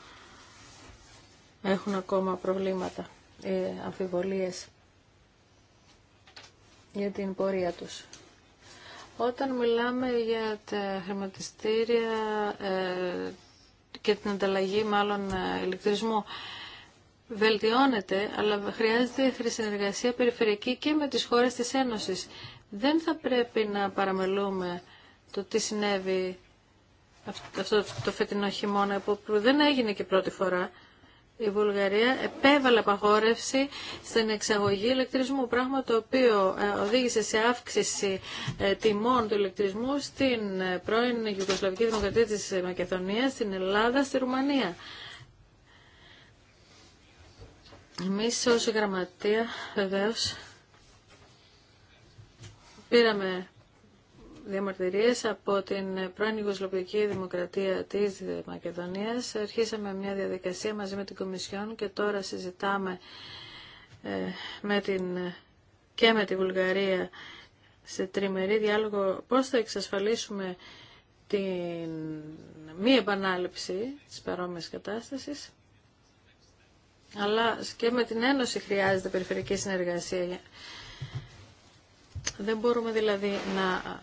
έχουν ακόμα προβλήματα, ε, αμφιβολίες για την πορεία τους. Όταν μιλάμε για τα χρηματιστήρια ε, και την ανταλλαγή μάλλον ε, ηλεκτρισμού, βελτιώνεται, αλλά χρειάζεται συνεργασία περιφερειακή και με τις χώρες της Ένωσης. Δεν θα πρέπει να παραμελούμε το τι συνέβη αυτό το φετινό χειμώνα, που δεν έγινε και πρώτη φορά η Βουλγαρία επέβαλε απαγόρευση στην εξαγωγή ηλεκτρισμού, πράγμα το οποίο ε, οδήγησε σε αύξηση ε, τιμών του ηλεκτρισμού στην ε, πρώην Ιουγκοσλαβική Δημοκρατία της Μακεδονίας, στην Ελλάδα, στη Ρουμανία. Εμείς ως γραμματεία βεβαίως πήραμε διαμαρτυρίες από την πρώην Ιγκοσλοβική Δημοκρατία της Μακεδονίας. Αρχίσαμε μια διαδικασία μαζί με την Κομισιόν και τώρα συζητάμε ε, με την, και με τη Βουλγαρία σε τριμερή διάλογο πώς θα εξασφαλίσουμε την μη επανάληψη της παρόμοιας κατάστασης. Αλλά και με την Ένωση χρειάζεται περιφερειακή συνεργασία. Δεν μπορούμε δηλαδή να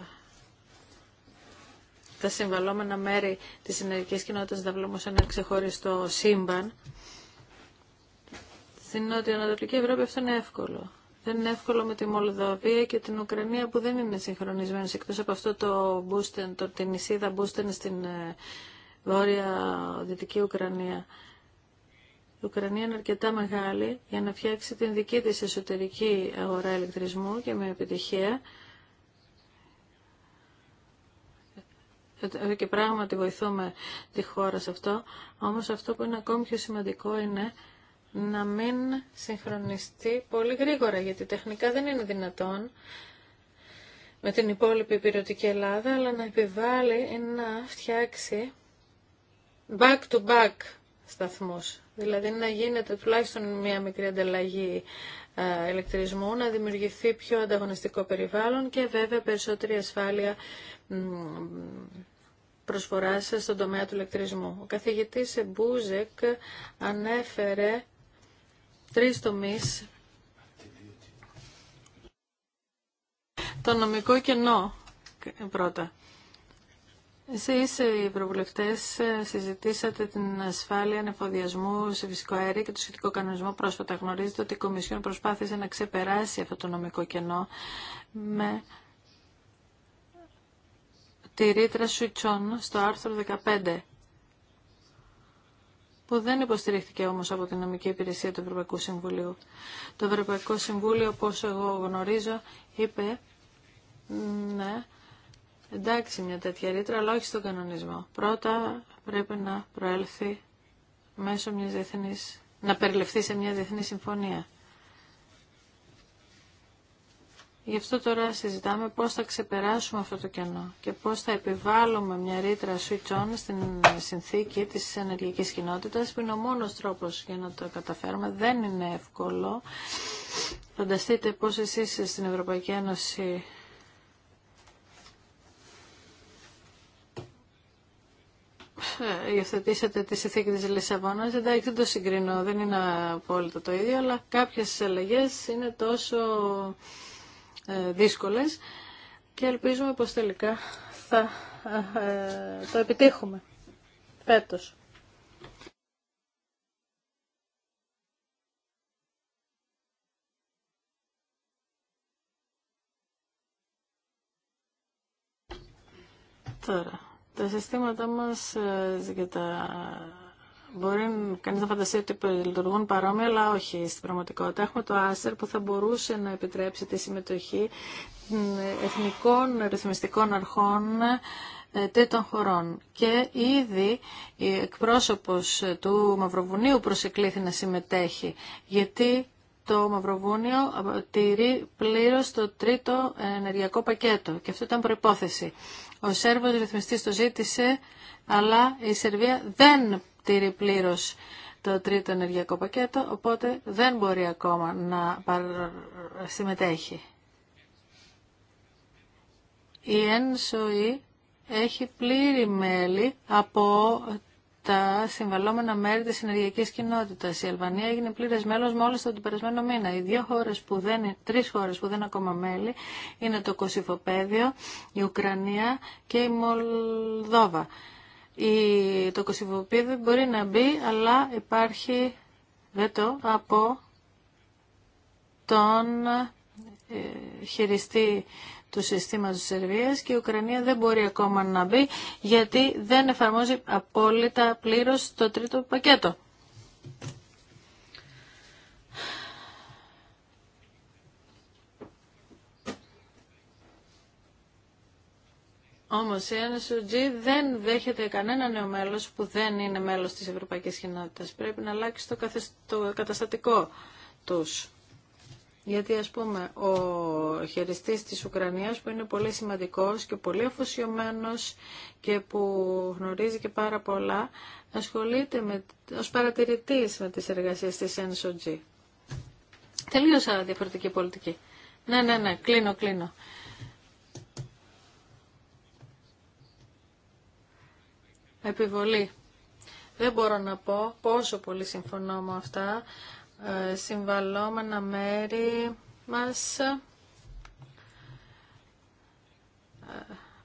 τα συμβαλόμενα μέρη της συνεργικής κοινότητας θα βλέπουμε σε ένα ξεχωριστό σύμπαν. Στην Νότια ανατολικη Ευρώπη αυτό είναι εύκολο. Δεν είναι εύκολο με τη Μολδαβία και την Ουκρανία που δεν είναι συγχρονισμένες εκτός από αυτό το μπούστεν, το, την νησίδα μπούστεν στην ε, βόρεια δυτική Ουκρανία. Η Ουκρανία είναι αρκετά μεγάλη για να φτιάξει την δική της εσωτερική αγορά ηλεκτρισμού και με επιτυχία. Ε, και πράγματι βοηθούμε τη χώρα σε αυτό. Όμως αυτό που είναι ακόμη πιο σημαντικό είναι να μην συγχρονιστεί πολύ γρήγορα, γιατί τεχνικά δεν είναι δυνατόν με την υπόλοιπη υπηρετική Ελλάδα, αλλά να επιβάλλει να φτιάξει back-to-back -back σταθμούς. δηλαδη να γίνεται τουλάχιστον μια μικρή ανταλλαγή ε, ηλεκτρισμού, να δημιουργηθεί πιο ανταγωνιστικό περιβάλλον και βέβαια περισσότερη ασφάλεια προσφορά στον τομέα του ηλεκτρισμού. Ο καθηγητής Μπούζεκ ανέφερε τρεις τομείς. Το νομικό κενό πρώτα. Εσείς οι προβουλευτές συζητήσατε την ασφάλεια ανεφοδιασμού σε φυσικό αέριο και το σχετικό κανονισμό πρόσφατα. Γνωρίζετε ότι η Κομισιόν προσπάθησε να ξεπεράσει αυτό το νομικό κενό με τη ρήτρα Σουιτσόν στο άρθρο 15 που δεν υποστηρίχθηκε όμως από την νομική υπηρεσία του Ευρωπαϊκού Συμβουλίου. Το Ευρωπαϊκό Συμβούλιο, όπως εγώ γνωρίζω, είπε ναι, εντάξει μια τέτοια ρήτρα, αλλά όχι στον κανονισμό. Πρώτα πρέπει να προέλθει μέσω μιας διεθνής, να περιληφθεί σε μια διεθνή συμφωνία. Γι' αυτό τώρα συζητάμε πώς θα ξεπεράσουμε αυτό το κενό και πώς θα επιβάλλουμε μια ρήτρα switch on στην συνθήκη της ενεργειακής κοινότητας που είναι ο μόνος τρόπος για να το καταφέρουμε. Δεν είναι εύκολο. Φανταστείτε πώς εσείς στην Ευρωπαϊκή Ένωση υιοθετήσατε τη συνθήκη της Λισαβόνας. Εντάξει, δεν το συγκρίνω, δεν είναι απόλυτο το ίδιο, αλλά κάποιες αλλαγές είναι τόσο ε, δύσκολες και ελπίζουμε πως τελικά θα ε, το επιτύχουμε φέτος. Τώρα, τα συστήματα μας ε, για τα Μπορεί κάνει να φανταστεί ότι λειτουργούν παρόμοια, αλλά όχι στην πραγματικότητα. Έχουμε το ΆΣΕΡ που θα μπορούσε να επιτρέψει τη συμμετοχή εθνικών ρυθμιστικών αρχών ε, τέτοιων χωρών. Και ήδη η εκπρόσωπος του Μαυροβουνίου προσεκλήθη να συμμετέχει, γιατί το Μαυροβούνιο ε, τηρεί πλήρως το τρίτο ενεργειακό πακέτο και αυτό ήταν προϋπόθεση. Ο Σέρβος ρυθμιστής το ζήτησε, αλλά η Σερβία δεν τηρεί πλήρω το τρίτο ενεργειακό πακέτο, οπότε δεν μπορεί ακόμα να συμμετέχει. Η ΕΝΣΟΗ έχει πλήρη μέλη από τα συμβαλόμενα μέρη της ενεργειακής κοινότητας. Η Αλβανία έγινε πλήρες μέλος μόλις τον περασμένο μήνα. Οι δύο χώρες που δεν, τρεις χώρες που δεν είναι ακόμα μέλη είναι το Κωσυφοπαίδιο, η Ουκρανία και η Μολδόβα το κοσυβοπίδι μπορεί να μπει, αλλά υπάρχει βέτο από τον ε, χειριστή του συστήματος της Σερβίας και η Ουκρανία δεν μπορεί ακόμα να μπει γιατί δεν εφαρμόζει απόλυτα πλήρως το τρίτο πακέτο. Όμω η NSUG δεν δέχεται κανένα νέο μέλο που δεν είναι μέλο της Ευρωπαϊκής Κοινότητας. Πρέπει να αλλάξει το, καταστατικό τους. Γιατί ας πούμε ο χειριστής της Ουκρανίας που είναι πολύ σημαντικός και πολύ αφοσιωμένος και που γνωρίζει και πάρα πολλά ασχολείται με, ως παρατηρητής με τις εργασίες της NSOG. Τελείωσα διαφορετική πολιτική. Ναι, ναι, ναι, κλείνω, κλείνω. επιβολή. Δεν μπορώ να πω πόσο πολύ συμφωνώ με αυτά. Ε, συμβαλόμενα μέρη μας... Ε,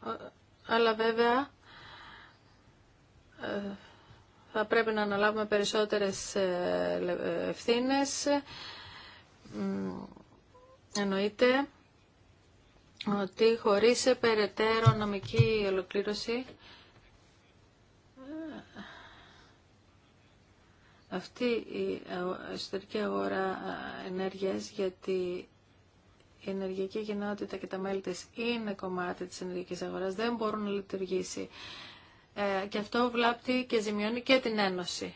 ε, αλλά βέβαια θα πρέπει να αναλάβουμε περισσότερες ευθύνες. Εννοείται ότι χωρίς περαιτέρω νομική ολοκλήρωση αυτή η εσωτερική αγορά ενέργειας γιατί η ενεργειακή κοινότητα και τα μέλη της είναι κομμάτι της ενεργειακής αγοράς, δεν μπορούν να λειτουργήσει. Ε, και αυτό βλάπτει και ζημιώνει και την Ένωση.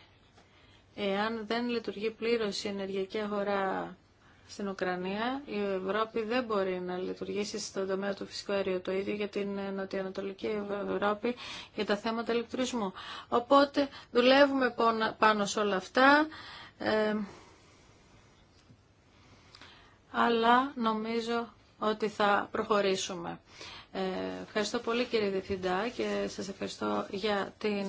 Εάν δεν λειτουργεί πλήρως η ενεργειακή αγορά στην Ουκρανία. Η Ευρώπη δεν μπορεί να λειτουργήσει στον τομέα του φυσικού αερίου το ίδιο για την νοτιοανατολική Ευρώπη για τα θέματα ηλεκτρισμού. Οπότε δουλεύουμε πάνω σε όλα αυτά. Ε, αλλά νομίζω ότι θα προχωρήσουμε. Ε, ευχαριστώ πολύ κύριε Διευθυντά και σας ευχαριστώ για την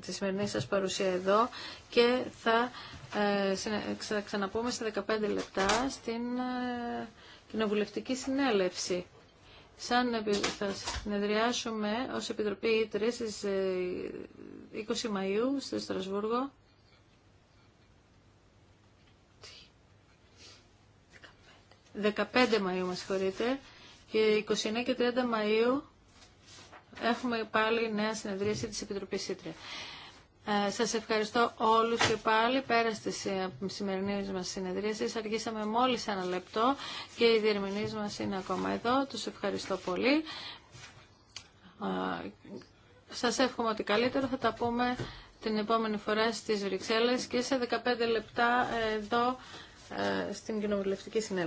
τη σημερινή σας παρουσία εδώ και θα ε, ξαναπούμε σε 15 λεπτά στην ε, κοινοβουλευτική συνέλευση. Σαν θα συνεδριάσουμε ως Επιτροπή Ήτρε στις 20 ε, Μαΐου στο Στρασβούργο. 15. Μαΐου, μας συγχωρείτε, και 29 και 30 Μαΐου έχουμε πάλι νέα συνεδρίαση της Επιτροπής ΣΥΤΡΕ. Ε, σας ευχαριστώ όλους και πάλι. Πέρα τη σημερινή μας συνεδρίαση. αργήσαμε μόλις ένα λεπτό και οι διερμηνείς μας είναι ακόμα εδώ. Τους ευχαριστώ πολύ. Ε, σας εύχομαι ότι καλύτερο. Θα τα πούμε την επόμενη φορά στις Βρυξέλλες και σε 15 λεπτά εδώ ε, στην Κοινοβουλευτική συνέντευξη.